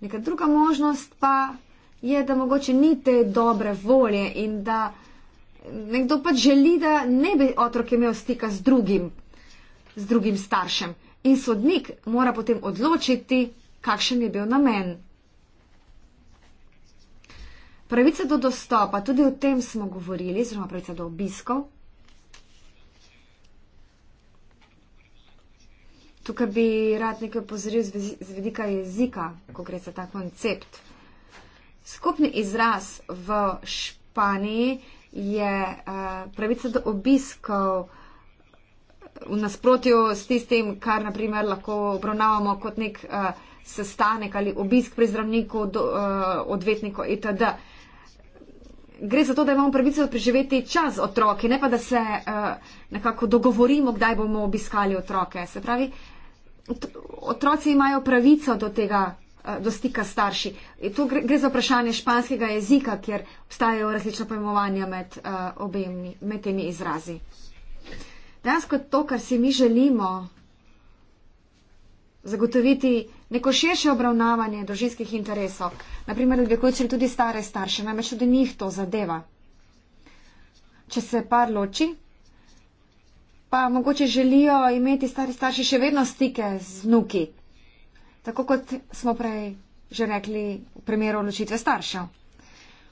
D: Neka druga možnost pa je, da mogoče ni te dobre volje in da nekdo pač želi, da ne bi otrok imel stika z drugim, z drugim staršem. In sodnik mora potem odločiti, kakšen je bil namen. Pravica do dostopa, tudi o tem smo govorili, oziroma pravica do obiskov. Tukaj bi rad nekaj opozoril z vedika jezika, ko gre za ta koncept. Skupni izraz v Španiji je eh, pravica do obiskov v nasprotju s tistim, kar naprimer lahko obravnavamo kot nek eh, sestanek ali obisk pri zdravniku, eh, odvetniku itd. E Gre za to, da imamo pravico preživeti čas z otroki, ne pa da se nekako dogovorimo, kdaj bomo obiskali otroke. Se pravi, otroci imajo pravico do tega Eh, do stika s starši. Tu gre za vprašanje španskega jezika, kjer obstajajo različna pojmovanja med, eh, obemi, med temi izrazi. Dejansko je to, kar si mi želimo zagotoviti neko širše obravnavanje družinskih interesov. Naprimer, da bi tudi stare starše, namreč tudi njih to zadeva. Če se par loči, pa mogoče želijo imeti stari starši še vedno stike z nuki tako kot smo prej že rekli v primeru ločitve staršev.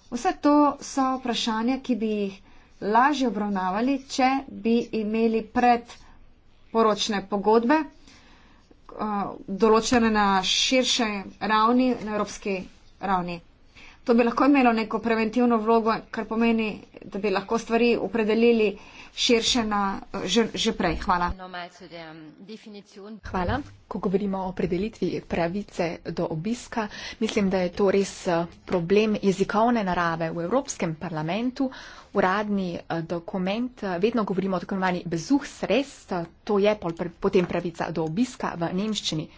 D: Vse to so vprašanja, ki bi jih lažje obravnavali, če bi imeli predporočne pogodbe, eh, določene na širše ravni, na evropski ravni. To bi lahko imelo neko preventivno vlogo, kar pomeni, da bi lahko stvari
C: opredelili širše na že, že prej. Hvala. Hvala. Ko govorimo o opredelitvi pravice do obiska, mislim, da je to res problem jezikovne narave v Evropskem parlamentu. Uradni eh, dokument, eh, vedno govorimo o tako imenovani bezuh sredstva, to je potem pravica do obiska v nemščini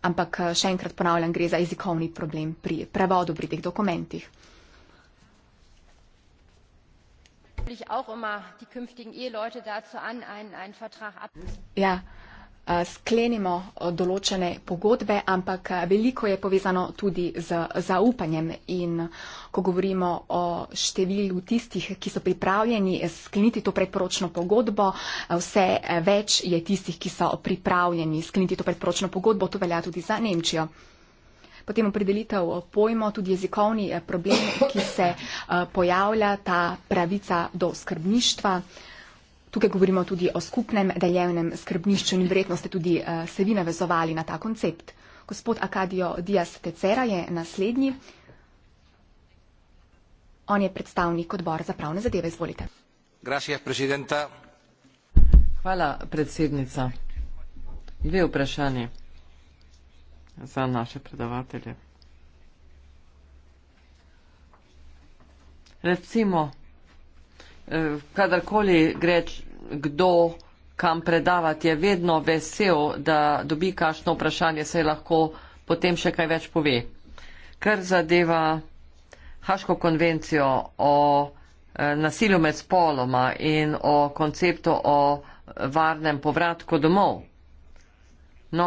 C: ampak eh, še enkrat ponavljam, gre za jezikovni problem pri prevodu pri teh dokumentih. Ja, Eh, sklenimo eh, določene pogodbe, ampak eh, veliko je povezano tudi z zaupanjem. In ko govorimo o številu tistih, ki so pripravljeni skleniti to predporočno pogodbo, vse več je tistih, ki so pripravljeni skleniti to predporočno pogodbo. To velja tudi za Nemčijo. Potem opredelitev pojmo, tudi jezikovni problem, ki se pojavlja, ta pravica do skrbništva. Tukaj govorimo tudi o skupnem deljenem skrbnišču in vredno ste tudi uh, se vi navezovali na ta koncept. Gospod Akadijo Dias Tecera je naslednji. On je predstavnik odbora za pravne zadeve. Izvolite.
A: Hvala, predsednica. Dve vprašanje za naše predavatelje. Recimo, kadarkoli greš kdo kam predavati, je vedno vesel, da dobi kašno vprašanje, se lahko potem še kaj več pove. Kar zadeva Haško konvencijo o eh, nasilju med spoloma in o konceptu o varnem povratku domov. No,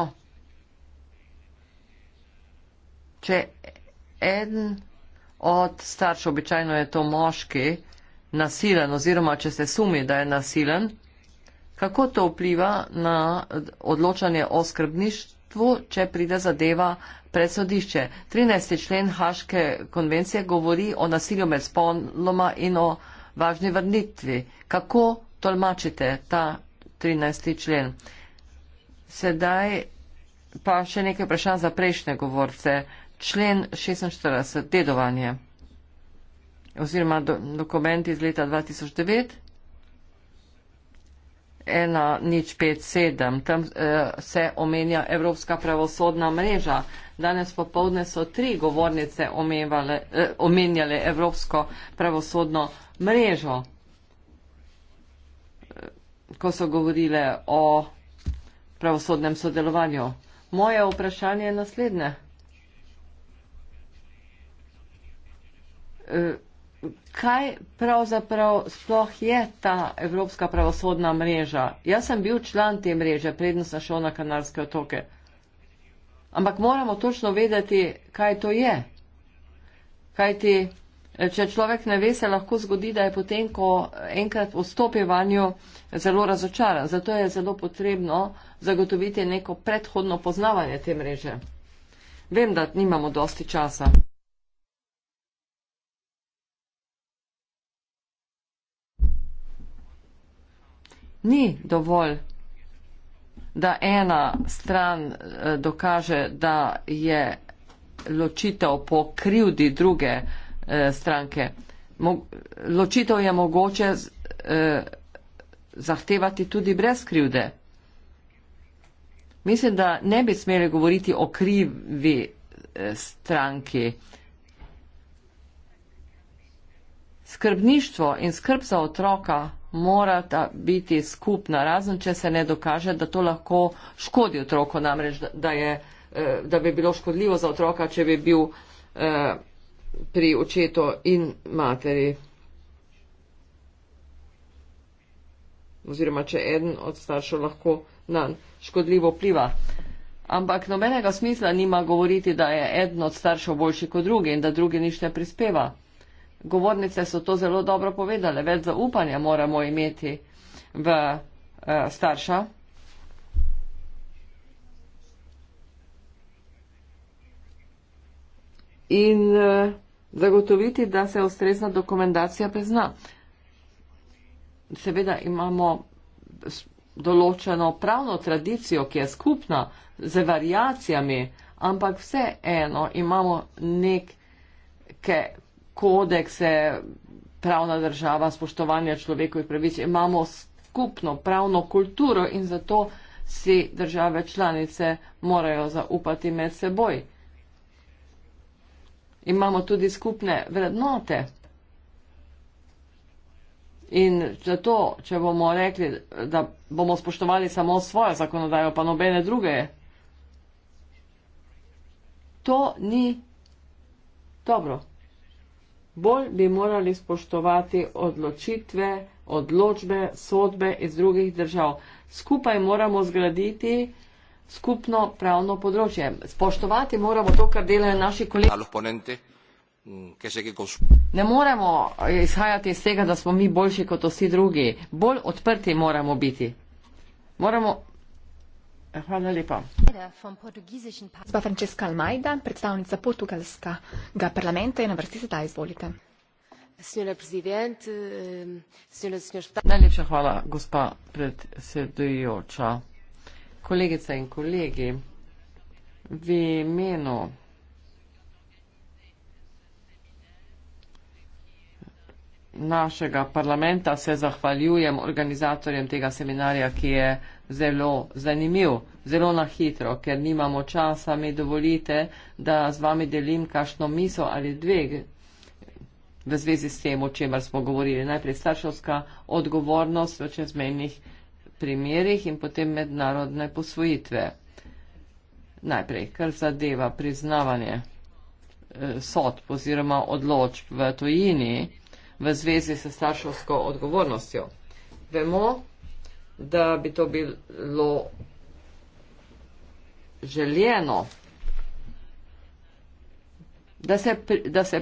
A: če en od staršev, običajno je to moški, nasilen oziroma če se sumi, da je nasilen, kako to vpliva na odločanje o skrbništvu, če pride zadeva pred sodišče. 13. člen Haške konvencije govori o nasilju med spoloma in o važni vrnitvi. Kako tolmačite ta 13. člen? Sedaj pa še nekaj vprašanj za prejšnje govorce. Člen 46. Dedovanje oziroma do, dokument iz leta 2009. 1.057, tam eh, se omenja Evropska pravosodna mreža. Danes popovdne so tri govornice omevale, eh, omenjale Evropsko pravosodno mrežo, eh, ko so govorile o pravosodnem sodelovanju. Moje vprašanje je naslednje. Eh, kaj pravzaprav sploh je ta Evropska pravosodna mreža. Jaz sem bil član te mreže, prednost našel na Kanarske otoke. Ampak moramo točno vedeti, kaj to je. Kaj ti, eh, če človek ne ve, se lahko zgodi, da je potem, ko enkrat vstopi v njo, zelo razočaran. Zato je zelo potrebno zagotoviti neko predhodno poznavanje te mreže. Vem, da nimamo dosti časa. ni dovolj, da ena stran eh, dokaže, da je ločitev po krivdi druge eh, stranke. Ločitev je mogoče eh, zahtevati tudi brez krivde. Mislim, da ne bi smeli govoriti o krivi stranki. Skrbništvo in skrb za otroka morata biti skupna, razen če se ne dokaže, da to lahko škodi otroku, namreč da, je, eh, da bi bilo škodljivo za otroka, če bi bil eh, pri očetu in materi. Oziroma, če eden od staršev lahko na škodljivo pliva. Ampak nobenega smisla nima govoriti, da je eden od staršev boljši kot drugi in da drugi nič ne prispeva govornice so to zelo dobro povedale, več zaupanja moramo imeti v eh, starša. In eh, zagotoviti, da se ustrezna dokumentacija prizna. Seveda imamo določeno pravno tradicijo, ki je skupna z variacijami, ampak vse eno imamo neke kodekse, pravna država, spoštovanje človekovih pravic, imamo skupno pravno kulturo in zato si države članice morajo zaupati med seboj. Imamo tudi skupne vrednote. In zato, če bomo rekli, da bomo spoštovali samo svojo zakonodajo, pa nobene druge, to ni dobro bolj bi morali spoštovati odločitve, odločbe, sodbe iz drugih držav. Skupaj moramo zgraditi skupno pravno področje. Spoštovati moramo to, kar delajo naši kolegi. Mm, ne moremo eh, izhajati iz tega, da smo mi boljši kot vsi drugi. Bolj odprti moramo biti. Moramo Hvala lepa.
B: Gospa
C: Francesca Almajda, predstavnica portugalskega parlamenta je na vrsti sedaj, izvolite.
A: Eh, Najlepša hvala, gospa predsedujoča. Kolegice in kolegi, v imenu našega parlamenta se zahvaljujem organizatorjem tega seminarja, ki je zelo zanimiv, zelo na hitro, ker nimamo časa, mi dovolite, da z vami delim kašno miso ali dve v zvezi s tem, o čemer smo govorili. Najprej starševska odgovornost v čezmejnih primerjih in potem mednarodne posvojitve. Najprej, kar zadeva priznavanje eh, sodb oziroma odločb v tojini v zvezi s starševsko odgovornostjo. Vemo, da bi to bilo želeno, da se, da, se,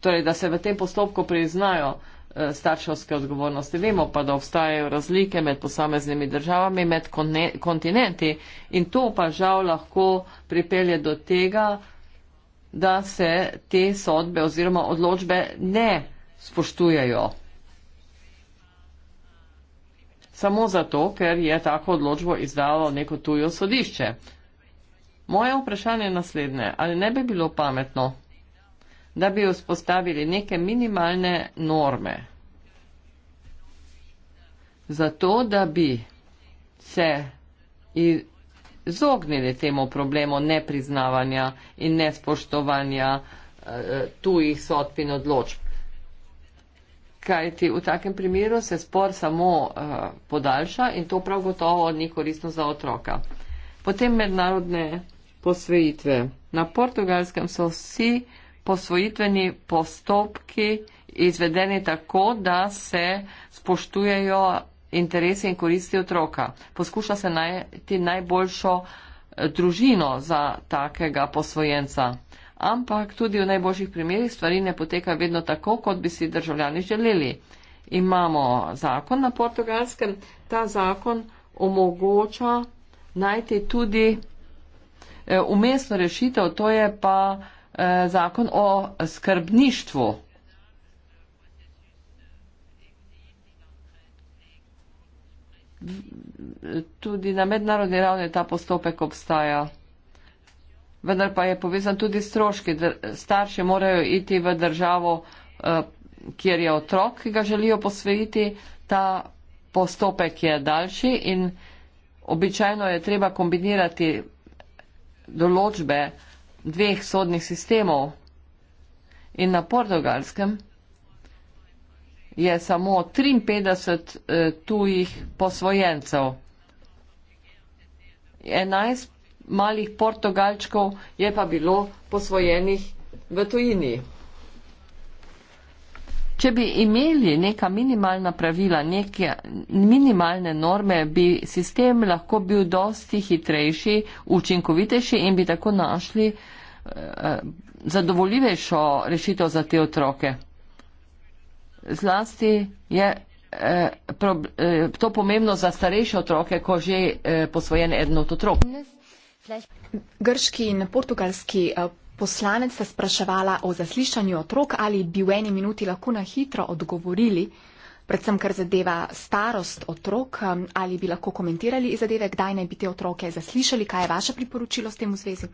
A: torej, da se v tem postopku priznajo eh, starševske odgovornosti. Vemo pa, da obstajajo razlike med posameznimi državami, med kontinenti in to pa žal lahko pripelje do tega, da se te sodbe oziroma odločbe ne spoštujejo. Samo zato, ker je tako odločbo izdalo neko tujo sodišče. Moje vprašanje je naslednje. Ali ne bi bilo pametno, da bi vzpostavili neke minimalne norme? Zato, da bi se izognili temu problemu nepriznavanja in nespoštovanja eh, tujih sodb in odločb kajti v takem primeru se spor samo uh, podaljša in to prav gotovo ni koristno za otroka. Potem mednarodne posvojitve. Na portugalskem so vsi posvojitveni postopki izvedeni tako, da se spoštujejo interesi in koristi otroka. Poskuša se najti najboljšo eh, družino za takega posvojenca ampak tudi v najboljših primerjih stvari ne poteka vedno tako, kot bi si državljani želeli. Imamo zakon na portugalskem, ta zakon omogoča najti tudi eh, umestno rešitev, to je pa eh, zakon o skrbništvu. Tudi na mednarodni ravni ta postopek obstaja vendar pa je povezan tudi stroški. Starši morajo iti v državo, eh, kjer je otrok, ki ga želijo posvojiti. Ta postopek je daljši in običajno je treba kombinirati določbe dveh sodnih sistemov. In na portugalskem je samo 53 eh, tujih posvojencev. 11 malih portugalčkov je pa bilo posvojenih v tujini. Če bi imeli neka minimalna pravila, neke minimalne norme, bi sistem lahko bil dosti hitrejši, učinkovitejši in bi tako našli eh, eh zadovoljivejšo rešitev za te otroke. Zlasti je eh, prob, eh, to pomembno za starejše otroke, ko že eh, posvojen eden od otrok.
C: Grški in portugalski eh, poslanec sta spraševala o zaslišanju otrok, ali bi v eni minuti lahko na hitro odgovorili, predvsem kar zadeva starost otrok, eh, ali bi lahko komentirali zadeve, kdaj naj bi te otroke zaslišali, kaj je vaše priporočilo s tem v zvezi.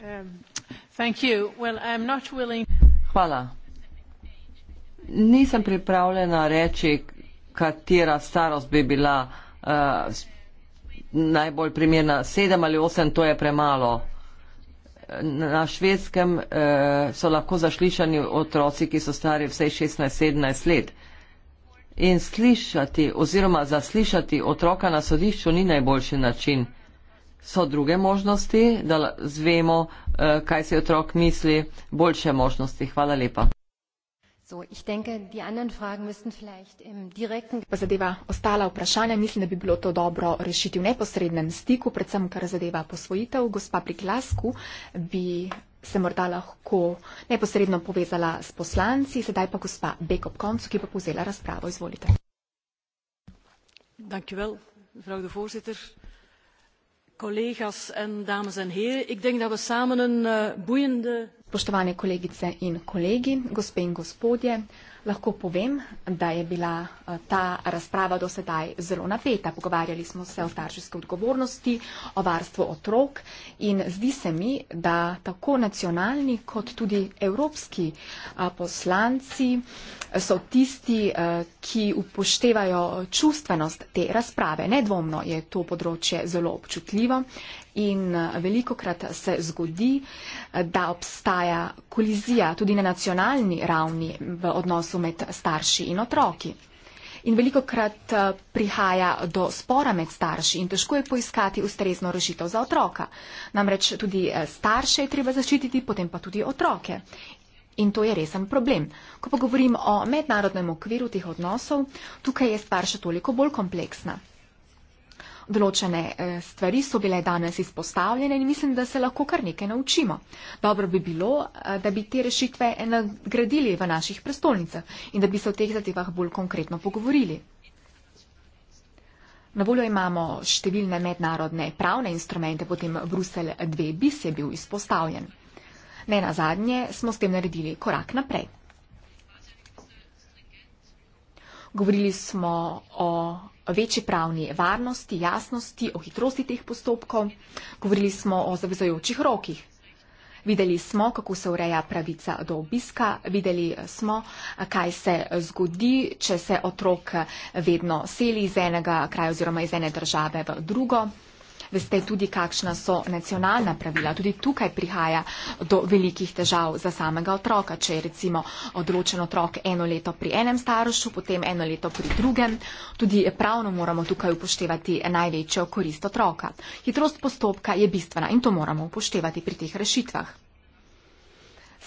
A: Um, Hvala. Nisem pripravljena reči, katera starost bi bila uh, najbolj primerna sedem ali osem, to je premalo. Na švedskem uh, so lahko zaslišani otroci, ki so stari vse 16-17 let. In slišati oziroma zaslišati otroka na sodišču ni najboljši način. So druge možnosti, da zvemo, eh, kaj se otrok misli, boljše možnosti. Hvala lepa.
B: So, ich denke, die anderen Fragen müssten vielleicht im direkten. Pa zadeva ostala vprašanja,
C: mislim, da bi bilo to dobro rešiti v neposrednem stiku, predvsem kar zadeva posvojitev. Gospa pri Glasku bi se morda lahko neposredno povezala s poslanci, sedaj pa gospa Bek ob koncu, ki bo povzela razpravo. Izvolite.
A: Dankjewel, mevrouw de voorzitter. Collega's en dames en heren, ik denk dat we samen een uh, boeiende
C: Spoštovane kolegice in kolegi, gospe in gospodje, lahko povem, da je bila eh, ta razprava do sedaj zelo napeta. Pogovarjali smo se o starševski odgovornosti, o varstvu otrok in zdi se mi, da tako nacionalni kot tudi evropski eh, poslanci eh, so tisti, ki upoštevajo čustvenost te razprave. Nedvomno je to področje zelo občutljivo In eh, veliko krat se zgodi, eh, da obstaja kolizija tudi na nacionalni ravni v odnosu med starši in otroki. In veliko krat eh, prihaja do spora med starši in težko je poiskati ustrezno rešitev za otroka. Namreč tudi starše je treba zaščititi, potem pa tudi otroke. In to je resen problem. Ko pa govorim o mednarodnem okviru teh odnosov, tukaj je stvar še toliko bolj kompleksna določene eh, stvari so bile danes izpostavljene in mislim, da se lahko kar nekaj naučimo. Dobro bi bilo, eh, da bi te rešitve nagradili v naših prestolnicah in da bi se o teh zadevah bolj konkretno pogovorili. Na voljo imamo številne mednarodne pravne instrumente, potem Bruselj 2 bi se bil izpostavljen. Ne na zadnje smo s tem naredili korak naprej. Govorili smo o večji pravni varnosti, jasnosti, o hitrosti teh postopkov. Govorili smo o zavezojočih rokih. Videli smo, kako se ureja pravica do obiska, videli smo, kaj se zgodi, če se otrok vedno seli iz enega kraja oziroma iz ene države v drugo veste tudi, kakšna so nacionalna pravila. Tudi tukaj prihaja do velikih težav za samega otroka, če je recimo odločen otrok eno leto pri enem staršu, potem eno leto pri drugem. Tudi pravno moramo tukaj upoštevati največjo korist otroka. Hitrost postopka je bistvena in to moramo upoštevati pri teh rešitvah.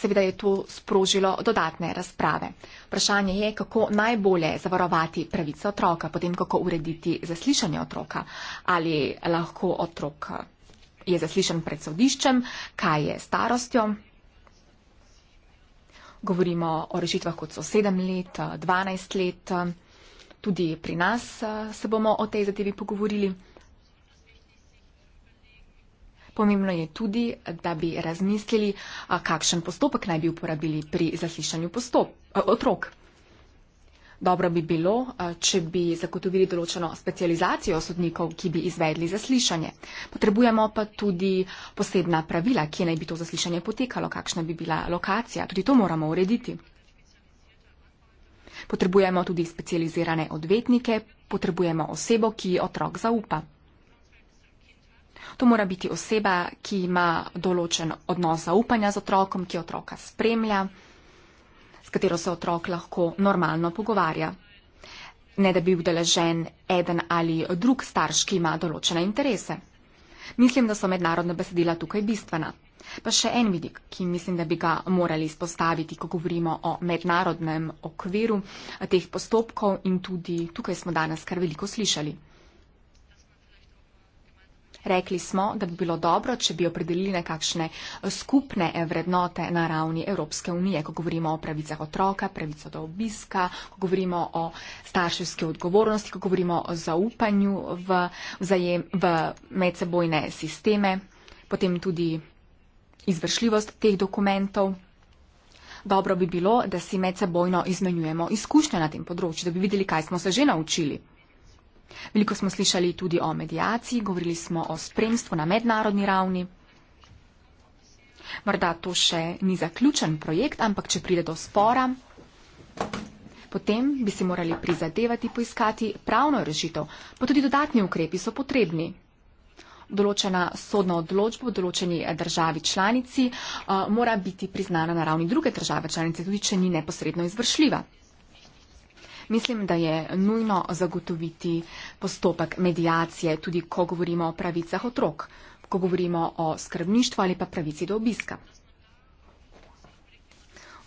C: Seveda je to sprožilo dodatne razprave. Vprašanje je, kako najbolje zavarovati pravico otroka, potem kako urediti zaslišanje otroka, ali lahko otrok eh, je zaslišan pred sodiščem, kaj je starostjo. Govorimo o rešitvah, kot so 7 let, 12 eh, let. Tudi pri nas eh, se bomo o tej zadevi pogovorili. Pomembno je tudi, da bi razmislili, kakšen postopek naj bi uporabili pri zaslišanju eh, otrok. Dobro bi bilo, eh, če bi zagotovili določeno specializacijo sodnikov, ki bi izvedli zaslišanje. Potrebujemo pa tudi posebna pravila, kje naj bi to zaslišanje potekalo, kakšna bi bila lokacija. Tudi to moramo urediti. Potrebujemo tudi specializirane odvetnike, potrebujemo osebo, ki otrok zaupa. To mora biti oseba, ki ima določen odnos zaupanja z otrokom, ki otroka spremlja, s katero se otrok lahko normalno pogovarja, ne da bi bil deležen eden ali drug starš, ki ima določene interese. Mislim, da so mednarodna besedila tukaj bistvena. Pa še en vidik, ki mislim, da bi ga morali izpostaviti, ko govorimo o mednarodnem okviru teh postopkov in tudi tukaj smo danes kar veliko slišali. Rekli smo, da bi bilo dobro, če bi opredelili nekakšne eh, skupne eh, vrednote na ravni Evropske unije, ko govorimo o pravicah otroka, pravico do obiska, ko govorimo o starševski odgovornosti, ko govorimo o zaupanju v, vzajem, v medsebojne sisteme, potem tudi izvršljivost teh dokumentov. Dobro bi bilo, da si medsebojno izmenjujemo izkušnje na tem področju, da bi videli, kaj smo se že naučili. Veliko smo slišali tudi o medijaciji, govorili smo o spremstvu na mednarodni ravni. Morda to še ni zaključen projekt, ampak če pride do spora, potem bi si morali prizadevati poiskati pravno rešitev, pa tudi dodatni ukrepi so potrebni. Določena sodna odločba v določeni eh, državi članici uh, mora biti priznana na ravni druge države članice, tudi če ni neposredno izvršljiva mislim, da je nujno zagotoviti postopek medijacije, tudi ko govorimo o pravicah otrok, ko govorimo o skrbništvu ali pa pravici do obiska.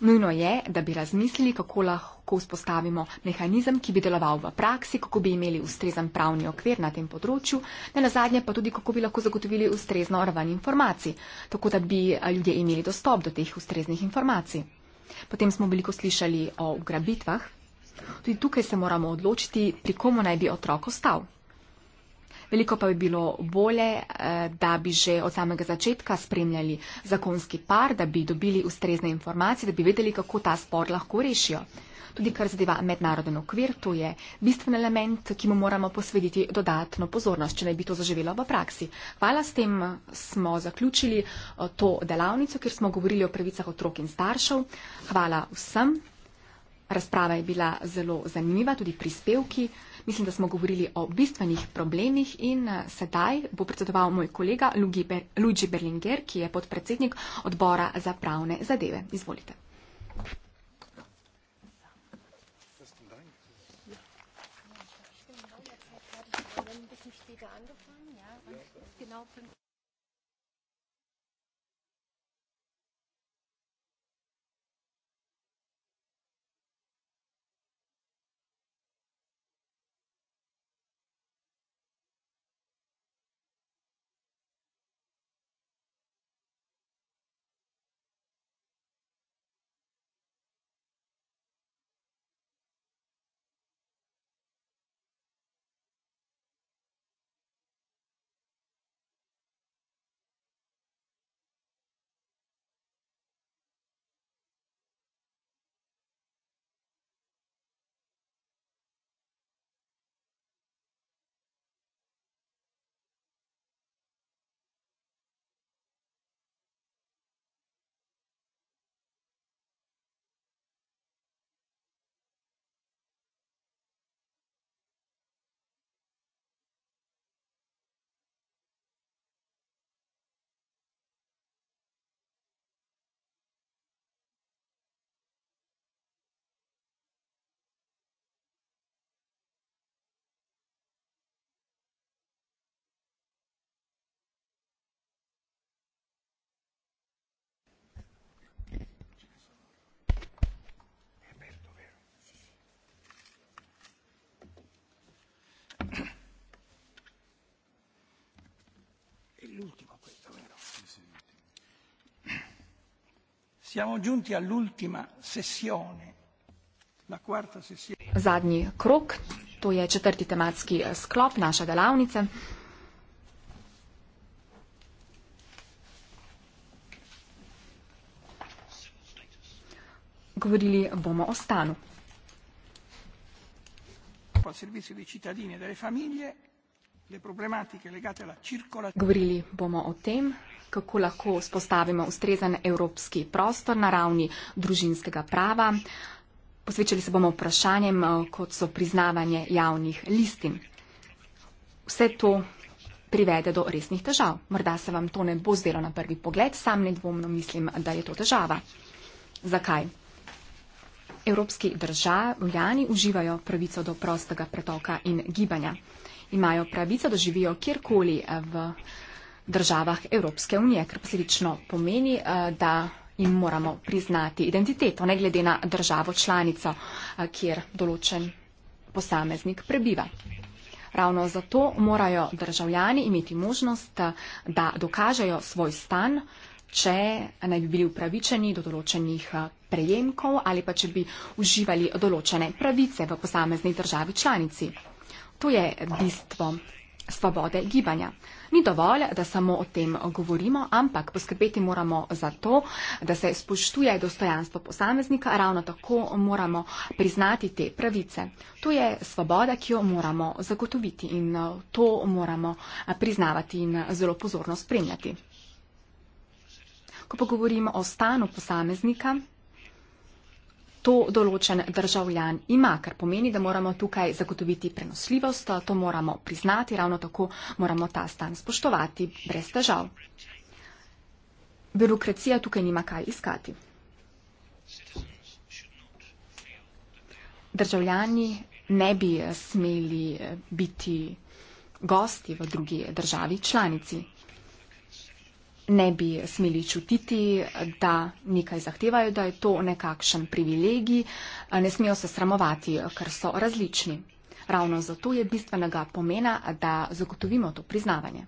C: Nujno je, da bi razmislili, kako lahko vzpostavimo mehanizem, ki bi deloval v praksi, kako bi imeli ustrezen pravni okvir na tem področju, ne na zadnje pa tudi, kako bi lahko zagotovili ustrezno raven informacij, tako da bi ljudje imeli dostop do teh ustreznih informacij. Potem smo veliko slišali o ugrabitvah, Tudi tukaj se moramo odločiti, pri komu naj bi otrok ostal. Veliko pa bi bilo bolje, eh, da bi že od samega začetka spremljali zakonski par, da bi dobili ustrezne informacije, da bi vedeli, kako ta spor lahko rešijo. Tudi kar zadeva mednaroden okvir, to je bistven element, ki mu moramo posvediti dodatno pozornost, če naj bi to zaživelo v praksi. Hvala s tem smo zaključili eh, to delavnico, kjer smo govorili o pravicah otrok in staršev. Hvala vsem. Razprava je bila zelo zanimiva, tudi prispevki. Mislim, da smo govorili o bistvenih problemih in eh, sedaj bo predsedoval moj kolega Luigi Berlinger, ki je podpredsednik odbora za pravne zadeve. Izvolite.
E: l'ultimo questo, vero? Siamo giunti all'ultima sessione, la quarta sessione.
C: Zadni krok, to je četrti tematski eh, sklop naše delavnice. Govorili bomo o stanu.
E: Po servizio dei cittadini e delle famiglie Govorili
C: bomo o tem, kako lahko vzpostavimo ustrezen evropski prostor na ravni družinskega prava. Posvečali se bomo vprašanjem, eh, kot so priznavanje javnih listin. Vse to privede do resnih težav. Morda se vam to ne bo zdelo na prvi pogled, sam nedvomno mislim, da je to težava. Zakaj? Evropski državljani uživajo pravico do prostega pretoka in gibanja imajo pravico, da živijo kjerkoli eh, v državah Evropske unije, kar posledično pomeni, eh, da jim moramo priznati identiteto, ne glede na državo članico, eh, kjer določen posameznik prebiva. Ravno zato morajo državljani imeti možnost, da dokažejo svoj stan, če naj bi bili upravičeni do določenih prejemkov ali pa če bi uživali določene pravice v posamezni državi članici. To je bistvo svobode gibanja. Ni dovolj, da samo o tem govorimo, ampak poskrbeti moramo za to, da se spoštuje dostojanstvo posameznika, ravno tako moramo priznati te pravice. To je svoboda, ki jo moramo zagotoviti in eh, to moramo eh, priznavati in eh, zelo pozorno spremljati. Ko pa govorimo o stanu posameznika, to določen državljan ima, kar pomeni, da moramo tukaj zagotoviti prenosljivost, to moramo priznati, ravno tako moramo ta stan spoštovati brez težav. Birokracija tukaj nima kaj iskati. Državljani ne bi smeli biti gosti v drugi državi članici ne bi smeli čutiti, da nekaj zahtevajo, da je to nekakšen privilegij, ne smejo se sramovati, ker so različni. Ravno zato je bistvenega pomena, da zagotovimo to priznavanje.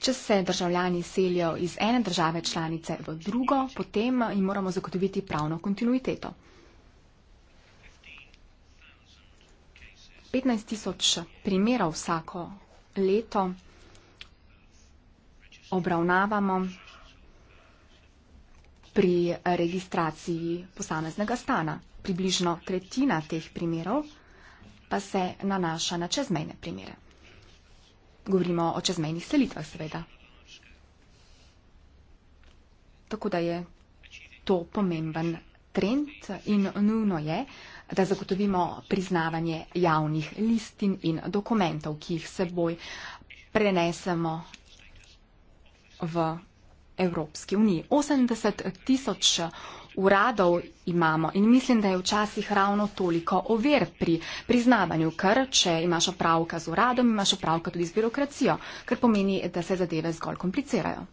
C: Če se državljani selijo iz ene države članice v drugo, potem jim moramo zagotoviti pravno kontinuiteto. 15 tisoč primerov vsako leto obravnavamo pri registraciji posameznega stana. Približno tretjina teh primerov pa se nanaša na čezmejne primere. Govorimo o čezmejnih selitvah, seveda. Tako da je to pomemben trend in nujno je, da zagotovimo priznavanje javnih listin in dokumentov, ki jih seboj prenesemo v Evropski uniji. 80 tisoč uradov imamo in mislim, da je včasih ravno toliko ovir pri priznavanju, ker če imaš opravka z uradom, imaš opravka tudi z birokracijo, kar pomeni, da se zadeve zgolj komplicirajo.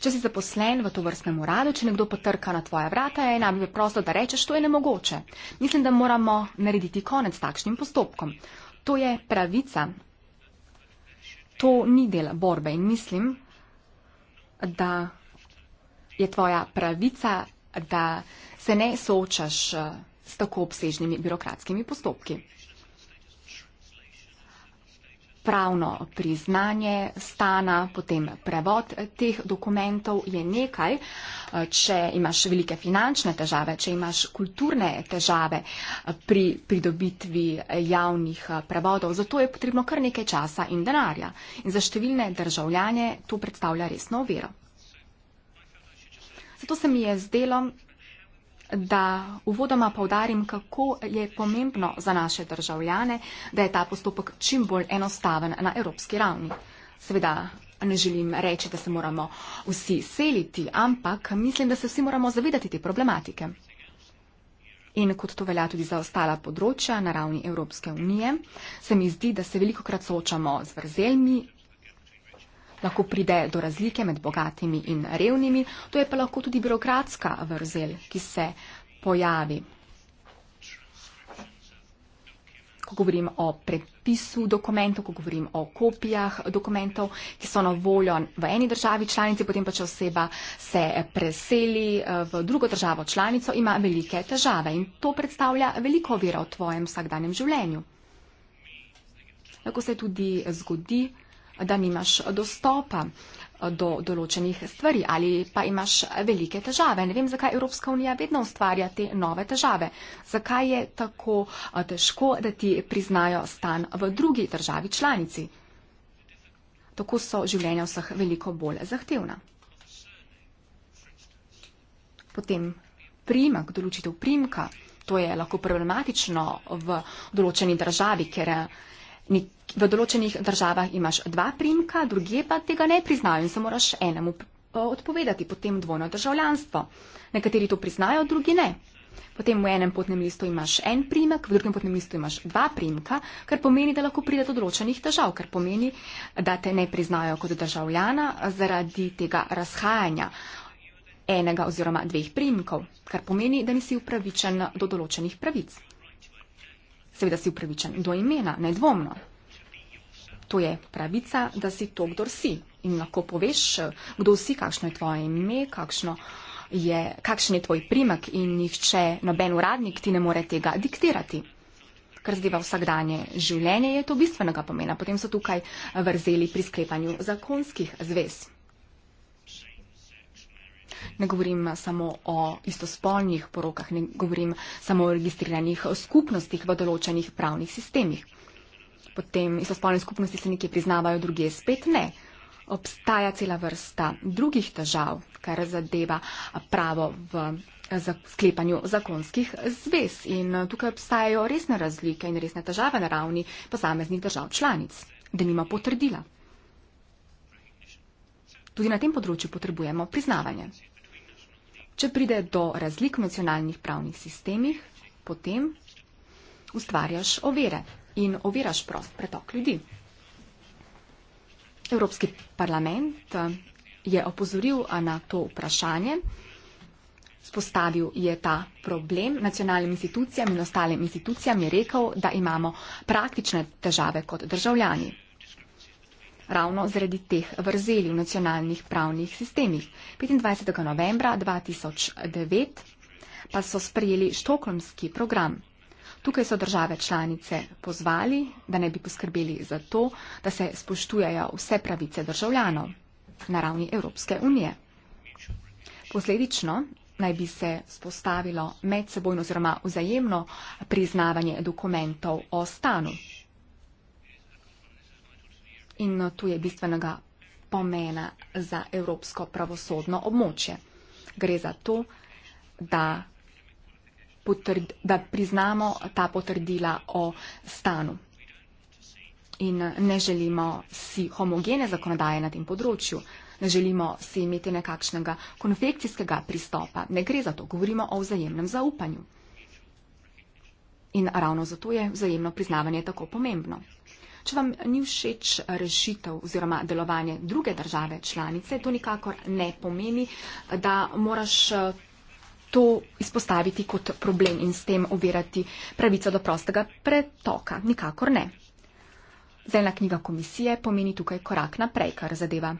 C: Če si zaposlen v to vrstnem uradu, če nekdo potrka na tvoja vrata, je nam preprosto, da rečeš, to je nemogoče. Mislim, da moramo narediti konec takšnim postopkom. To je pravica to ni del borbe in mislim, da je tvoja pravica, da se ne soočaš s tako obsežnimi birokratskimi postopki pravno priznanje stana, potem prevod teh dokumentov je nekaj. Če imaš velike finančne težave, če imaš kulturne težave pri pridobitvi javnih prevodov, zato je potrebno kar nekaj časa in denarja. In za številne državljanje to predstavlja resno vero. Zato se mi je zdelo, da uvodoma povdarim, kako je pomembno za naše državljane, da je ta postopek čim bolj enostaven na evropski ravni. Seveda ne želim reči, da se moramo vsi seliti, ampak mislim, da se vsi moramo zavedati te problematike. In kot to velja tudi za ostala področja na ravni Evropske unije, se mi zdi, da se veliko krat soočamo z vrzelmi lahko pride do razlike med bogatimi in revnimi, to je pa lahko tudi birokratska vrzel, ki se pojavi. Ko govorim o prepisu dokumentov, ko govorim o kopijah dokumentov, ki so na voljo v eni državi članici, potem pa če oseba se preseli eh, v drugo državo članico, ima velike težave in to predstavlja veliko vira v tvojem vsakdanjem življenju. Lahko se tudi zgodi, da nimaš dostopa eh, do določenih stvari ali pa imaš velike težave. Ne vem, zakaj Evropska unija vedno ustvarja te nove težave. Zakaj je tako eh, težko, da ti priznajo stan v drugi državi članici? Tako so življenja vseh veliko bolj zahtevna. Potem primak, določitev primka, to je lahko problematično v določeni državi, ker eh, ni v določenih državah imaš dva primka, druge pa tega ne priznajo in se moraš enemu eh, odpovedati, potem dvojno državljanstvo. Nekateri to priznajo, drugi ne. Potem v enem potnem listu imaš en primek, v drugem potnem listu imaš dva primka, kar pomeni, da lahko pride do določenih težav, kar pomeni, da te ne priznajo kot državljana zaradi tega razhajanja enega oziroma dveh primkov, kar pomeni, da nisi upravičen do določenih pravic. Seveda si upravičen do imena, nedvomno. To je pravica, da si to, kdo si. In lahko poveš, kdo si, kakšno je tvoje ime, kakšno je, kakšen je tvoj primek in nihče, noben uradnik ti ne more tega diktirati. Kar zadeva vsakdanje življenje, je to bistvenega pomena. Potem so tukaj vrzeli pri sklepanju zakonskih zvez. Ne govorim samo o istospolnih porokah, ne govorim samo o registriranih skupnostih v določenih pravnih sistemih potem istospolne skupnosti se nekje priznavajo, druge spet ne. Obstaja cela vrsta drugih težav, kar zadeva pravo v sklepanju zakonskih zvez. In eh, tukaj obstajajo resne razlike in resne težave na ravni posameznih držav članic, da nima potrdila. Tudi na tem področju potrebujemo priznavanje. Če pride do razlik v nacionalnih pravnih sistemih, potem ustvarjaš overe in oviraš prost pretok ljudi. Evropski parlament eh, je opozoril na to vprašanje, spostavil je ta problem nacionalnim institucijam in ostalim institucijam je rekel, da imamo praktične težave kot državljani. Ravno zaradi teh vrzeli v nacionalnih pravnih sistemih. 25. novembra 2009 pa so sprejeli štokholmski program. Tukaj so države članice pozvali, da ne bi poskrbeli za to, da se spoštujejo vse pravice državljanov na ravni Evropske unije. Posledično naj bi se spostavilo medsebojno oziroma vzajemno priznavanje dokumentov o stanu. In no, tu je bistvenega pomena za Evropsko pravosodno območje. Gre za to, da potrd, da priznamo ta potrdila o stanu. In ne želimo si homogene zakonodaje na tem področju, ne želimo si imeti nekakšnega konfekcijskega pristopa. Ne gre za to, govorimo o vzajemnem zaupanju. In ravno zato je vzajemno priznavanje tako pomembno. Če vam ni všeč rešitev oziroma delovanje druge države članice, to nikakor ne pomeni, da moraš to izpostaviti kot problem in s tem ovirati pravico do prostega pretoka. Nikakor ne. Zelena knjiga komisije pomeni tukaj korak naprej, kar zadeva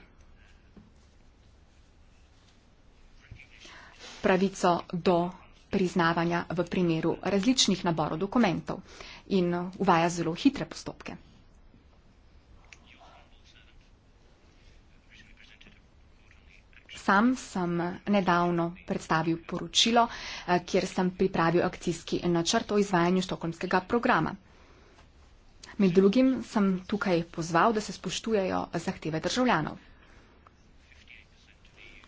C: pravico do priznavanja v primeru različnih naborov dokumentov in uvaja zelo hitre postopke. sam sem nedavno predstavil poročilo, eh, kjer sem pripravil akcijski načrt o izvajanju štokholmskega programa. Med drugim sem tukaj pozval, da se spoštujejo zahteve državljanov.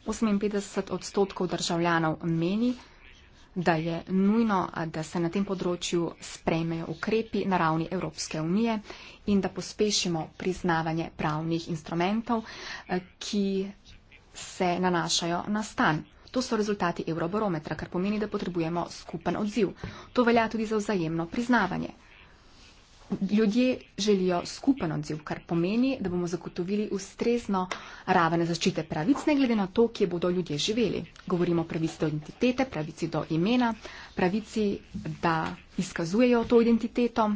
C: 58 odstotkov državljanov meni, da je nujno, da se na tem področju sprejmejo ukrepi na ravni Evropske unije in da pospešimo priznavanje pravnih instrumentov, eh, ki se nanašajo na stan. To so rezultati eurobarometra, kar pomeni, da potrebujemo skupen odziv. To velja tudi za vzajemno priznavanje. Ljudje želijo skupen odziv, kar pomeni, da bomo zagotovili ustrezno raven zaščite pravic, ne glede na to, kje bodo ljudje živeli. Govorimo o pravici do identitete, pravici do imena, pravici, da izkazujejo to identiteto,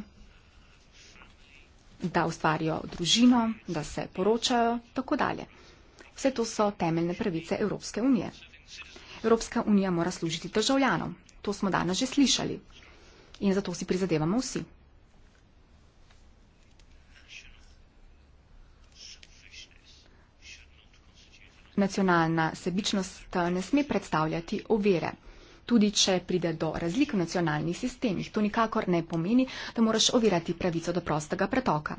C: da ustvarijo družino, da se poročajo in tako dalje. Vse to so temeljne pravice Evropske unije. Evropska unija mora služiti državljanom. To smo danes že slišali. In za to si prizadevamo vsi. Nacionalna sebičnost ne sme predstavljati ovire. Tudi, če pride do razlik v nacionalnih sistemih, to nikakor ne pomeni, da moraš ovirati pravico do prostega pretoka.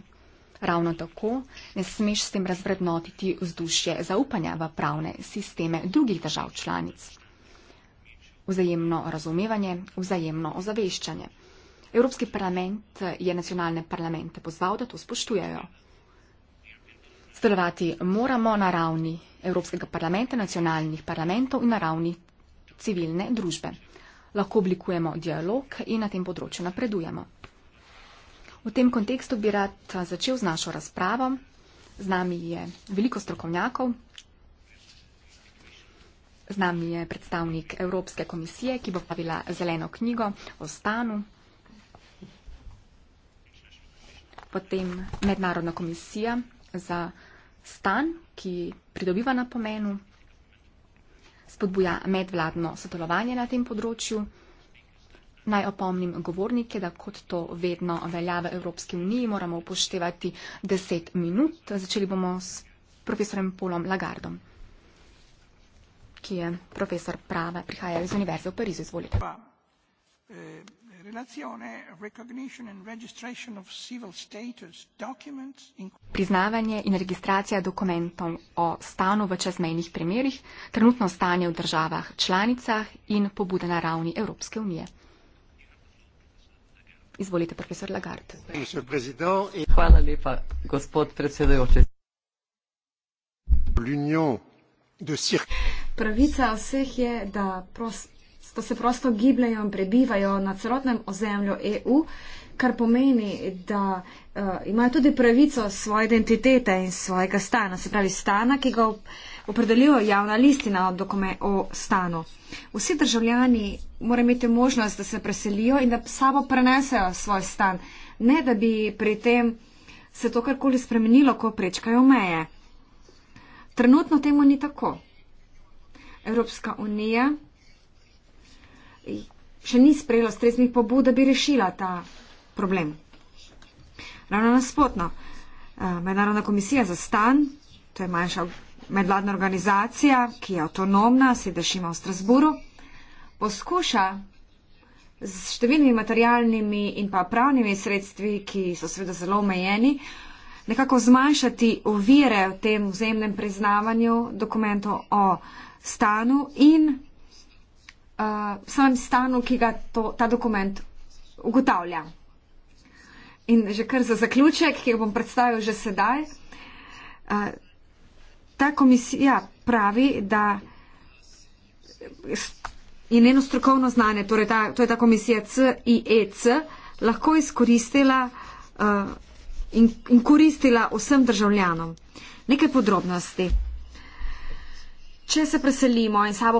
C: Ravno tako ne smeš s tem razvrednotiti vzdušje zaupanja v pravne sisteme drugih držav članic. Vzajemno razumevanje, vzajemno ozaveščanje. Evropski parlament je nacionalne parlamente pozval, da to spoštujejo. Sodelovati moramo na ravni Evropskega parlamenta, nacionalnih parlamentov in na ravni civilne družbe. Lahko oblikujemo dialog in na tem področju napredujemo. V tem kontekstu bi rad začel z našo razpravo. Z nami je veliko strokovnjakov. Z nami je predstavnik Evropske komisije, ki bo pravila zeleno knjigo o stanu. Potem Mednarodna komisija za stan, ki pridobiva na pomenu, spodbuja medvladno sodelovanje na tem področju. Naj opomnim govornike, da kot to vedno velja v Evropski uniji, moramo upoštevati 10 minut. Začeli bomo s profesorem Polom Lagardom, ki je profesor prave, prihaja iz Univerze v Parizu. Izvolite. Pa, eh, Priznavanje in registracija dokumentov o stanu v čezmejnih primerjih, trenutno stanje v državah članicah in pobude na ravni Evropske unije. Izvolite, profesor Lagarde.
A: Hvala lepa, gospod predsedujoči.
C: Pravica
D: vseh je, da prost, se prosto gibljajo in prebivajo na celotnem ozemlju EU, kar pomeni, da uh, imajo tudi pravico svoje identitete in svojega stana, se pravi stana, ki ga. V, opredeljuje javna listina o, dokume, o stanu. Vsi državljani morajo imeti možnost, da se preselijo in da sabo prenesejo svoj stan, ne da bi pri tem se to karkoli spremenilo, ko prečkajo meje. Trenutno temu ni tako. Evropska unija še ni sprejela stresnih pobud, da bi rešila ta problem. Ravno nasprotno, eh, Mednarodna komisija za stan, to je manjša medvladna organizacija, ki je avtonomna, sedež ima v Strasburu, poskuša z številnimi materialnimi in pa pravnimi sredstvi, ki so seveda zelo omejeni, nekako zmanjšati ovire v tem vzemnem priznavanju dokumentov o stanu in uh, samem stanu, ki ga to, ta dokument ugotavlja. In že kar za zaključek, ki ga bom predstavil že sedaj, eh, ta komisija pravi, da je njeno strokovno znanje, torej ta, to je ta komisija CIEC, e lahko izkoristila uh, in, in koristila vsem državljanom. Nekaj podrobnosti. Če se preselimo in sabo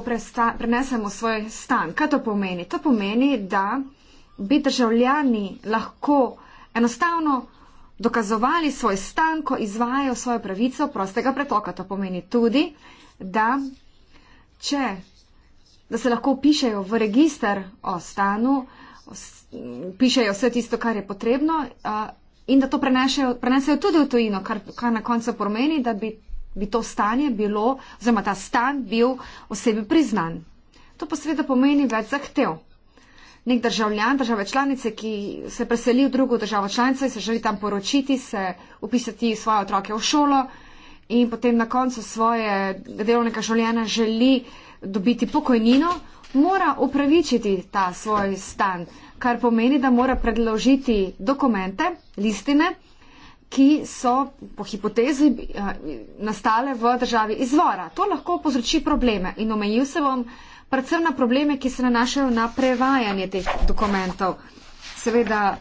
D: prenesemo svoj stan, kaj to pomeni? To pomeni, da bi državljani lahko enostavno dokazovali svoj stan, ko izvajajo svojo pravico prostega pretoka. To pomeni tudi, da, če, da se lahko pišejo v registr o stanu, pišejo vse tisto, kar je potrebno in da to prenesejo tudi v tujino, kar, kar na koncu pomeni, da bi, bi to stanje bilo, oziroma ta stan bil osebi priznan. To pa seveda pomeni več zahtev nek državljan države članice, ki se preseli v drugo državo članice, se želi tam poročiti, se upisati svoje otroke v šolo in potem na koncu svoje delovnega življenja želi dobiti pokojnino, mora upravičiti ta svoj stan, kar pomeni, da mora predložiti dokumente, listine, ki so po hipotezi eh, nastale v državi izvora. To lahko povzroči probleme in omejil se bom predvsem na probleme, ki se nanašajo na prevajanje teh dokumentov. Seveda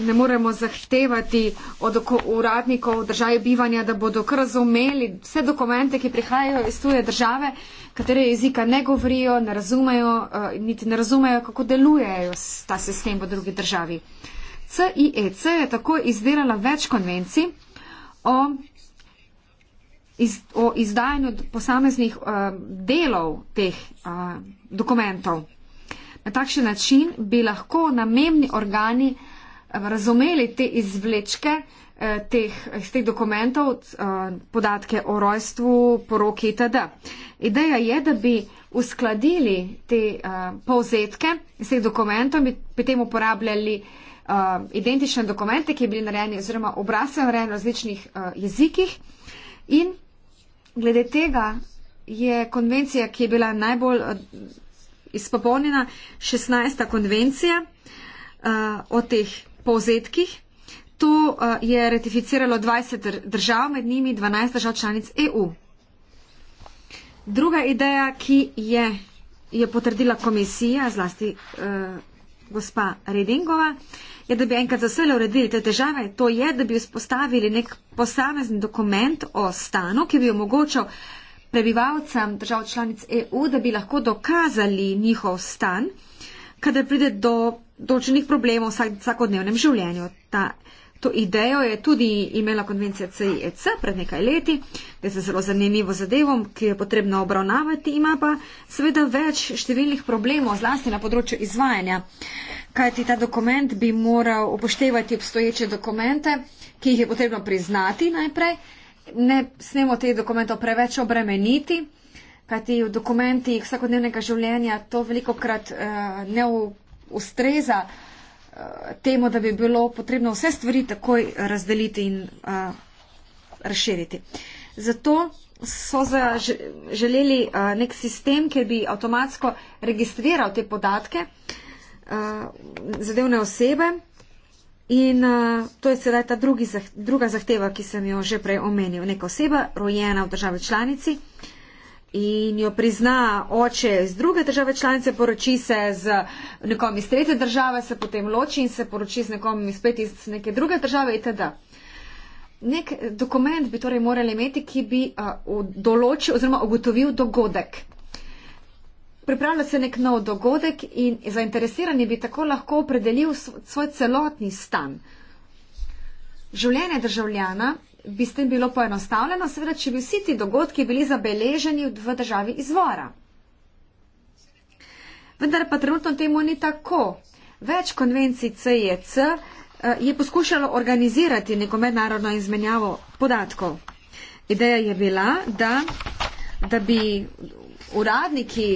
D: ne moremo zahtevati od uradnikov države bivanja, da bodo kar razumeli vse dokumente, ki prihajajo iz tuje države, katere jezika ne govorijo, ne razumejo, eh, niti ne razumejo, kako delujejo ta sistem v drugi državi. CIEC e je tako izdelala več konvencij o iz, o izdajanju posameznih uh, delov teh uh, dokumentov. Na takšen način bi lahko namemni organi eh, razumeli te izvlečke eh, teh, iz teh dokumentov, eh, podatke o rojstvu, poroki itd. Ideja je, da bi uskladili te eh, povzetke iz teh dokumentov in bi potem uporabljali eh, identične dokumente, ki bi bili narejeni oziroma obrazce narejeni v različnih eh, jezikih in glede tega je konvencija, ki je bila najbolj eh, izpopolnjena, 16. konvencija eh, o teh povzetkih. To eh, je ratificiralo 20 držav, med njimi 12 držav članic EU. Druga ideja, ki je, je potrdila komisija, zlasti eh, gospa Redingova, eh, je, da bi enkrat za vse uredili te težave. To je, da bi vzpostavili nek posamezen dokument o stanu, ki bi omogočal prebivalcem držav članic EU, da bi lahko dokazali njihov stan, kadar pride do določenih problemov v vsakodnevnem življenju. Ta, to idejo je tudi imela konvencija CIEC e pred nekaj leti, da se zelo zanimivo zadevom, ki je potrebno obravnavati, ima pa seveda več številnih problemov, zlasti na področju izvajanja kajti ta dokument bi moral upoštevati obstoječe dokumente, ki jih je potrebno priznati najprej. Ne smemo teh dokumentov preveč obremeniti, kajti v dokumentih vsakodnevnega življenja to veliko krat uh, eh, ne ustreza uh, temu, da bi bilo potrebno vse stvari takoj razdeliti in uh, razširiti. Zato so želeli uh, nek sistem, ki bi avtomatsko registriral te podatke. Uh, uh, zadevne osebe. In uh, to je sedaj ta drugi, druga zahteva, ki sem jo že prej omenil. Neka oseba, rojena v državi članici in jo prizna oče iz druge države članice, poroči se z nekom iz tretje države, se potem loči in se poroči z nekom iz pet iz neke druge države itd. Nek dokument bi torej morali imeti, ki bi uh, določil oziroma ugotovil dogodek pripravlja se nek nov dogodek in zainteresirani bi tako lahko opredelil svoj celotni stan. Življenje državljana bi s tem bilo poenostavljeno, seveda, če bi vsi ti dogodki bili zabeleženi v državi izvora. Vendar pa trenutno temu ni tako. Več konvencij CEC eh, je poskušalo organizirati neko mednarodno izmenjavo podatkov. Ideja je bila, da, da bi uradniki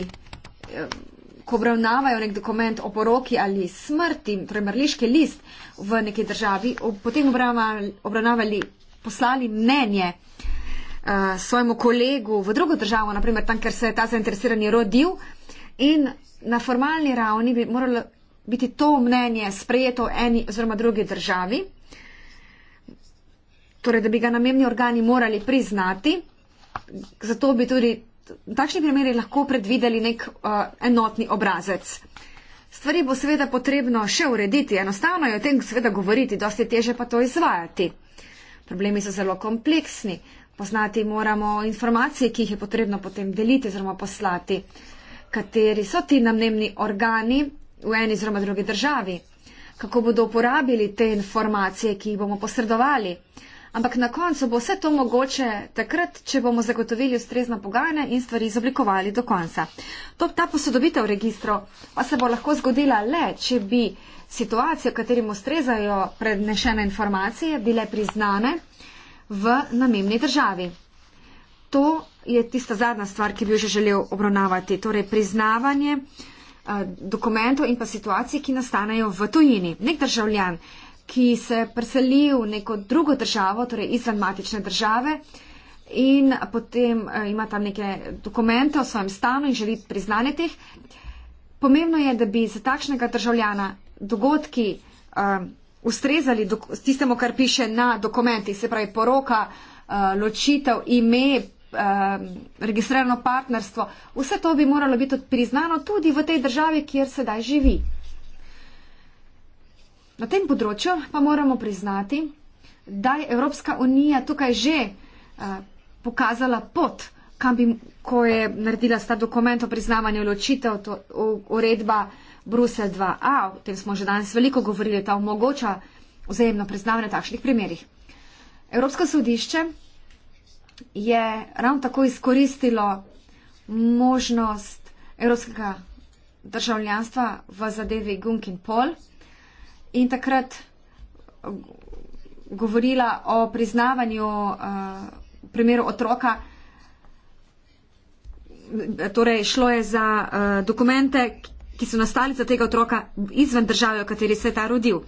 D: ko obravnavajo nek dokument o poroki ali smrti, torej mrliški list v neki državi, potem obravnavali, poslali mnenje eh, svojemu kolegu v drugo državo, naprimer tam, ker se je ta zainteresirani rodil in na formalni ravni bi moralo biti to mnenje sprejeto v eni oziroma drugi državi, torej da bi ga namemni organi morali priznati, zato bi tudi takšni primeri lahko predvideli nek uh, enotni obrazec. Stvari bo seveda potrebno še urediti, enostavno je o tem seveda govoriti, dosti teže pa to izvajati. Problemi so zelo kompleksni, poznati moramo informacije, ki jih je potrebno potem deliti oziroma poslati, kateri so ti namnemni organi v eni oziroma drugi državi, kako bodo uporabili te informacije, ki jih bomo posredovali ampak na koncu bo vse to mogoče takrat, če bomo zagotovili ustrezna pogajanja in stvari izoblikovali do konca. To, ta posodobitev registrov pa se bo lahko zgodila le, če bi situacije, v katerim ustrezajo prednešene informacije, bile priznane v namemni državi. To je tista zadnja stvar, ki bi jo že želel obravnavati, torej priznavanje eh, dokumentov in pa situacij, ki nastanejo v tujini. Nek državljan ki se je preselil v neko drugo državo, torej izven matične države in potem eh, ima tam neke dokumente o svojem stanu in želi priznanje teh. Pomembno je, da bi za takšnega državljana dogodki um, ustrezali tistemu, kar piše na dokumentih, se pravi poroka, uh, ločitev, ime, um, registrirano partnerstvo. Vse to bi moralo biti priznano tudi v tej državi, kjer sedaj živi. Na tem področju pa moramo priznati, da je Evropska unija tukaj že uh, pokazala pot, kam bi, ko je naredila sta dokument o priznavanju ločitev, to uredba Brusel 2a, o tem smo že danes veliko govorili, ta omogoča vzajemno priznavanje takšnih primerjih. Evropsko sodišče je ravno tako izkoristilo možnost evropskega državljanstva v zadevi Gunkin Pol in takrat uh, govorila o priznavanju uh, primeru otroka. Torej, šlo je za uh, dokumente, ki so nastali za tega otroka izven države, v kateri se je ta rodil.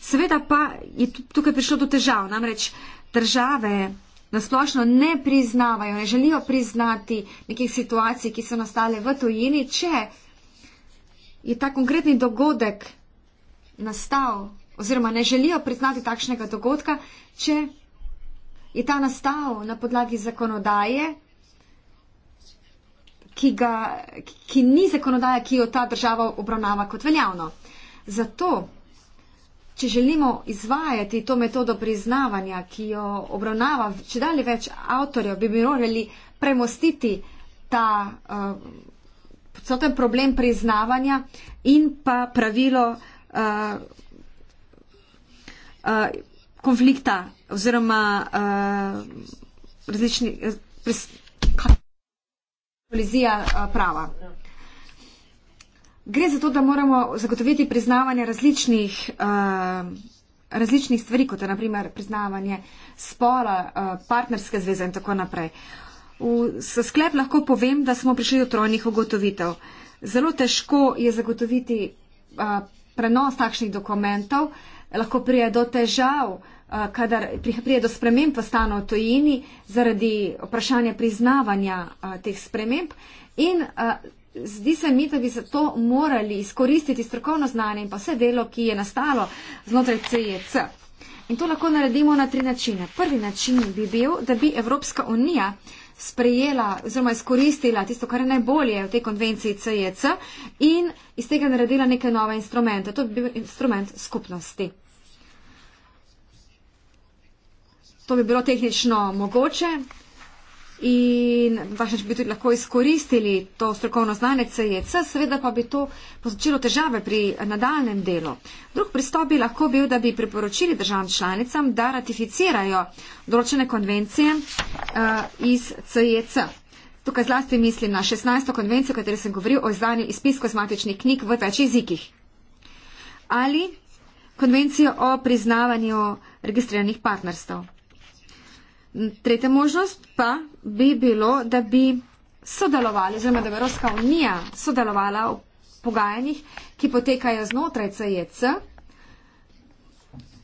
D: Seveda pa je tukaj prišlo do težav. Namreč države nasplošno ne priznavajo, ne želijo priznati nekih situacij, ki so nastale v tujini, če je ta konkretni dogodek nastal oziroma ne želijo priznati takšnega dogodka, če je ta nastal na podlagi zakonodaje, ki, ga, ki ni zakonodaja, ki jo ta država obravnava kot veljavno. Zato, če želimo izvajati to metodo priznavanja, ki jo obravnava če dalje več avtorjev, bi morali premostiti ta. Uh, eh, Celoten problem priznavanja in pa pravilo uh, konflikta oziroma uh, različni polizija uh, prava. Gre za to, da moramo zagotoviti priznavanje različnih, uh, različnih stvari, kot je naprimer priznavanje spola, uh, partnerske zveze in tako naprej. V sklep lahko povem, da smo prišli do trojnih ugotovitev. Zelo težko je zagotoviti uh, prenos takšnih dokumentov lahko prije do težav, eh, kadar prije do sprememb v stanu v tojini zaradi vprašanja priznavanja eh, teh sprememb. In eh, zdi se mi, da bi za to morali izkoristiti strokovno znanje in pa vse delo, ki je nastalo znotraj CEC. E in to lahko naredimo na tri načine. Prvi način bi bil, da bi Evropska unija sprejela oziroma izkoristila tisto, kar je najbolje v tej konvenciji CEC e in iz tega naredila neke nove instrumente. To bi bil instrument skupnosti. To bi bilo tehnično mogoče in vašič bi tudi lahko izkoristili to strokovno znanje CJC, e seveda pa bi to pozročilo težave pri nadaljem delu. Drug pristop bi lahko bil, da bi priporočili državam članicam, da ratificirajo določene konvencije uh, iz CJC. E Tukaj zlasti mislim na 16. konvencijo, o kateri sem govoril o izdanju izpis kozmatičnih knjig v več jezikih. Ali konvencijo o priznavanju registriranih partnerstv. Tretja možnost pa bi bilo, da bi sodelovali, oziroma da bi Evropska unija sodelovala v pogajanjih, ki potekajo znotraj CEC. E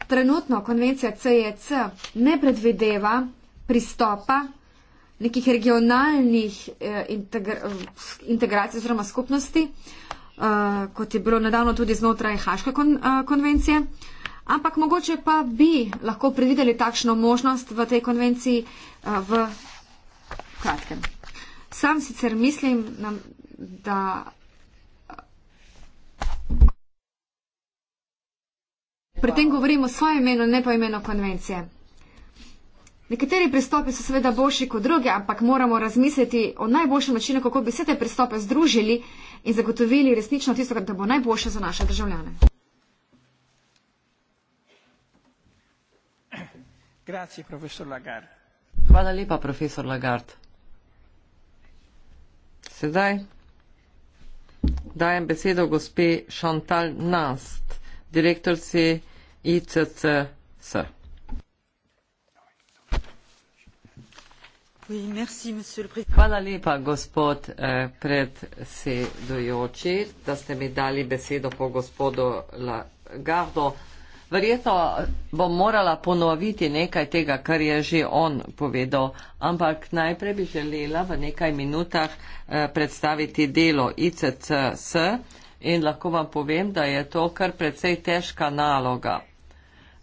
D: Trenutno konvencija CEC e ne predvideva pristopa nekih regionalnih eh, integra eh, integracij oziroma skupnosti, eh, kot je bilo nedavno tudi znotraj Haške kon konvencije. Ampak mogoče pa bi lahko predvideli takšno možnost v tej konvenciji eh, v kratkem. Sam sicer mislim, da. Pri tem govorimo o svojem imenu, ne pa imenu konvencije. Nekateri pristopi so seveda boljši kot drugi, ampak moramo razmisliti o najboljšem načinu, kako bi vse te pristope združili in zagotovili resnično tisto, kar bo najboljše za naše državljane.
E: Grazie, profesor Lagarde.
A: Hvala lepa, profesor Lagarde. Sedaj dajem besedo gospe Chantal Nast, direktorci ICCS. Hvala lepa, gospod eh, predsedujoči, da ste mi dali besedo po gospodu Lagardo. Verjetno bom morala ponoviti nekaj tega, kar je že on povedal, ampak najprej bi želela v nekaj minutah eh, predstaviti delo ICCS in lahko vam povem, da je to kar precej težka naloga.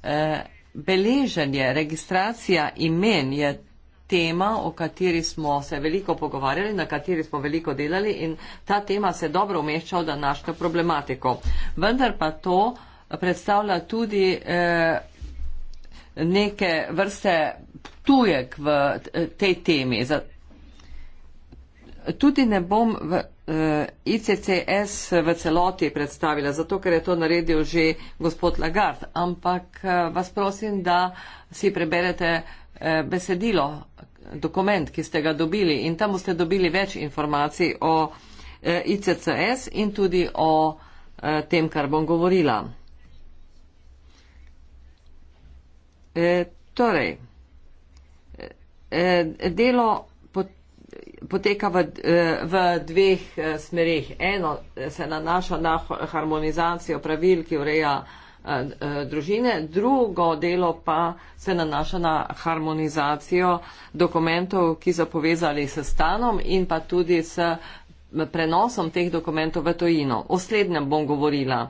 A: Eh, beleženje, registracija imen je tema, o kateri smo se veliko pogovarjali, na kateri smo veliko delali in ta tema se dobro umešča v današnjo problematiko. Vendar pa to, predstavlja tudi eh, neke vrste tujek v eh, tej temi. Tudi ne bom v eh, ICCS v celoti predstavila, zato ker je to naredil že gospod Lagarde, ampak eh, vas prosim, da si preberete eh, besedilo, dokument, ki ste ga dobili in tam boste dobili več informacij o eh, ICCS in tudi o eh, tem, kar bom govorila. E, torej, e, e, delo pot, poteka v, e, v dveh e, smerih. Eno se nanaša na harmonizacijo pravil, ki ureja družine, drugo delo pa se nanaša na harmonizacijo dokumentov, ki so povezali s stanom in pa tudi s prenosom teh dokumentov v tojino. O slednjem bom govorila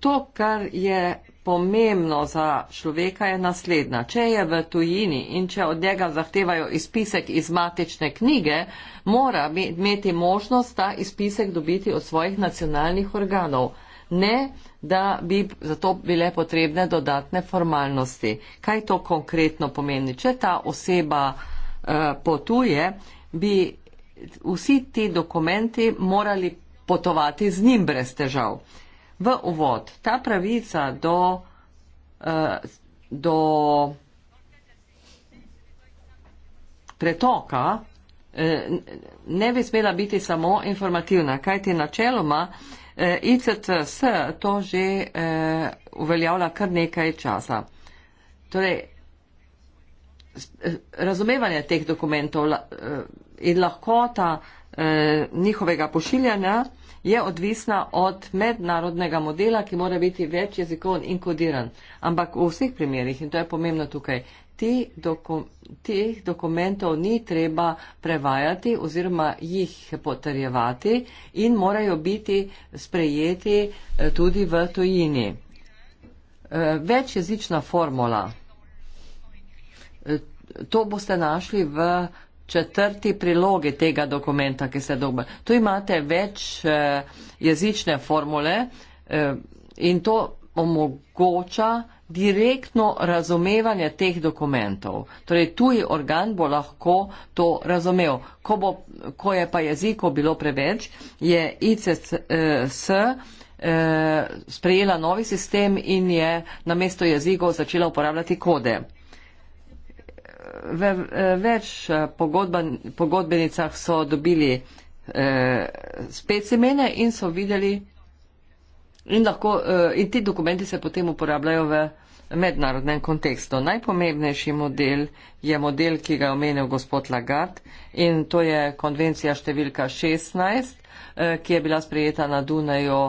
A: to, kar je pomembno za človeka, je naslednja. Če je v tujini in če od njega zahtevajo izpisek iz matične knjige, mora imeti možnost ta izpisek dobiti od svojih nacionalnih organov. Ne, da bi zato bile potrebne dodatne formalnosti. Kaj to konkretno pomeni? Če ta oseba uh, potuje, bi vsi ti dokumenti morali potovati z njim brez težav v uvod, ta pravica do, eh, do pretoka eh, ne bi smela biti samo informativna, kajti načeloma eh, ICTS to že uveljavlja kar nekaj časa. Torej, razumevanje teh dokumentov in lahkota njihovega pošiljanja je odvisna od mednarodnega modela, ki mora biti več jezikov inkodiran. Ampak v vseh primerjih, in to je pomembno tukaj, ti doku, tih dokumentov ni treba prevajati oziroma jih potrjevati in morajo biti sprejeti eh, tudi v tujini. Eh, večjezična formula. Eh, to boste našli v četrti prilogi tega dokumenta, ki se dobro. Tu imate več eh, jezične formule eh, in to omogoča direktno razumevanje teh dokumentov. Torej, tuji organ bo lahko to razumel. Ko, bo, ko je pa jezikov bilo preveč, je ICS eh, sprejela novi sistem in je na mesto jezikov začela uporabljati kode v e, več e, pogodben, pogodbenicah so dobili eh, spet semena in so videli in, lahko, eh, in ti dokumenti se potem uporabljajo v mednarodnem kontekstu. Najpomembnejši model je model, ki ga je omenil gospod Lagarde in to je konvencija številka 16, eh, ki je bila sprejeta na Dunaju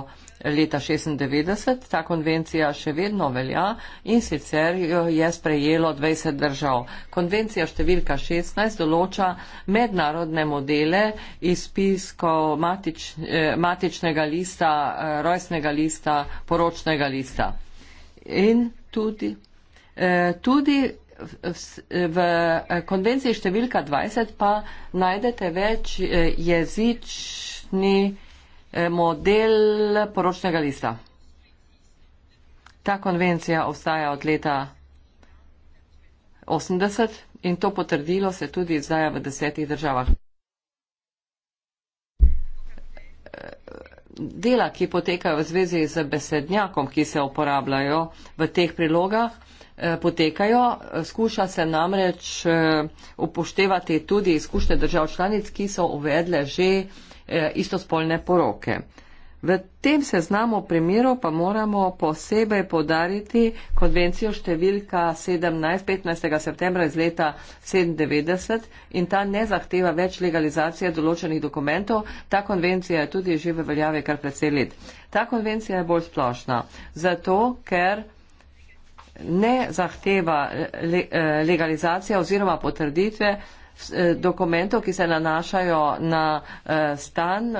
A: leta 1996, ta konvencija še vedno velja in sicer jo je sprejelo 20 držav. Konvencija številka 16 določa mednarodne modele iz spiskov matič, eh, matičnega lista, eh, rojstnega lista, poročnega lista. In tudi, eh, tudi v, v, v eh, konvenciji številka 20 pa najdete več eh, jezični Eh, model poročnega lista. Ta konvencija obstaja od leta 80 in to potrdilo se tudi izdaja v desetih državah. Dela, ki potekajo v zvezi z besednjakom, ki se uporabljajo v teh prilogah, eh, potekajo. Skuša se namreč eh, upoštevati tudi izkušnje držav članic, ki so uvedle že eh, Eh, istospolne poroke. V tem seznamu primerov pa moramo posebej podariti konvencijo številka 17. 15. septembra iz leta 1997 in ta ne zahteva več legalizacije določenih dokumentov. Ta konvencija je tudi že v veljavi kar precej let. Ta konvencija je bolj splošna, zato ker ne zahteva eh, eh, legalizacije oziroma potrditve dokumentov, ki se nanašajo na eh, stan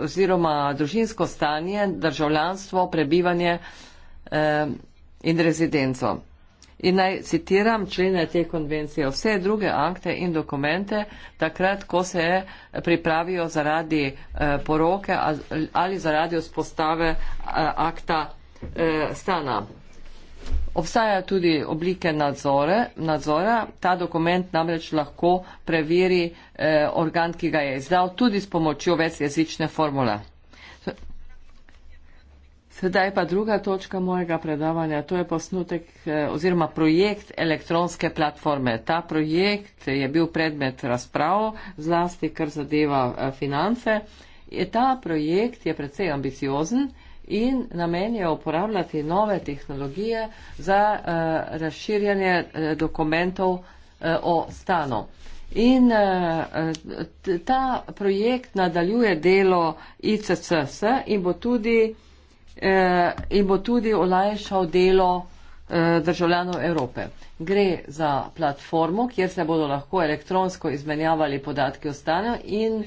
A: oziroma družinsko stanje, državljanstvo, prebivanje eh, in rezidenco. In naj citiram člene te konvencije, vse druge akte in dokumente, takrat, ko se pripravijo zaradi eh, poroke ali zaradi vzpostave akta stana. Obstaja tudi oblike nadzore, nadzora. Ta dokument namreč lahko preveri eh, organ, ki ga je izdal, tudi s pomočjo večjezične formule. Sedaj pa druga točka mojega predavanja, to je posnutek eh, oziroma projekt elektronske platforme. Ta projekt je bil predmet razprav, zlasti kar zadeva eh, finance. Ta projekt je predvsej ambiciozen in namen je uporabljati nove tehnologije za uh, razširjanje uh, dokumentov uh, o stanu. In uh, ta projekt nadaljuje delo ICCS in bo tudi, uh, in bo tudi olajšal delo uh, državljanov Evrope. Gre za platformo, kjer se bodo lahko elektronsko izmenjavali podatki o stanu in uh,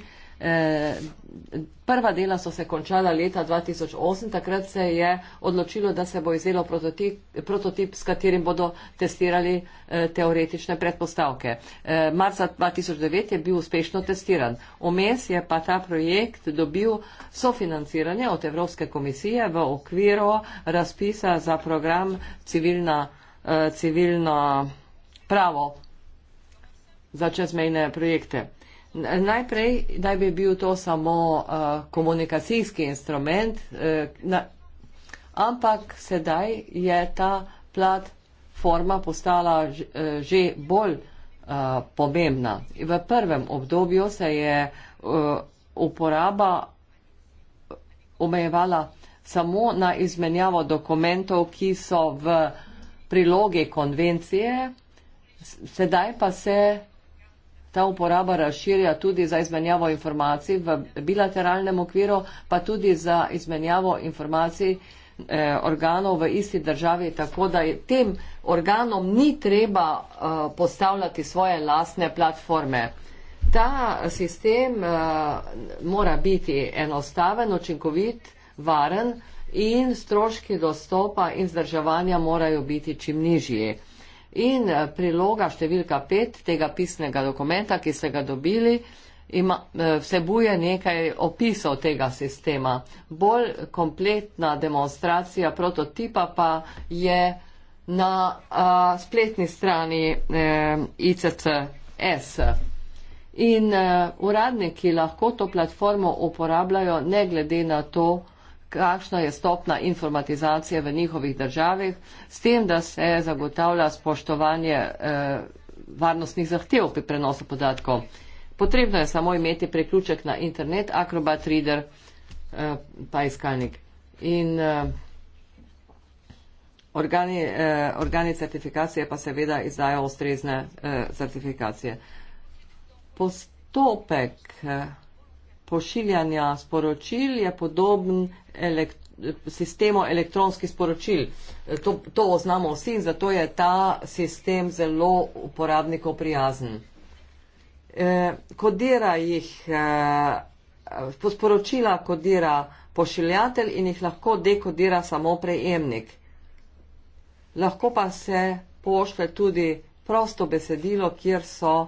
A: prva dela so se končala leta 2008, takrat se je odločilo, da se bo izdelal prototip, prototip, s katerim bodo testirali eh, teoretične predpostavke. Eh, marca 2009 je bil uspešno testiran. Omes je pa ta projekt dobil sofinanciranje od Evropske komisije v okviru razpisa za program civilna, eh, civilno pravo za čezmejne projekte. Najprej, da bi bil to samo uh, komunikacijski instrument, uh, na, ampak sedaj je ta platforma postala ž, uh, eh, že bolj uh, pomembna. V prvem obdobju se je uh, uporaba omejevala samo na izmenjavo dokumentov, ki so v prilogi konvencije, sedaj pa se ta uporaba razširja tudi za izmenjavo informacij v bilateralnem okviru, pa tudi za izmenjavo informacij eh, organov v isti državi, tako da tem organom ni treba eh, postavljati svoje lastne platforme. Ta sistem eh, mora biti enostaven, očinkovit, varen in stroški dostopa in zdržavanja morajo biti čim nižji. In eh, priloga številka pet tega pisnega dokumenta, ki ste ga dobili, ima, eh, vsebuje nekaj opisov tega sistema. Bolj kompletna demonstracija prototipa pa je na a, eh, spletni strani e, ICCS. In e, uradniki lahko to platformo uporabljajo ne glede na to, kakšna je stopna informatizacije v njihovih državah, s tem, da se zagotavlja spoštovanje eh, varnostnih zahtev pri prenosu podatkov. Potrebno je samo imeti priključek na internet, Acrobat Reader, eh, pa iskalnik. In eh, organi, eh, organi certifikacije pa seveda izdajo ustrezne eh, certifikacije. Postopek. Eh, pošiljanja sporočil je podoben elektronskim sistemo elektronskih sporočil. To, to znamo vsi in zato je ta sistem zelo uporabnikov prijazen. E, kodira jih, e, sporočila kodira pošiljatelj in jih lahko dekodira samo prejemnik. Lahko pa se pošle tudi prosto besedilo, kjer so e,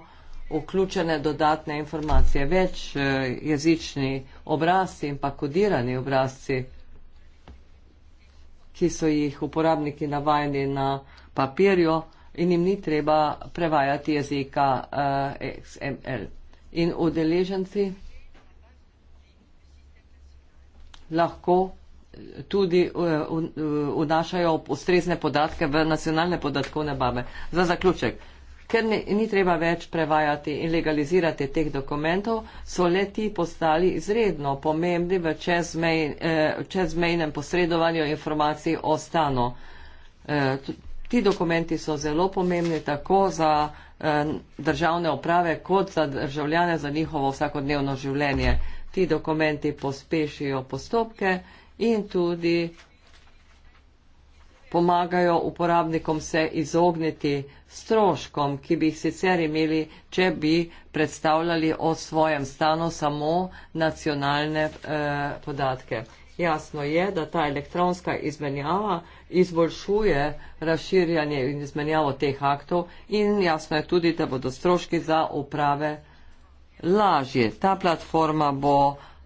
A: vključene dodatne informacije, več eh, jezični obrazci in pa kodirani obrazci, ki so jih uporabniki navajeni na papirju in jim ni treba prevajati jezika eh, XML. In udeleženci lahko tudi eh, vnašajo ustrezne podatke v nacionalne podatkovne babe. Za zaključek ker ne, ni treba več prevajati in legalizirati teh dokumentov, so le ti postali izredno pomembni v čezmej, eh, čezmejnem posredovanju informacij o stanu. Eh, ti dokumenti so zelo pomembni tako za eh, državne uprave kot za državljane za njihovo vsakodnevno življenje. Ti dokumenti pospešijo postopke in tudi pomagajo uporabnikom se izogniti stroškom, ki bi jih sicer imeli, če bi predstavljali o svojem stanu samo nacionalne eh, podatke. Jasno je, da ta elektronska izmenjava izboljšuje razširjanje in izmenjavo teh aktov in jasno je tudi, da bodo stroški za uprave lažje. Ta platforma bo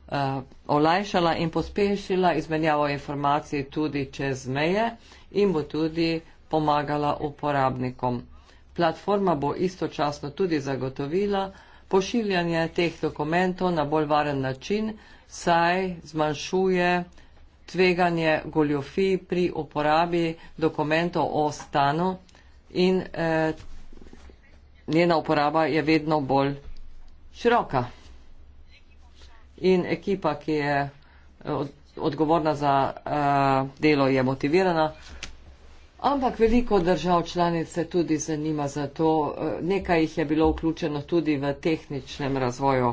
A: eh, olajšala in pospešila izmenjavo informacij tudi čez meje in bo tudi pomagala uporabnikom. Platforma bo istočasno tudi zagotovila pošiljanje teh dokumentov na bolj varen način, saj zmanjšuje tveganje goljofij pri uporabi dokumentov o stanu in eh, njena uporaba je vedno bolj široka. In ekipa, ki je eh, odgovorna za eh, delo, je motivirana. Ampak veliko držav članice tudi zanima za to. E, nekaj jih je bilo vključeno tudi v tehničnem razvoju.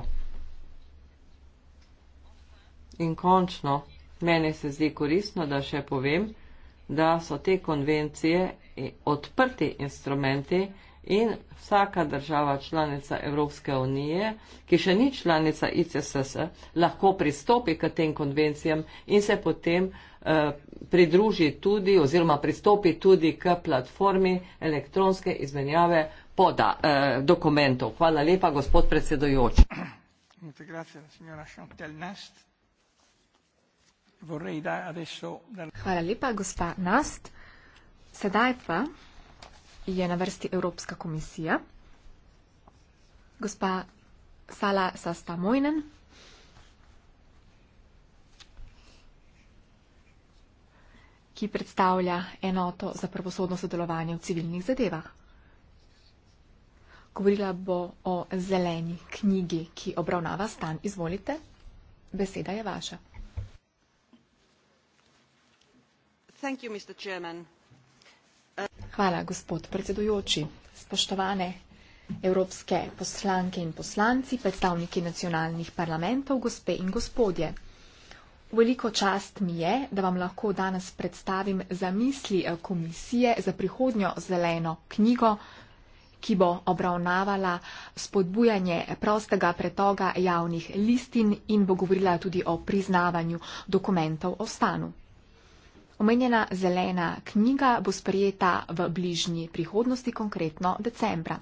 A: In končno, meni se zdi koristno, da še povem, da so te konvencije e, odprti instrumenti in vsaka država članica Evropske unije, ki še ni članica ICSS, lahko pristopi k tem konvencijam in se potem. Eh, pridruži tudi oziroma pristopi tudi k platformi elektronske izmenjave poda, eh, dokumentov. Hvala lepa, gospod predsedojoč.
C: Hvala lepa, gospa Nast. Sedaj pa je na vrsti Evropska komisija. Gospa Sala Sastamojnen. ki predstavlja enoto za pravosodno sodelovanje v civilnih zadevah. Govorila bo o zeleni knjigi, ki obravnava stan. Izvolite, beseda je vaša. Hvala, gospod predsedujoči. Spoštovane evropske poslanke in poslanci, predstavniki nacionalnih parlamentov, gospe in gospodje. Veliko čast mi je, da vam lahko danes predstavim zamisli eh, komisije za prihodnjo zeleno knjigo, ki bo obravnavala spodbujanje prostega pretoga javnih listin in bo govorila tudi o priznavanju dokumentov o stanu. Omenjena zelena knjiga bo sprejeta v bližnji prihodnosti, konkretno decembra.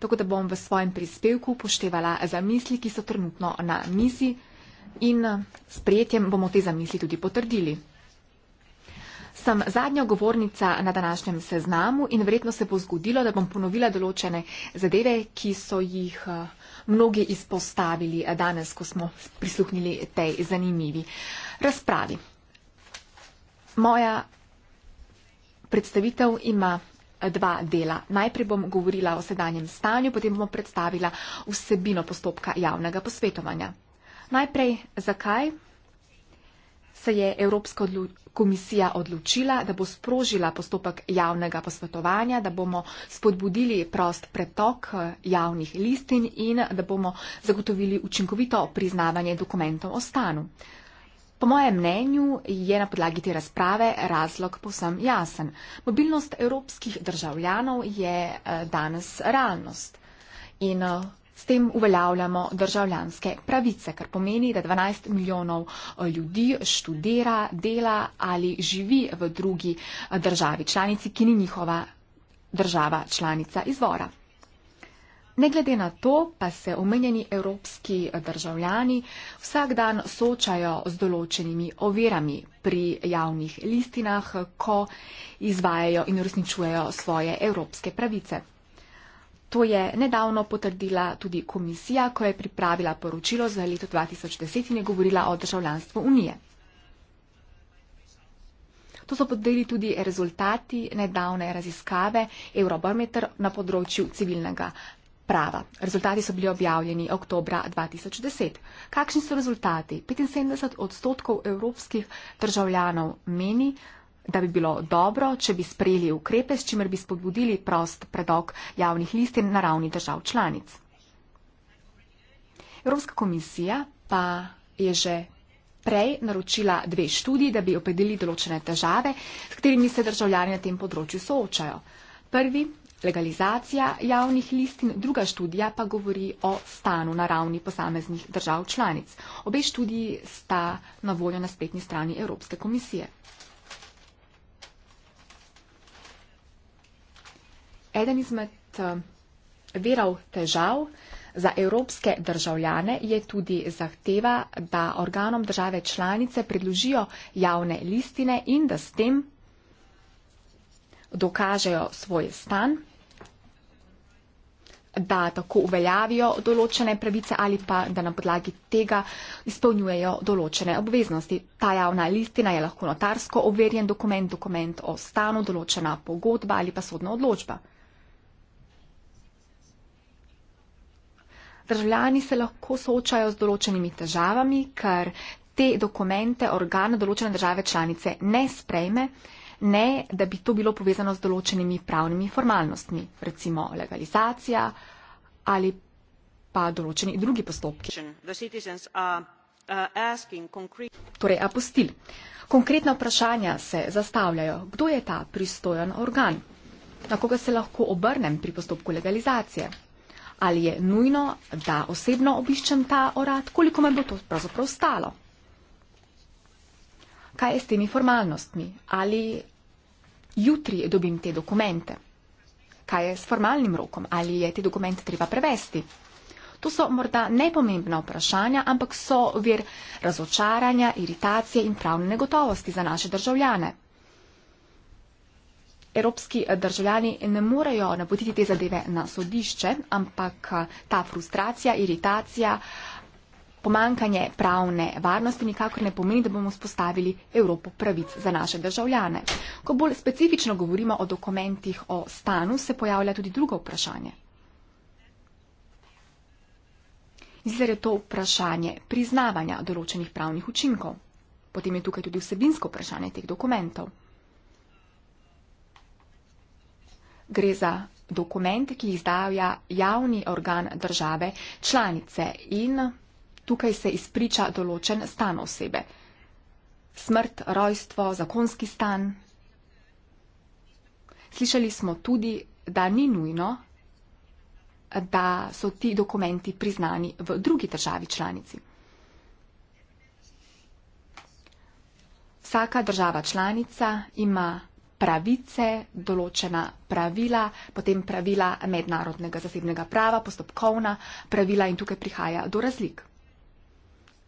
C: Tako da bom v svojem prispevku poštevala zamisli, ki so trenutno na mizi in eh, sprejetjem bomo te zamisli tudi potrdili. Sem zadnja govornica na današnjem seznamu in verjetno se bo zgodilo, da bom ponovila določene zadeve, ki so jih eh, mnogi izpostavili eh, danes, ko smo prisluhnili tej zanimivi razpravi. Moja predstavitev ima dva dela. Najprej bom govorila o sedanjem stanju, potem bom predstavila vsebino postopka javnega posvetovanja. Najprej, zakaj se je Evropska komisija odločila, da bo sprožila postopek javnega posvetovanja, da bomo spodbudili prost pretok eh, javnih listin in da bomo zagotovili učinkovito priznavanje dokumentov o stanu. Po mojem mnenju je na podlagi te razprave razlog povsem jasen. Mobilnost evropskih državljanov je eh, danes realnost. In eh, S tem uveljavljamo državljanske pravice, kar pomeni, da 12 milijonov eh, ljudi študira, dela ali živi v drugi eh, državi članici, ki ni njihova država članica izvora. Ne glede na to, pa se omenjeni evropski eh, državljani vsak dan soočajo z določenimi ovirami pri javnih listinah, ko izvajajo in uresničujejo svoje evropske pravice. To je nedavno potrdila tudi komisija, ko je pripravila poročilo za leto 2010 in je govorila o državljanstvu Unije. To so podeli tudi rezultati nedavne raziskave Eurobarometer na področju civilnega prava. Rezultati so bili objavljeni oktobra 2010. Kakšni so rezultati? 75 odstotkov evropskih državljanov meni, da bi bilo dobro, če bi sprejeli ukrepe, s čimer bi spodbudili prost predok javnih listin na ravni držav članic. Evropska komisija pa je že prej naročila dve študiji, da bi opedili določene težave, s katerimi se državljani na tem področju soočajo. Prvi, legalizacija javnih listin, druga študija pa govori o stanu na ravni posameznih držav članic. Obe študiji sta na voljo na spletni strani Evropske komisije. Eden izmed eh, virov težav za evropske državljane je tudi zahteva, da organom države članice predložijo javne listine in da s tem dokažejo svoj stan, da tako uveljavijo določene pravice ali pa da na podlagi tega izpolnjujejo določene obveznosti. Ta javna listina je lahko notarsko overjen dokument, dokument o stanu, določena pogodba ali pa sodna odločba. državljani se lahko soočajo z določenimi težavami, ker te dokumente organ določene države članice ne sprejme, ne da bi to bilo povezano z določenimi pravnimi formalnostmi, recimo legalizacija ali pa določeni drugi postopki. Uh, torej, apostil. Konkretna vprašanja se zastavljajo, kdo je ta pristojen organ, na koga se lahko obrnem pri postopku legalizacije ali je nujno, da osebno obiščem ta orad, koliko me bo to pravzaprav stalo. Kaj je s temi formalnostmi? Ali jutri dobim te dokumente? Kaj je s formalnim rokom? Ali je te dokumente treba prevesti? To so morda nepomembna vprašanja, ampak so vir razočaranja, iritacije in pravne negotovosti za naše državljane evropski eh, državljani ne morejo napotiti te zadeve na sodišče, ampak eh, ta frustracija, iritacija, pomankanje pravne varnosti nikakor ne pomeni, da bomo spostavili Evropo pravic za naše državljane. Ko bolj specifično govorimo o dokumentih o stanu, se pojavlja tudi drugo vprašanje. Zdaj je to vprašanje priznavanja določenih pravnih učinkov. Potem je tukaj tudi vsebinsko vprašanje teh dokumentov. gre za dokument, ki izdaja javni organ države članice in tukaj se izpriča določen stan osebe. Smrt, rojstvo, zakonski stan. Slišali smo tudi, da ni nujno, da so ti dokumenti priznani v drugi državi članici. Vsaka država članica ima pravice, določena pravila, potem pravila mednarodnega zasebnega prava, postopkovna pravila in tukaj prihaja do razlik.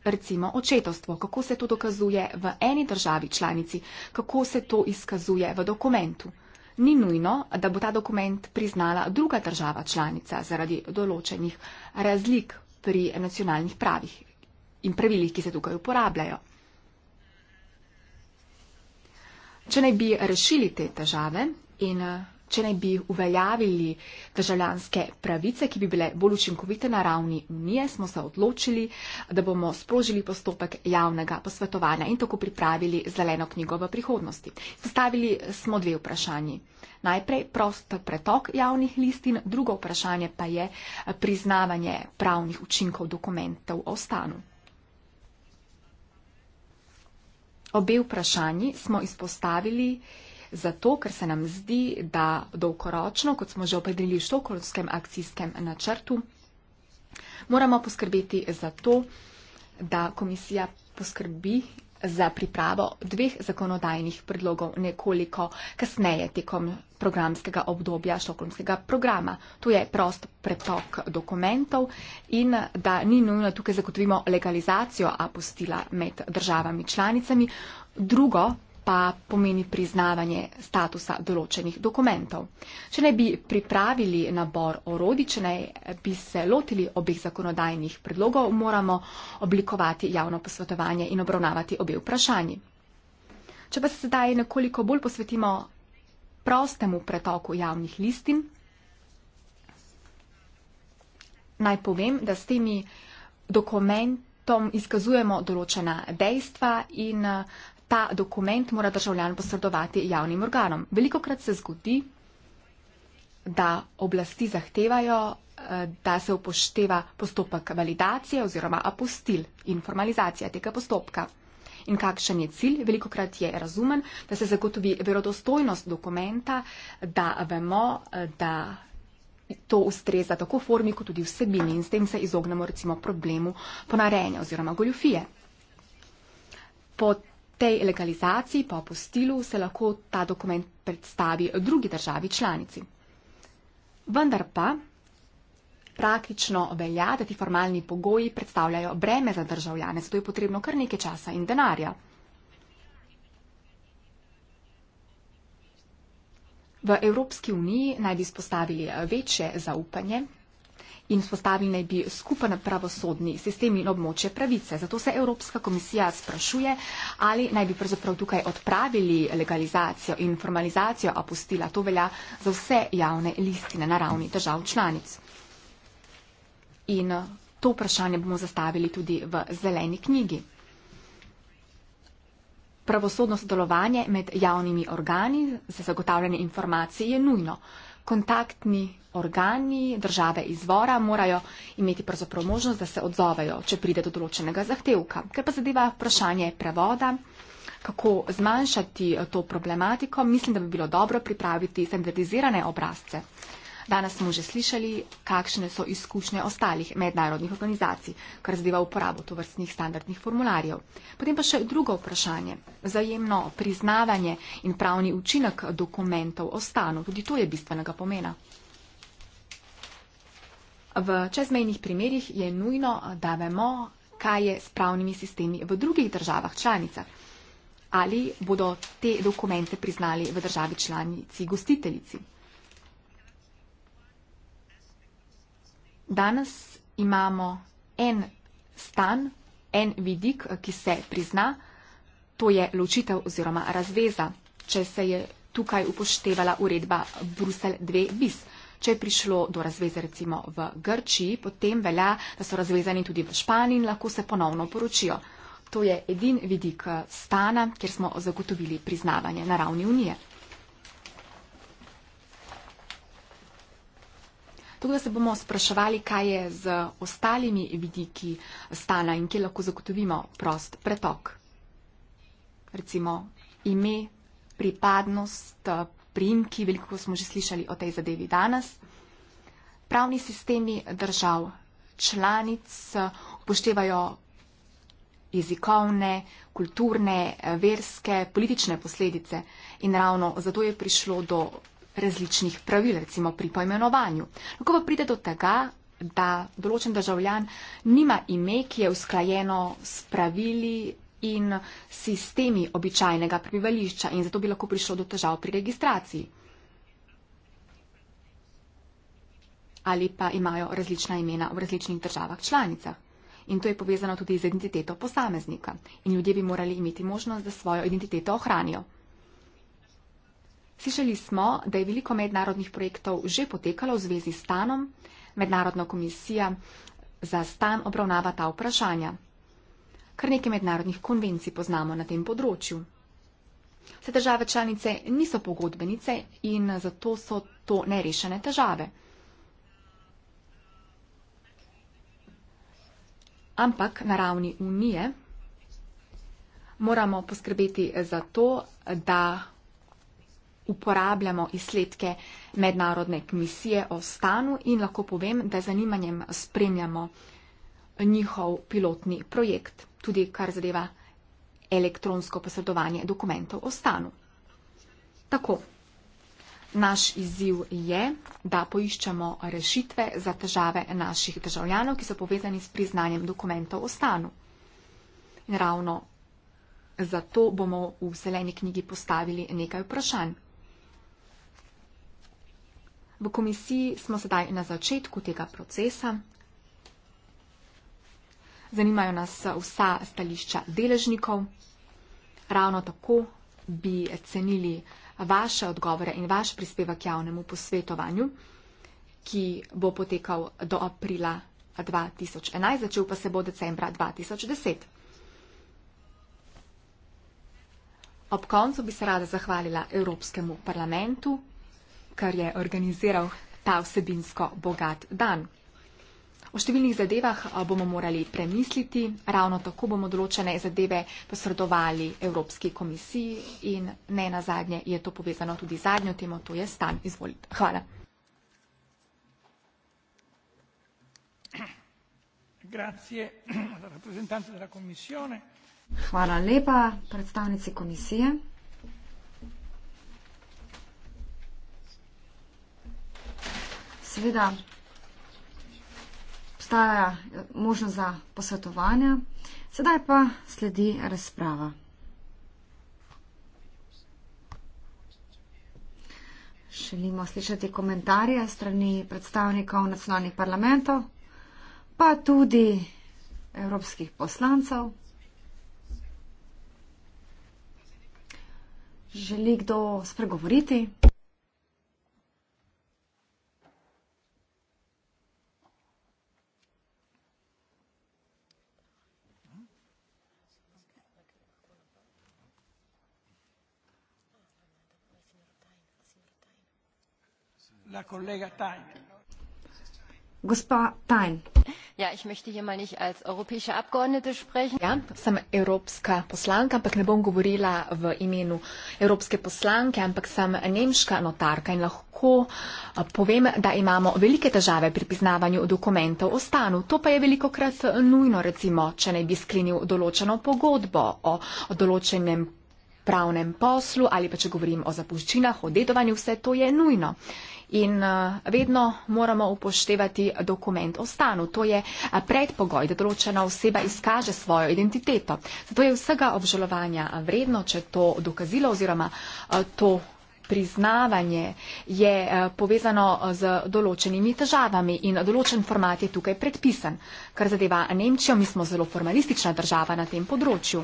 C: Recimo očetovstvo, kako se to dokazuje v eni državi članici, kako se to izkazuje v dokumentu. Ni nujno, da bo ta dokument priznala druga država članica zaradi določenih razlik pri nacionalnih pravih in pravilih, ki se tukaj uporabljajo. Če naj bi rešili te težave in če naj bi uveljavili državljanske pravice, ki bi bile bolj učinkovite na ravni unije, smo se odločili, da bomo sprožili postopek javnega posvetovanja in tako pripravili zeleno knjigo v prihodnosti. Zastavili smo dve vprašanji. Najprej prost pretok javnih listin, drugo vprašanje pa je priznavanje pravnih učinkov dokumentov o stanu. Obe vprašanji smo izpostavili zato, ker se nam zdi, da dolgoročno, kot smo že opredelili v Štokholmskem akcijskem načrtu, moramo poskrbeti za to, da komisija poskrbi za pripravo dveh zakonodajnih predlogov nekoliko kasneje tekom programskega obdobja šokolmskega programa. To je prost pretok dokumentov in da ni nujno tukaj zagotovimo legalizacijo apostila med državami članicami. Drugo pa pomeni priznavanje statusa določenih dokumentov. Če ne bi pripravili nabor orodi, če ne bi se lotili obih zakonodajnih predlogov, moramo oblikovati javno posvetovanje in obravnavati obe vprašanji. Če pa se sedaj nekoliko bolj posvetimo prostemu pretoku javnih listin, naj povem, da s temi dokumenti izkazujemo določena dejstva in ta dokument mora državljan posredovati javnim organom. Veliko krat se zgodi, da oblasti zahtevajo, eh, da se upošteva postopek validacije oziroma apostil in formalizacija tega postopka. In kakšen je cilj? Veliko krat je razumen, da se zagotovi verodostojnost dokumenta, da vemo, eh, da to ustreza tako formi, kot tudi vsebini in s tem se izognemo recimo problemu ponarejanja oziroma goljufije. Pod tej legalizaciji po postilu se lahko ta dokument predstavi drugi državi članici. Vendar pa praktično velja, da ti formalni pogoji predstavljajo breme za državljane, zato je potrebno kar nekaj časa in denarja. V Evropski uniji naj bi spostavili večje zaupanje in vzpostavili naj bi skupen pravosodni sistem in območje pravice. Zato se Evropska komisija sprašuje, ali naj bi pravzaprav tukaj odpravili legalizacijo in formalizacijo apostila. To velja za vse javne listine na ravni držav članic. In eh, to vprašanje bomo zastavili tudi v zeleni knjigi. Pravosodno sodelovanje med javnimi organi za zagotavljanje informacij je nujno kontaktni organi države izvora morajo imeti pravzaprav možnost, da se odzovejo, če pride do določenega zahtevka. Ker pa zadeva vprašanje prevoda, kako zmanjšati eh, to problematiko, mislim, da bi bilo dobro pripraviti standardizirane obrazce. Danes smo že slišali, kakšne so izkušnje ostalih mednarodnih organizacij, kar zadeva uporabo tovrstnih standardnih formularjev. Potem pa še drugo vprašanje. Zajemno priznavanje in pravni učinek dokumentov o stanu. Tudi to je bistvenega pomena. V čezmejnih primerjih je nujno, da vemo, kaj je s pravnimi sistemi v drugih državah članicah. Ali bodo te dokumente priznali v državi članici gostiteljici? Danes imamo en stan, en vidik, ki se prizna, to je ločitev oziroma razveza, če se je tukaj upoštevala uredba Brusel 2 bis. Če je prišlo do razveze recimo v Grčiji, potem velja, da so razvezani tudi v Španiji in lahko se ponovno poročijo. To je edin vidik eh, stana, kjer smo zagotovili priznavanje na ravni unije. Tako da se bomo spraševali, kaj je z ostalimi vidiki stana in kje lahko zagotovimo prost pretok. Recimo ime, pripadnost, primki, veliko smo že slišali o tej zadevi danes. Pravni sistemi držav članic eh, upoštevajo jezikovne, kulturne, eh, verske, politične posledice in ravno zato je prišlo do različnih pravil, recimo pri poimenovanju. Lahko pa pride do tega, da določen državljan nima ime, ki je usklajeno s pravili in sistemi običajnega prebivališča in zato bi lahko prišlo do težav pri registraciji. Ali pa imajo različna imena v različnih državah članicah. In to je povezano tudi z identiteto posameznika. In ljudje bi morali imeti možnost, da svojo identiteto ohranijo. Slišali smo, da je veliko mednarodnih projektov že potekalo v zvezi s stanom. Mednarodna komisija za stan obravnava ta vprašanja. Kar nekaj mednarodnih konvencij poznamo na tem področju. Vse države članice niso pogodbenice in zato so to nerešene težave. Ampak na ravni unije moramo poskrbeti za to, da uporabljamo izsledke mednarodne komisije o stanu in lahko povem, da zanimanjem spremljamo njihov pilotni projekt, tudi kar zadeva elektronsko posredovanje dokumentov o stanu. Tako, naš izziv je, da poiščamo rešitve za težave naših državljanov, ki so povezani s priznanjem dokumentov o stanu. In ravno zato bomo v zeleni knjigi postavili nekaj vprašanj. V komisiji smo sedaj na začetku tega procesa. Zanimajo nas vsa stališča deležnikov. Ravno tako bi cenili vaše odgovore in vaš prispevek javnemu posvetovanju, ki bo potekal do aprila 2011, začel pa se bo decembra 2010. Ob koncu bi se rada zahvalila Evropskemu parlamentu kar je organiziral ta vsebinsko bogat dan. O številnih zadevah bomo morali premisliti, ravno tako bomo določene zadeve posredovali Evropski komisiji in ne na zadnje je to povezano tudi zadnjo temo, to je stan. Izvolite. Hvala.
D: Hvala lepa predstavnici komisije. seveda obstaja možnost za posvetovanja. Sedaj pa sledi razprava. Želimo slišati komentarje strani predstavnikov nacionalnih parlamentov, pa tudi evropskih poslancev. Želi kdo spregovoriti?
E: la collega
B: Tain.
C: Gospa Tain.
B: Ja, ich möchte hier mal nicht als europäische Abgeordnete sprechen. Ja,
C: sem evropska poslanka, ampak ne bom govorila v imenu evropske poslanke, ampak sem nemška notarka in lahko eh, povem, da imamo velike težave pri priznavanju dokumentov o stanu. To pa je veliko krat nujno, recimo, če ne bi sklenil določeno pogodbo o določenem pravnem poslu ali pa če govorim o zapuščinah, o dedovanju, vse to je nujno. In eh, vedno moramo upoštevati dokument o stanu. To je eh, predpogoj, da določena oseba izkaže svojo identiteto. Zato je vsega obžalovanja eh, vredno, če to dokazilo oziroma to priznavanje je povezano z določenimi težavami in določen format je tukaj predpisan. Kar zadeva Nemčijo, mi smo zelo formalistična država na tem področju.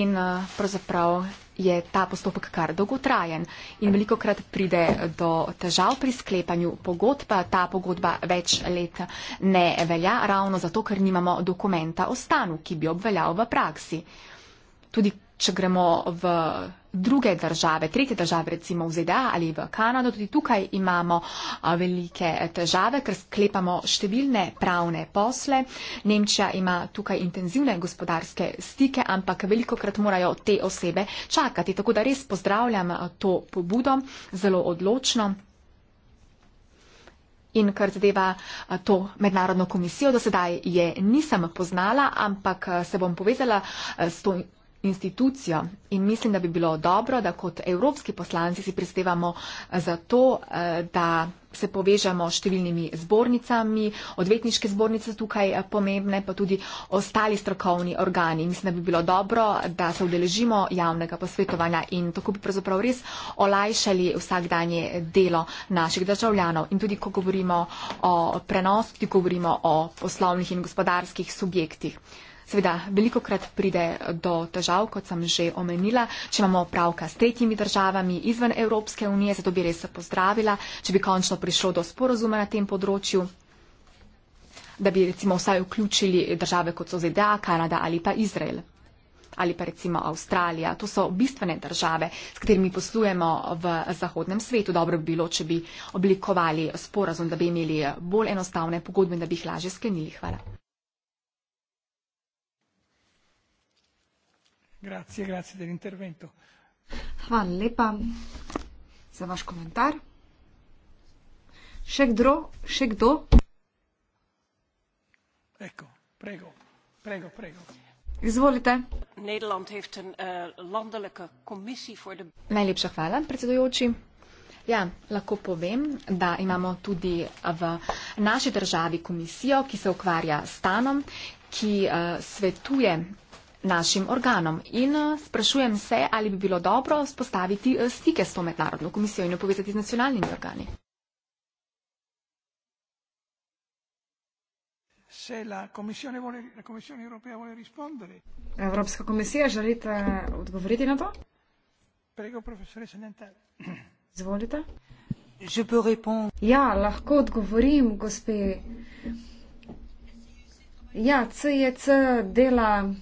C: In pravzaprav je ta postopek kar dolgotrajen in veliko krat pride do težav pri sklepanju pogodb. Ta pogodba več let ne velja ravno zato, ker nimamo dokumenta o stanu, ki bi obveljal v praksi. Tudi če gremo v druge države, tretje države, recimo v ZDA ali v Kanado, tudi tukaj imamo velike eh, težave, ker sklepamo številne pravne posle. Nemčija ima tukaj intenzivne gospodarske stike, ampak veliko krat morajo te osebe čakati. Tako da res pozdravljam to pobudo zelo odločno. In kar zadeva to mednarodno komisijo, do sedaj je nisem poznala, ampak se bom povezala s to institucijo in mislim, da bi bilo dobro, da kot evropski poslanci si prispevamo eh, za to, eh, da se povežamo s številnimi zbornicami, odvetniške zbornice tukaj eh, pomembne, pa tudi ostali strokovni organi. Mislim, da bi bilo dobro, da se udeležimo javnega posvetovanja in tako bi pravzaprav res olajšali vsakdanje delo naših državljanov. In tudi, ko govorimo o prenosu, tudi ko govorimo o poslovnih in gospodarskih subjektih. Seveda, veliko krat pride do težav, kot sem že omenila, če imamo opravka s tretjimi državami izven Evropske unije, zato bi res se pozdravila, če bi končno prišlo do sporozuma na tem področju da bi recimo vsaj vključili države, kot so ZDA, Kanada ali pa Izrael ali pa recimo Avstralija. To so bistvene države, s katerimi poslujemo v zahodnem svetu. Dobro bi bilo, če bi oblikovali sporazum, da bi imeli bolj enostavne pogodbe in da bi jih lažje sklenili. Hvala.
E: Grazie, grazie dell'intervento.
D: Hvala lepa
E: za vaš komentar.
D: Še kdo? Še kdo?
E: Ecco, prego, prego, prego. Izvolite. Nederland heeft een uh, landelijke commissie voor de.
C: Najlepša hvala, predsedujoči. Ja, lahko povem, da imamo tudi eh, v naši državi komisijo, ki se ukvarja s stanom, ki uh, svetuje našim organom. In eh, sprašujem se, ali bi bilo dobro spostaviti eh, stike s to mednarodno komisijo in jo povezati z nacionalnimi organi.
D: Evropska komisija, želite odgovoriti na to? Izvolite. Ja, lahko odgovorim, gospe. Ja, CJC dela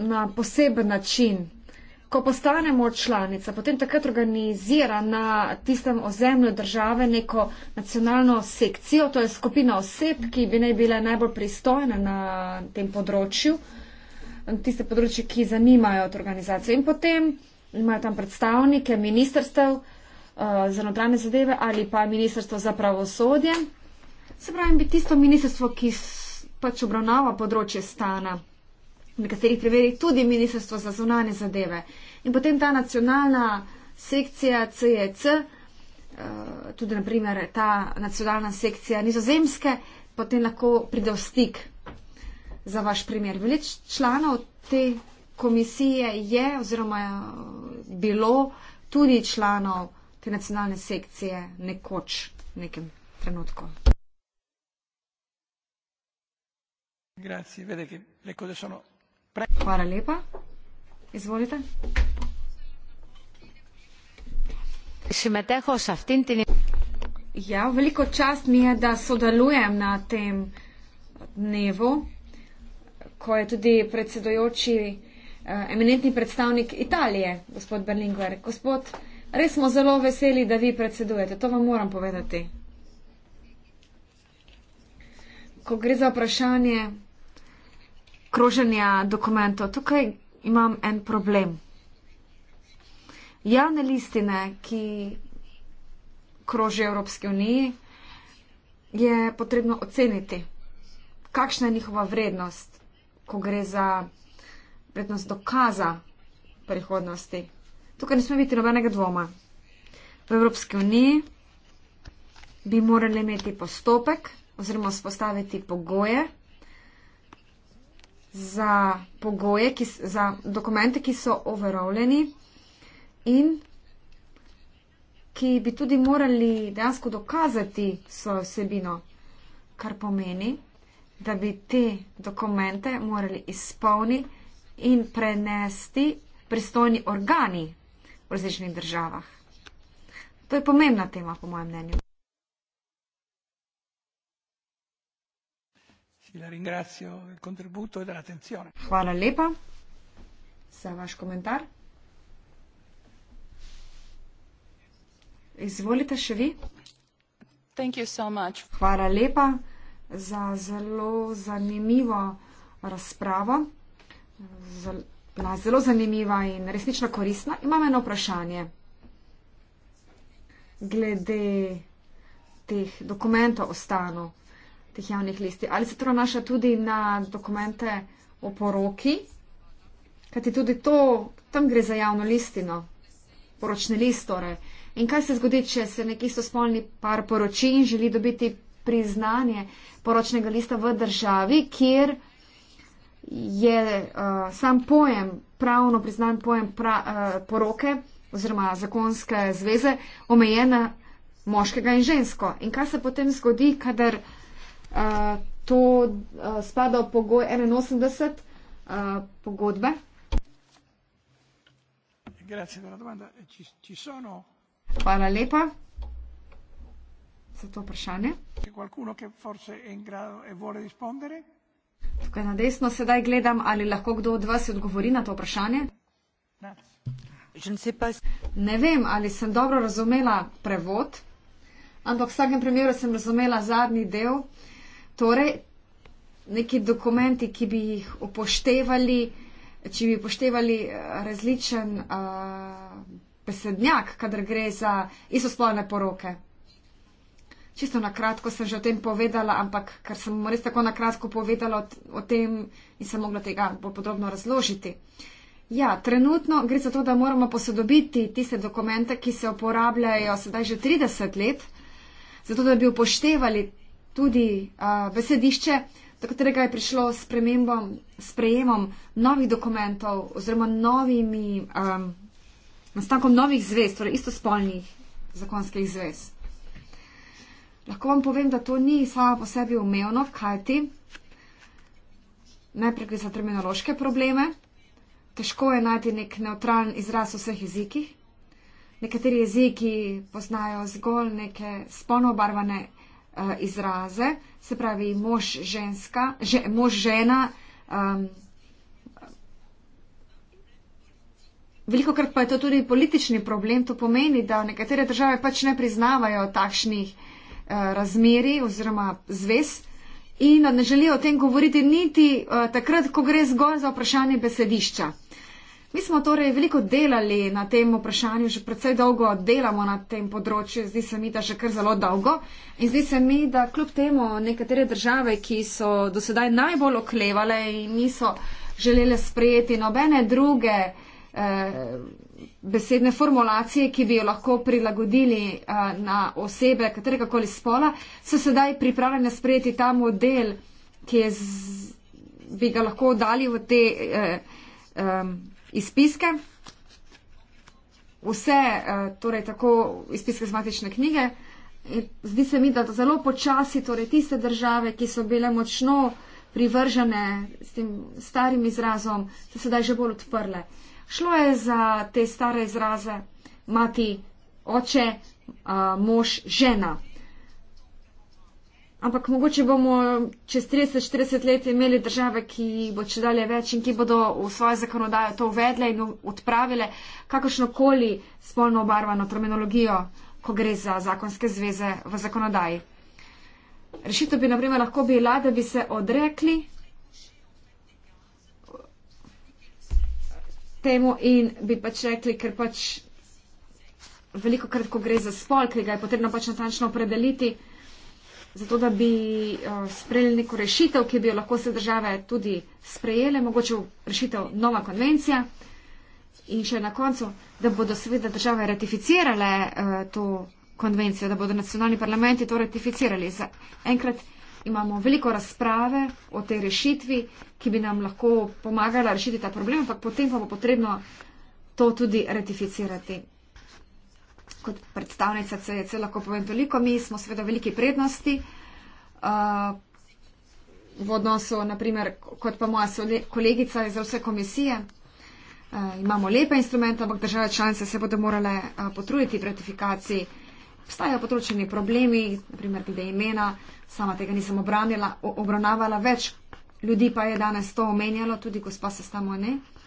D: na poseben način. Ko postanemo članica, potem takrat organizira na tistem ozemlju države neko nacionalno sekcijo, to je skupina oseb, ki bi naj bile najbolj pristojne na tem področju, tiste področje, ki zanimajo to organizacijo. In potem imajo tam predstavnike ministrstev uh, za notranje zadeve ali pa ministrstvo za pravosodje. Se pravi, bi tisto ministrstvo, ki pač obravnava področje stana v nekaterih primerjih tudi Ministrstvo za zunanje zadeve. In potem ta nacionalna sekcija CEC, e eh, tudi naprimer ta nacionalna sekcija nizozemske, potem lahko pride v stik za vaš primer. Velič članov te komisije je oziroma bilo tudi članov te nacionalne sekcije nekoč, v nekem trenutku.
E: Grazie, vede che le cose sono
D: Hvala lepa. Izvolite. Ja, veliko čast mi je, da sodelujem na tem dnevu, ko je tudi predsedojoči eh, eminentni predstavnik Italije, gospod Berlinguer. Gospod, res smo zelo veseli, da vi predsedujete. To vam moram povedati. Ko gre za vprašanje kroženja dokumentov. Tukaj imam en problem. Javne listine, ki krožijo Evropski uniji, je potrebno oceniti, kakšna je njihova vrednost, ko gre za vrednost dokaza prihodnosti. Tukaj ne sme biti nobenega dvoma. V Evropski uniji bi morali imeti postopek oziroma spostaviti pogoje za pogoje, ki, za dokumente, ki so overovljeni in ki bi tudi morali dejansko dokazati svojo vsebino, kar pomeni, da bi te dokumente morali izpolniti in prenesti pristojni organi v različnih državah. To je pomembna tema, po mojem mnenju.
E: E Hvala lepa
D: za vaš komentar. Izvolite še vi. Hvala lepa za zelo zanimivo razpravo. Bila zelo zanimiva in resnično koristna. Imam eno vprašanje glede teh dokumentov o stanu teh javnih listi. Ali se to nanaša tudi na dokumente o poroki? Kajti tudi to, tam gre za javno listino, poročne listore. In kaj se zgodi, če se nek istospolni par poroči in želi dobiti priznanje poročnega lista v državi, kjer je uh, sam pojem, pravno priznan pojem pra, uh, poroke oziroma zakonske zveze omejena moškega in žensko. In kaj se potem zgodi, kadar to spada v pogoj 81 uh, pogodbe.
E: Grazie, domanda, e ci, ci sono...
D: Hvala lepa za to vprašanje. E Tukaj na desno sedaj gledam, ali lahko kdo od vas odgovori na to vprašanje. Ne vem, ali sem dobro razumela prevod, ampak v vsakem primeru sem razumela zadnji del. Torej, neki dokumenti, ki bi jih upoštevali, če bi upoštevali eh, različen uh, besednjak, kadar gre za isospolne poroke. Čisto na kratko sem že o tem povedala, ampak ker sem res tako na kratko povedala o, o tem in sem mogla tega bolj podrobno razložiti. Ja, trenutno gre za to, da moramo posodobiti tiste dokumente, ki se uporabljajo sedaj že 30 let, zato da bi upoštevali tudi uh, besedišče, do katerega je prišlo s sprejemom novih dokumentov oziroma novimi, um, nastankom novih zvez, torej istospolnih zakonskih zvez. Lahko vam povem, da to ni samo po sebi umevno, kaj ti. Najprej gre za terminološke probleme. Težko je najti nek neutralen izraz v vseh jezikih. Nekateri jeziki poznajo zgolj neke spolno obarvane Eh, izraze, se pravi mož, ženska, že, mož žena. Um, veliko krat pa je to tudi politični problem, to pomeni, da nekatere države pač ne priznavajo takšnih uh, eh, razmeri oziroma zvez in ne želijo o tem govoriti niti uh, takrat, ko gre zgolj za vprašanje besedišča. Mi smo torej veliko delali na tem vprašanju, že predvsej dolgo delamo na tem področju, zdi se mi, da že kar zelo dolgo. In zdi se mi, da kljub temu nekatere države, ki so dosedaj najbolj oklevale in niso želele sprejeti nobene druge eh, besedne formulacije, ki bi jo lahko prilagodili eh, na osebe katerega koli spola, so sedaj pripravljene sprejeti ta model, ki je z, bi ga lahko dali v te. Eh, eh, izpiske, vse, eh, torej tako izpiske z matične knjige. Zdi se mi, da zelo počasi torej, tiste države, ki so bile močno privržene s tem starim izrazom, se sedaj že bolj odprle. Šlo je za te stare izraze mati, oče, eh, mož, žena. Ampak mogoče bomo čez 30-40 let imeli države, ki bo če dalje več in ki bodo v svojo zakonodajo to uvedle in odpravile kakršnokoli spolno obarvano terminologijo, ko gre za zakonske zveze v zakonodaji. Rešitev bi naprimer lahko bila, da bi se odrekli temu in bi pač rekli, ker pač veliko krat, ko gre za spol, ki ga je potrebno pač natančno opredeliti, zato da bi eh, sprejeli neko rešitev, ki bi jo lahko se države tudi sprejele, mogoče rešitev nova konvencija. In še na koncu, da bodo seveda države ratificirale eh, to konvencijo, da bodo nacionalni parlamenti to ratificirali. Za enkrat imamo veliko razprave o tej rešitvi, ki bi nam lahko pomagala rešiti ta problem, ampak potem pa bo potrebno to tudi ratificirati kot predstavnica CEC e lahko povem toliko. Mi smo seveda veliki prednosti uh, v odnosu, naprimer, kot pa moja kolegica iz vse komisije. Uh, imamo lepe instrumente, ampak države članice se bodo morale uh, potruditi pri ratifikaciji. Obstajajo potročeni problemi, naprimer, glede imena, sama tega nisem obranila, obravnavala, več ljudi pa je danes to omenjalo, tudi gospa se samo ne. Uh,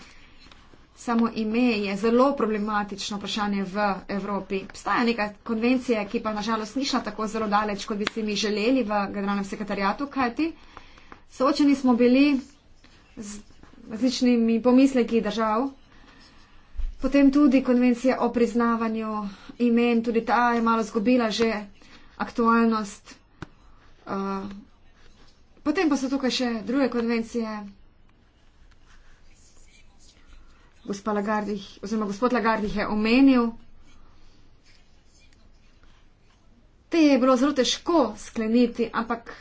D: samo ime je zelo problematično vprašanje v Evropi. Obstaja neka konvencija, ki pa nažalost ni šla tako zelo daleč, kot bi si mi želeli v generalnem sekretarjatu, kajti soočeni smo bili z različnimi pomisleki držav. Potem tudi konvencija o priznavanju imen, tudi ta je malo zgubila že aktualnost. Eh, potem pa so tukaj še druge konvencije, Lagardih, oziroma gospod Lagardih je omenil, te je bilo zelo težko skleniti, ampak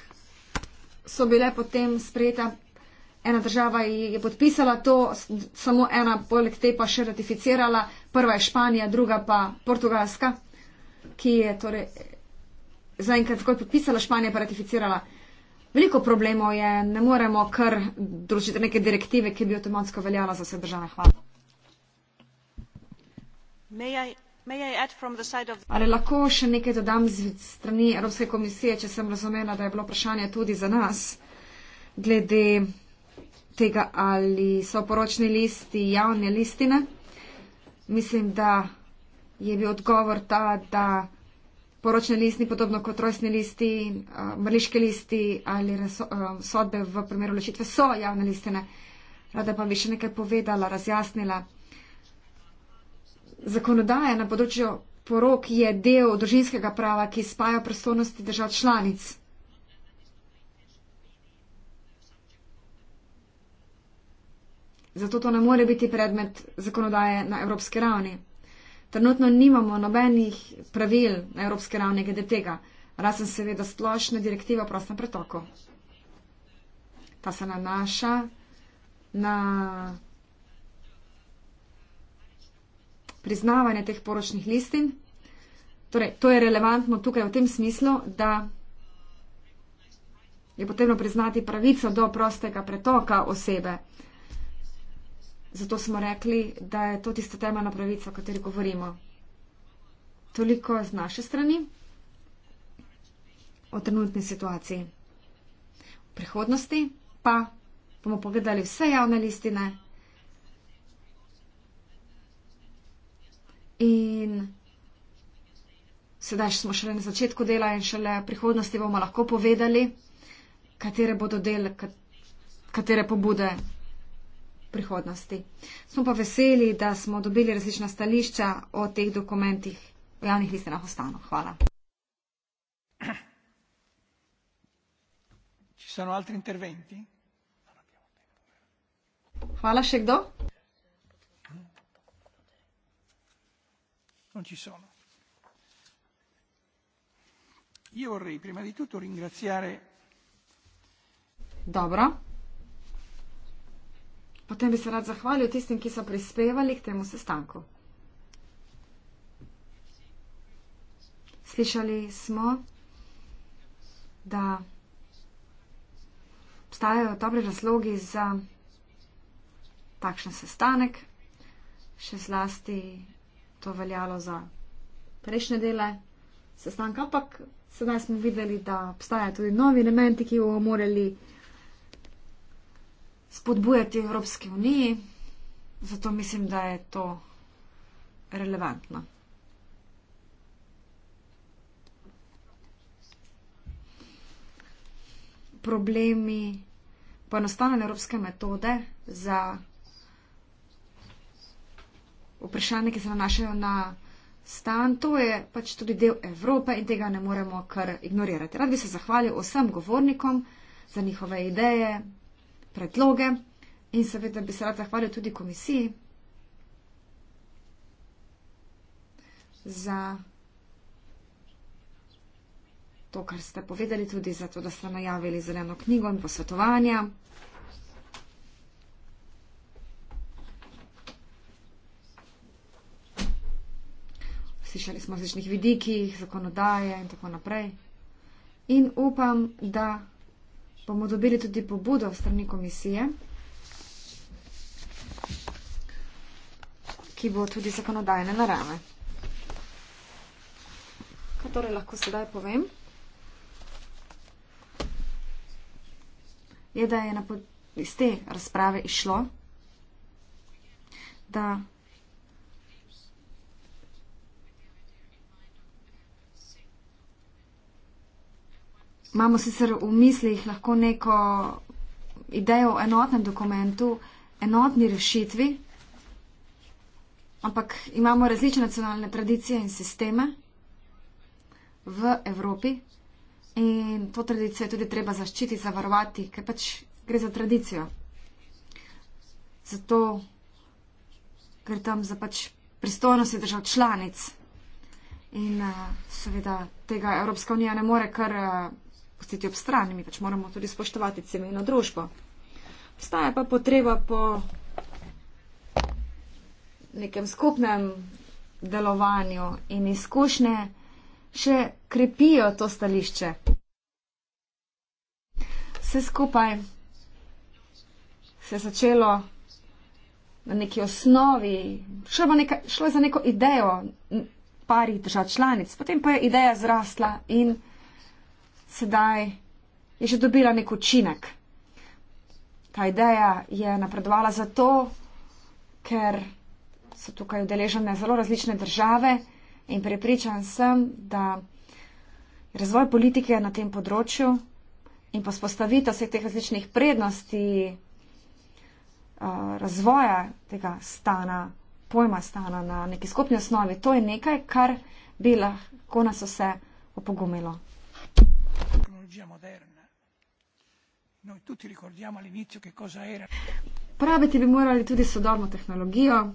D: so bile potem sprejeta. Ena država je podpisala to, samo ena poleg te pa še ratificirala. Prva je Španija, druga pa Portugalska, ki je torej zaenkrat takoj podpisala, Španija pa ratificirala. Veliko problemov je, ne moremo kar določiti neke direktive, ki bi avtomatsko veljala za vse države. Hvala. Ali lahko še nekaj dodam z strani Evropske komisije, če sem razumela, da je bilo vprašanje tudi za nas, glede tega, ali so poročni listi javne listine? Mislim, da je bil odgovor ta, da poročni listi, podobno kot rojstni listi, eh, mrliški listi ali eh, sodbe v primeru lešitve so javne listine. Rada pa bi še nekaj povedala, razjasnila zakonodaja na področju porok je del družinskega prava, ki spaja prostornosti držav članic. Zato to ne more biti predmet zakonodaje na evropski ravni. Trenutno nimamo nobenih pravil na evropski ravni glede tega, razen seveda splošne direktive o prostem pretoku. Ta se nanaša na priznavanje teh poročnih listin. Torej, to je relevantno tukaj v tem smislu, da je potrebno priznati pravico do prostega pretoka osebe. Zato smo rekli, da je to tista temeljna pravica, o kateri govorimo. Toliko z naše strani o trenutni situaciji. V prihodnosti pa bomo pogledali vse javne listine. In sedaj smo šele na začetku dela in šele prihodnosti bomo lahko povedali, katere bodo del, katere pobude prihodnosti. Smo pa veseli, da smo dobili različna stališča o teh dokumentih v javnih listinah ostano. Hvala.
E: Sono altri interventi?
D: Hvala še kdo?
E: Non ci sono. Io vorrei prima di tutto ringraziare.
D: Dobro. Potem bi se rad zahvalil tistim, ki so prispevali k temu sestanku. Slišali smo, da obstajajo dobre razlogi za takšen sestanek, še zlasti to veljalo za prejšnje dele sestanka, ampak sedaj smo videli, da obstajajo tudi novi elementi, ki bomo morali spodbujati v Evropski uniji. Zato mislim, da je to relevantno. Problemi poenostavljene evropske metode za vprašanja, ki se nanašajo na stan, to je pač tudi del Evrope in tega ne moremo kar ignorirati. Rad bi se zahvalil vsem govornikom za njihove ideje, predloge in seveda bi se rad zahvalil tudi komisiji za to, kar ste povedali, tudi za to, da ste najavili zeleno knjigo in posvetovanja. slišali smo različnih vidikih, zakonodaje in tako naprej. In upam, da bomo dobili tudi pobudo strani komisije, ki bo tudi zakonodajne narave. Kaj torej lahko sedaj povem? Je, da je na, iz te razprave išlo, da imamo sicer v mislih lahko neko idejo o enotnem dokumentu, enotni rešitvi, ampak imamo različne nacionalne tradicije in sisteme v Evropi in to tradicijo je tudi treba zaščititi, zavarovati, ker pač gre za tradicijo. Zato gre tam za pač pristojnosti držav članic. In uh, seveda tega Evropska unija ne more kar. Uh, pustiti ob strani, mi pač moramo tudi spoštovati civilno družbo. Vstaja pa potreba po nekem skupnem delovanju in izkušnje še krepijo to stališče. Vse skupaj se je začelo na neki osnovi, šlo, neka, šlo je za neko idejo parih držav članic, potem pa je ideja zrasla in sedaj je že dobila nek učinek. Ta ideja je napredovala zato, ker so tukaj udeležene zelo različne države in prepričan sem, da razvoj politike na tem področju in postavitev vseh teh različnih prednosti eh, razvoja tega stana, pojma stana na neki skupni osnovi, to je nekaj, kar bi lahko nas vse opogumilo
E: tecnologia moderna. Noi tutti ricordiamo all'inizio che cosa era.
D: Praviti bi morali tudi sodobno tehnologijo.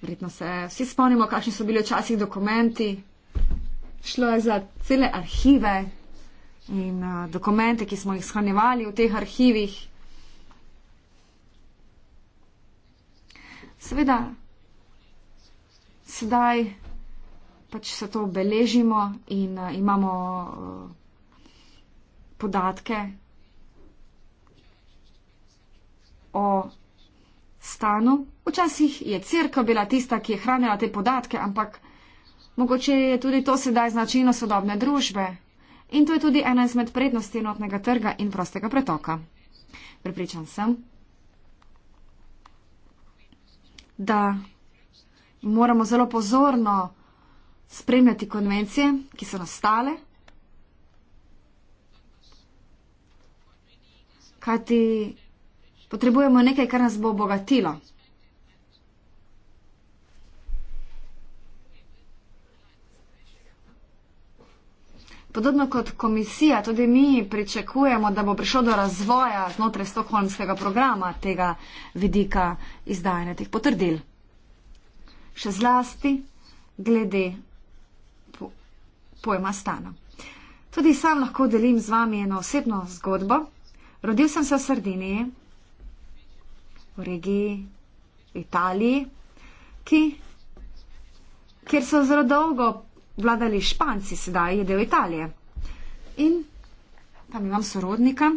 D: Verjetno se vsi spomnimo, kakšni so bili včasih dokumenti. Šlo je za cele arhive in uh, dokumente, ki smo jih shranjevali v teh arhivih. Seveda, sedaj pač se to beležimo in uh, imamo uh, podatke o stanu. Včasih je crkva bila tista, ki je hranila te podatke, ampak mogoče je tudi to sedaj značilno sodobne družbe. In to je tudi ena izmed prednosti enotnega trga in prostega pretoka. Pripričan sem, da moramo zelo pozorno spremljati konvencije, ki so nastale. Kajti potrebujemo nekaj, kar nas bo obogatilo. Podobno kot komisija, tudi mi pričakujemo, da bo prišlo do razvoja znotraj stokholmskega programa tega vidika izdajanja teh potrdil. Še zlasti glede pojma stana. Tudi sam lahko delim z vami eno osebno zgodbo. Rodil sem se v Sardiniji, v regiji Italiji, ki, kjer so zelo dolgo vladali španci, sedaj je del Italije. In tam imam sorodnika.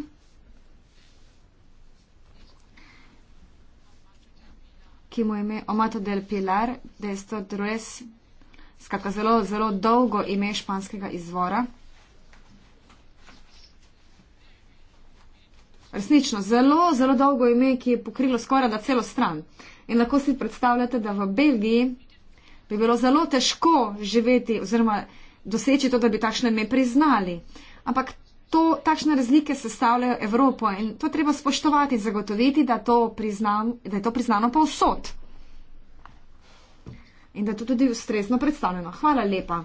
D: ki mu je ime Omato del Pilar, da je stot res skratka zelo, zelo dolgo ime španskega izvora. Resnično, zelo, zelo dolgo ime, ki je pokrilo skoraj da celo stran. In lahko si predstavljate, da v Belgiji bi bilo zelo težko živeti oziroma doseči to, da bi takšne ime priznali. Ampak to, takšne razlike sestavljajo Evropo in to treba spoštovati, zagotoviti, da, to priznam, da je to priznano povsod in da je to tudi ustrezno predstavljeno. Hvala lepa.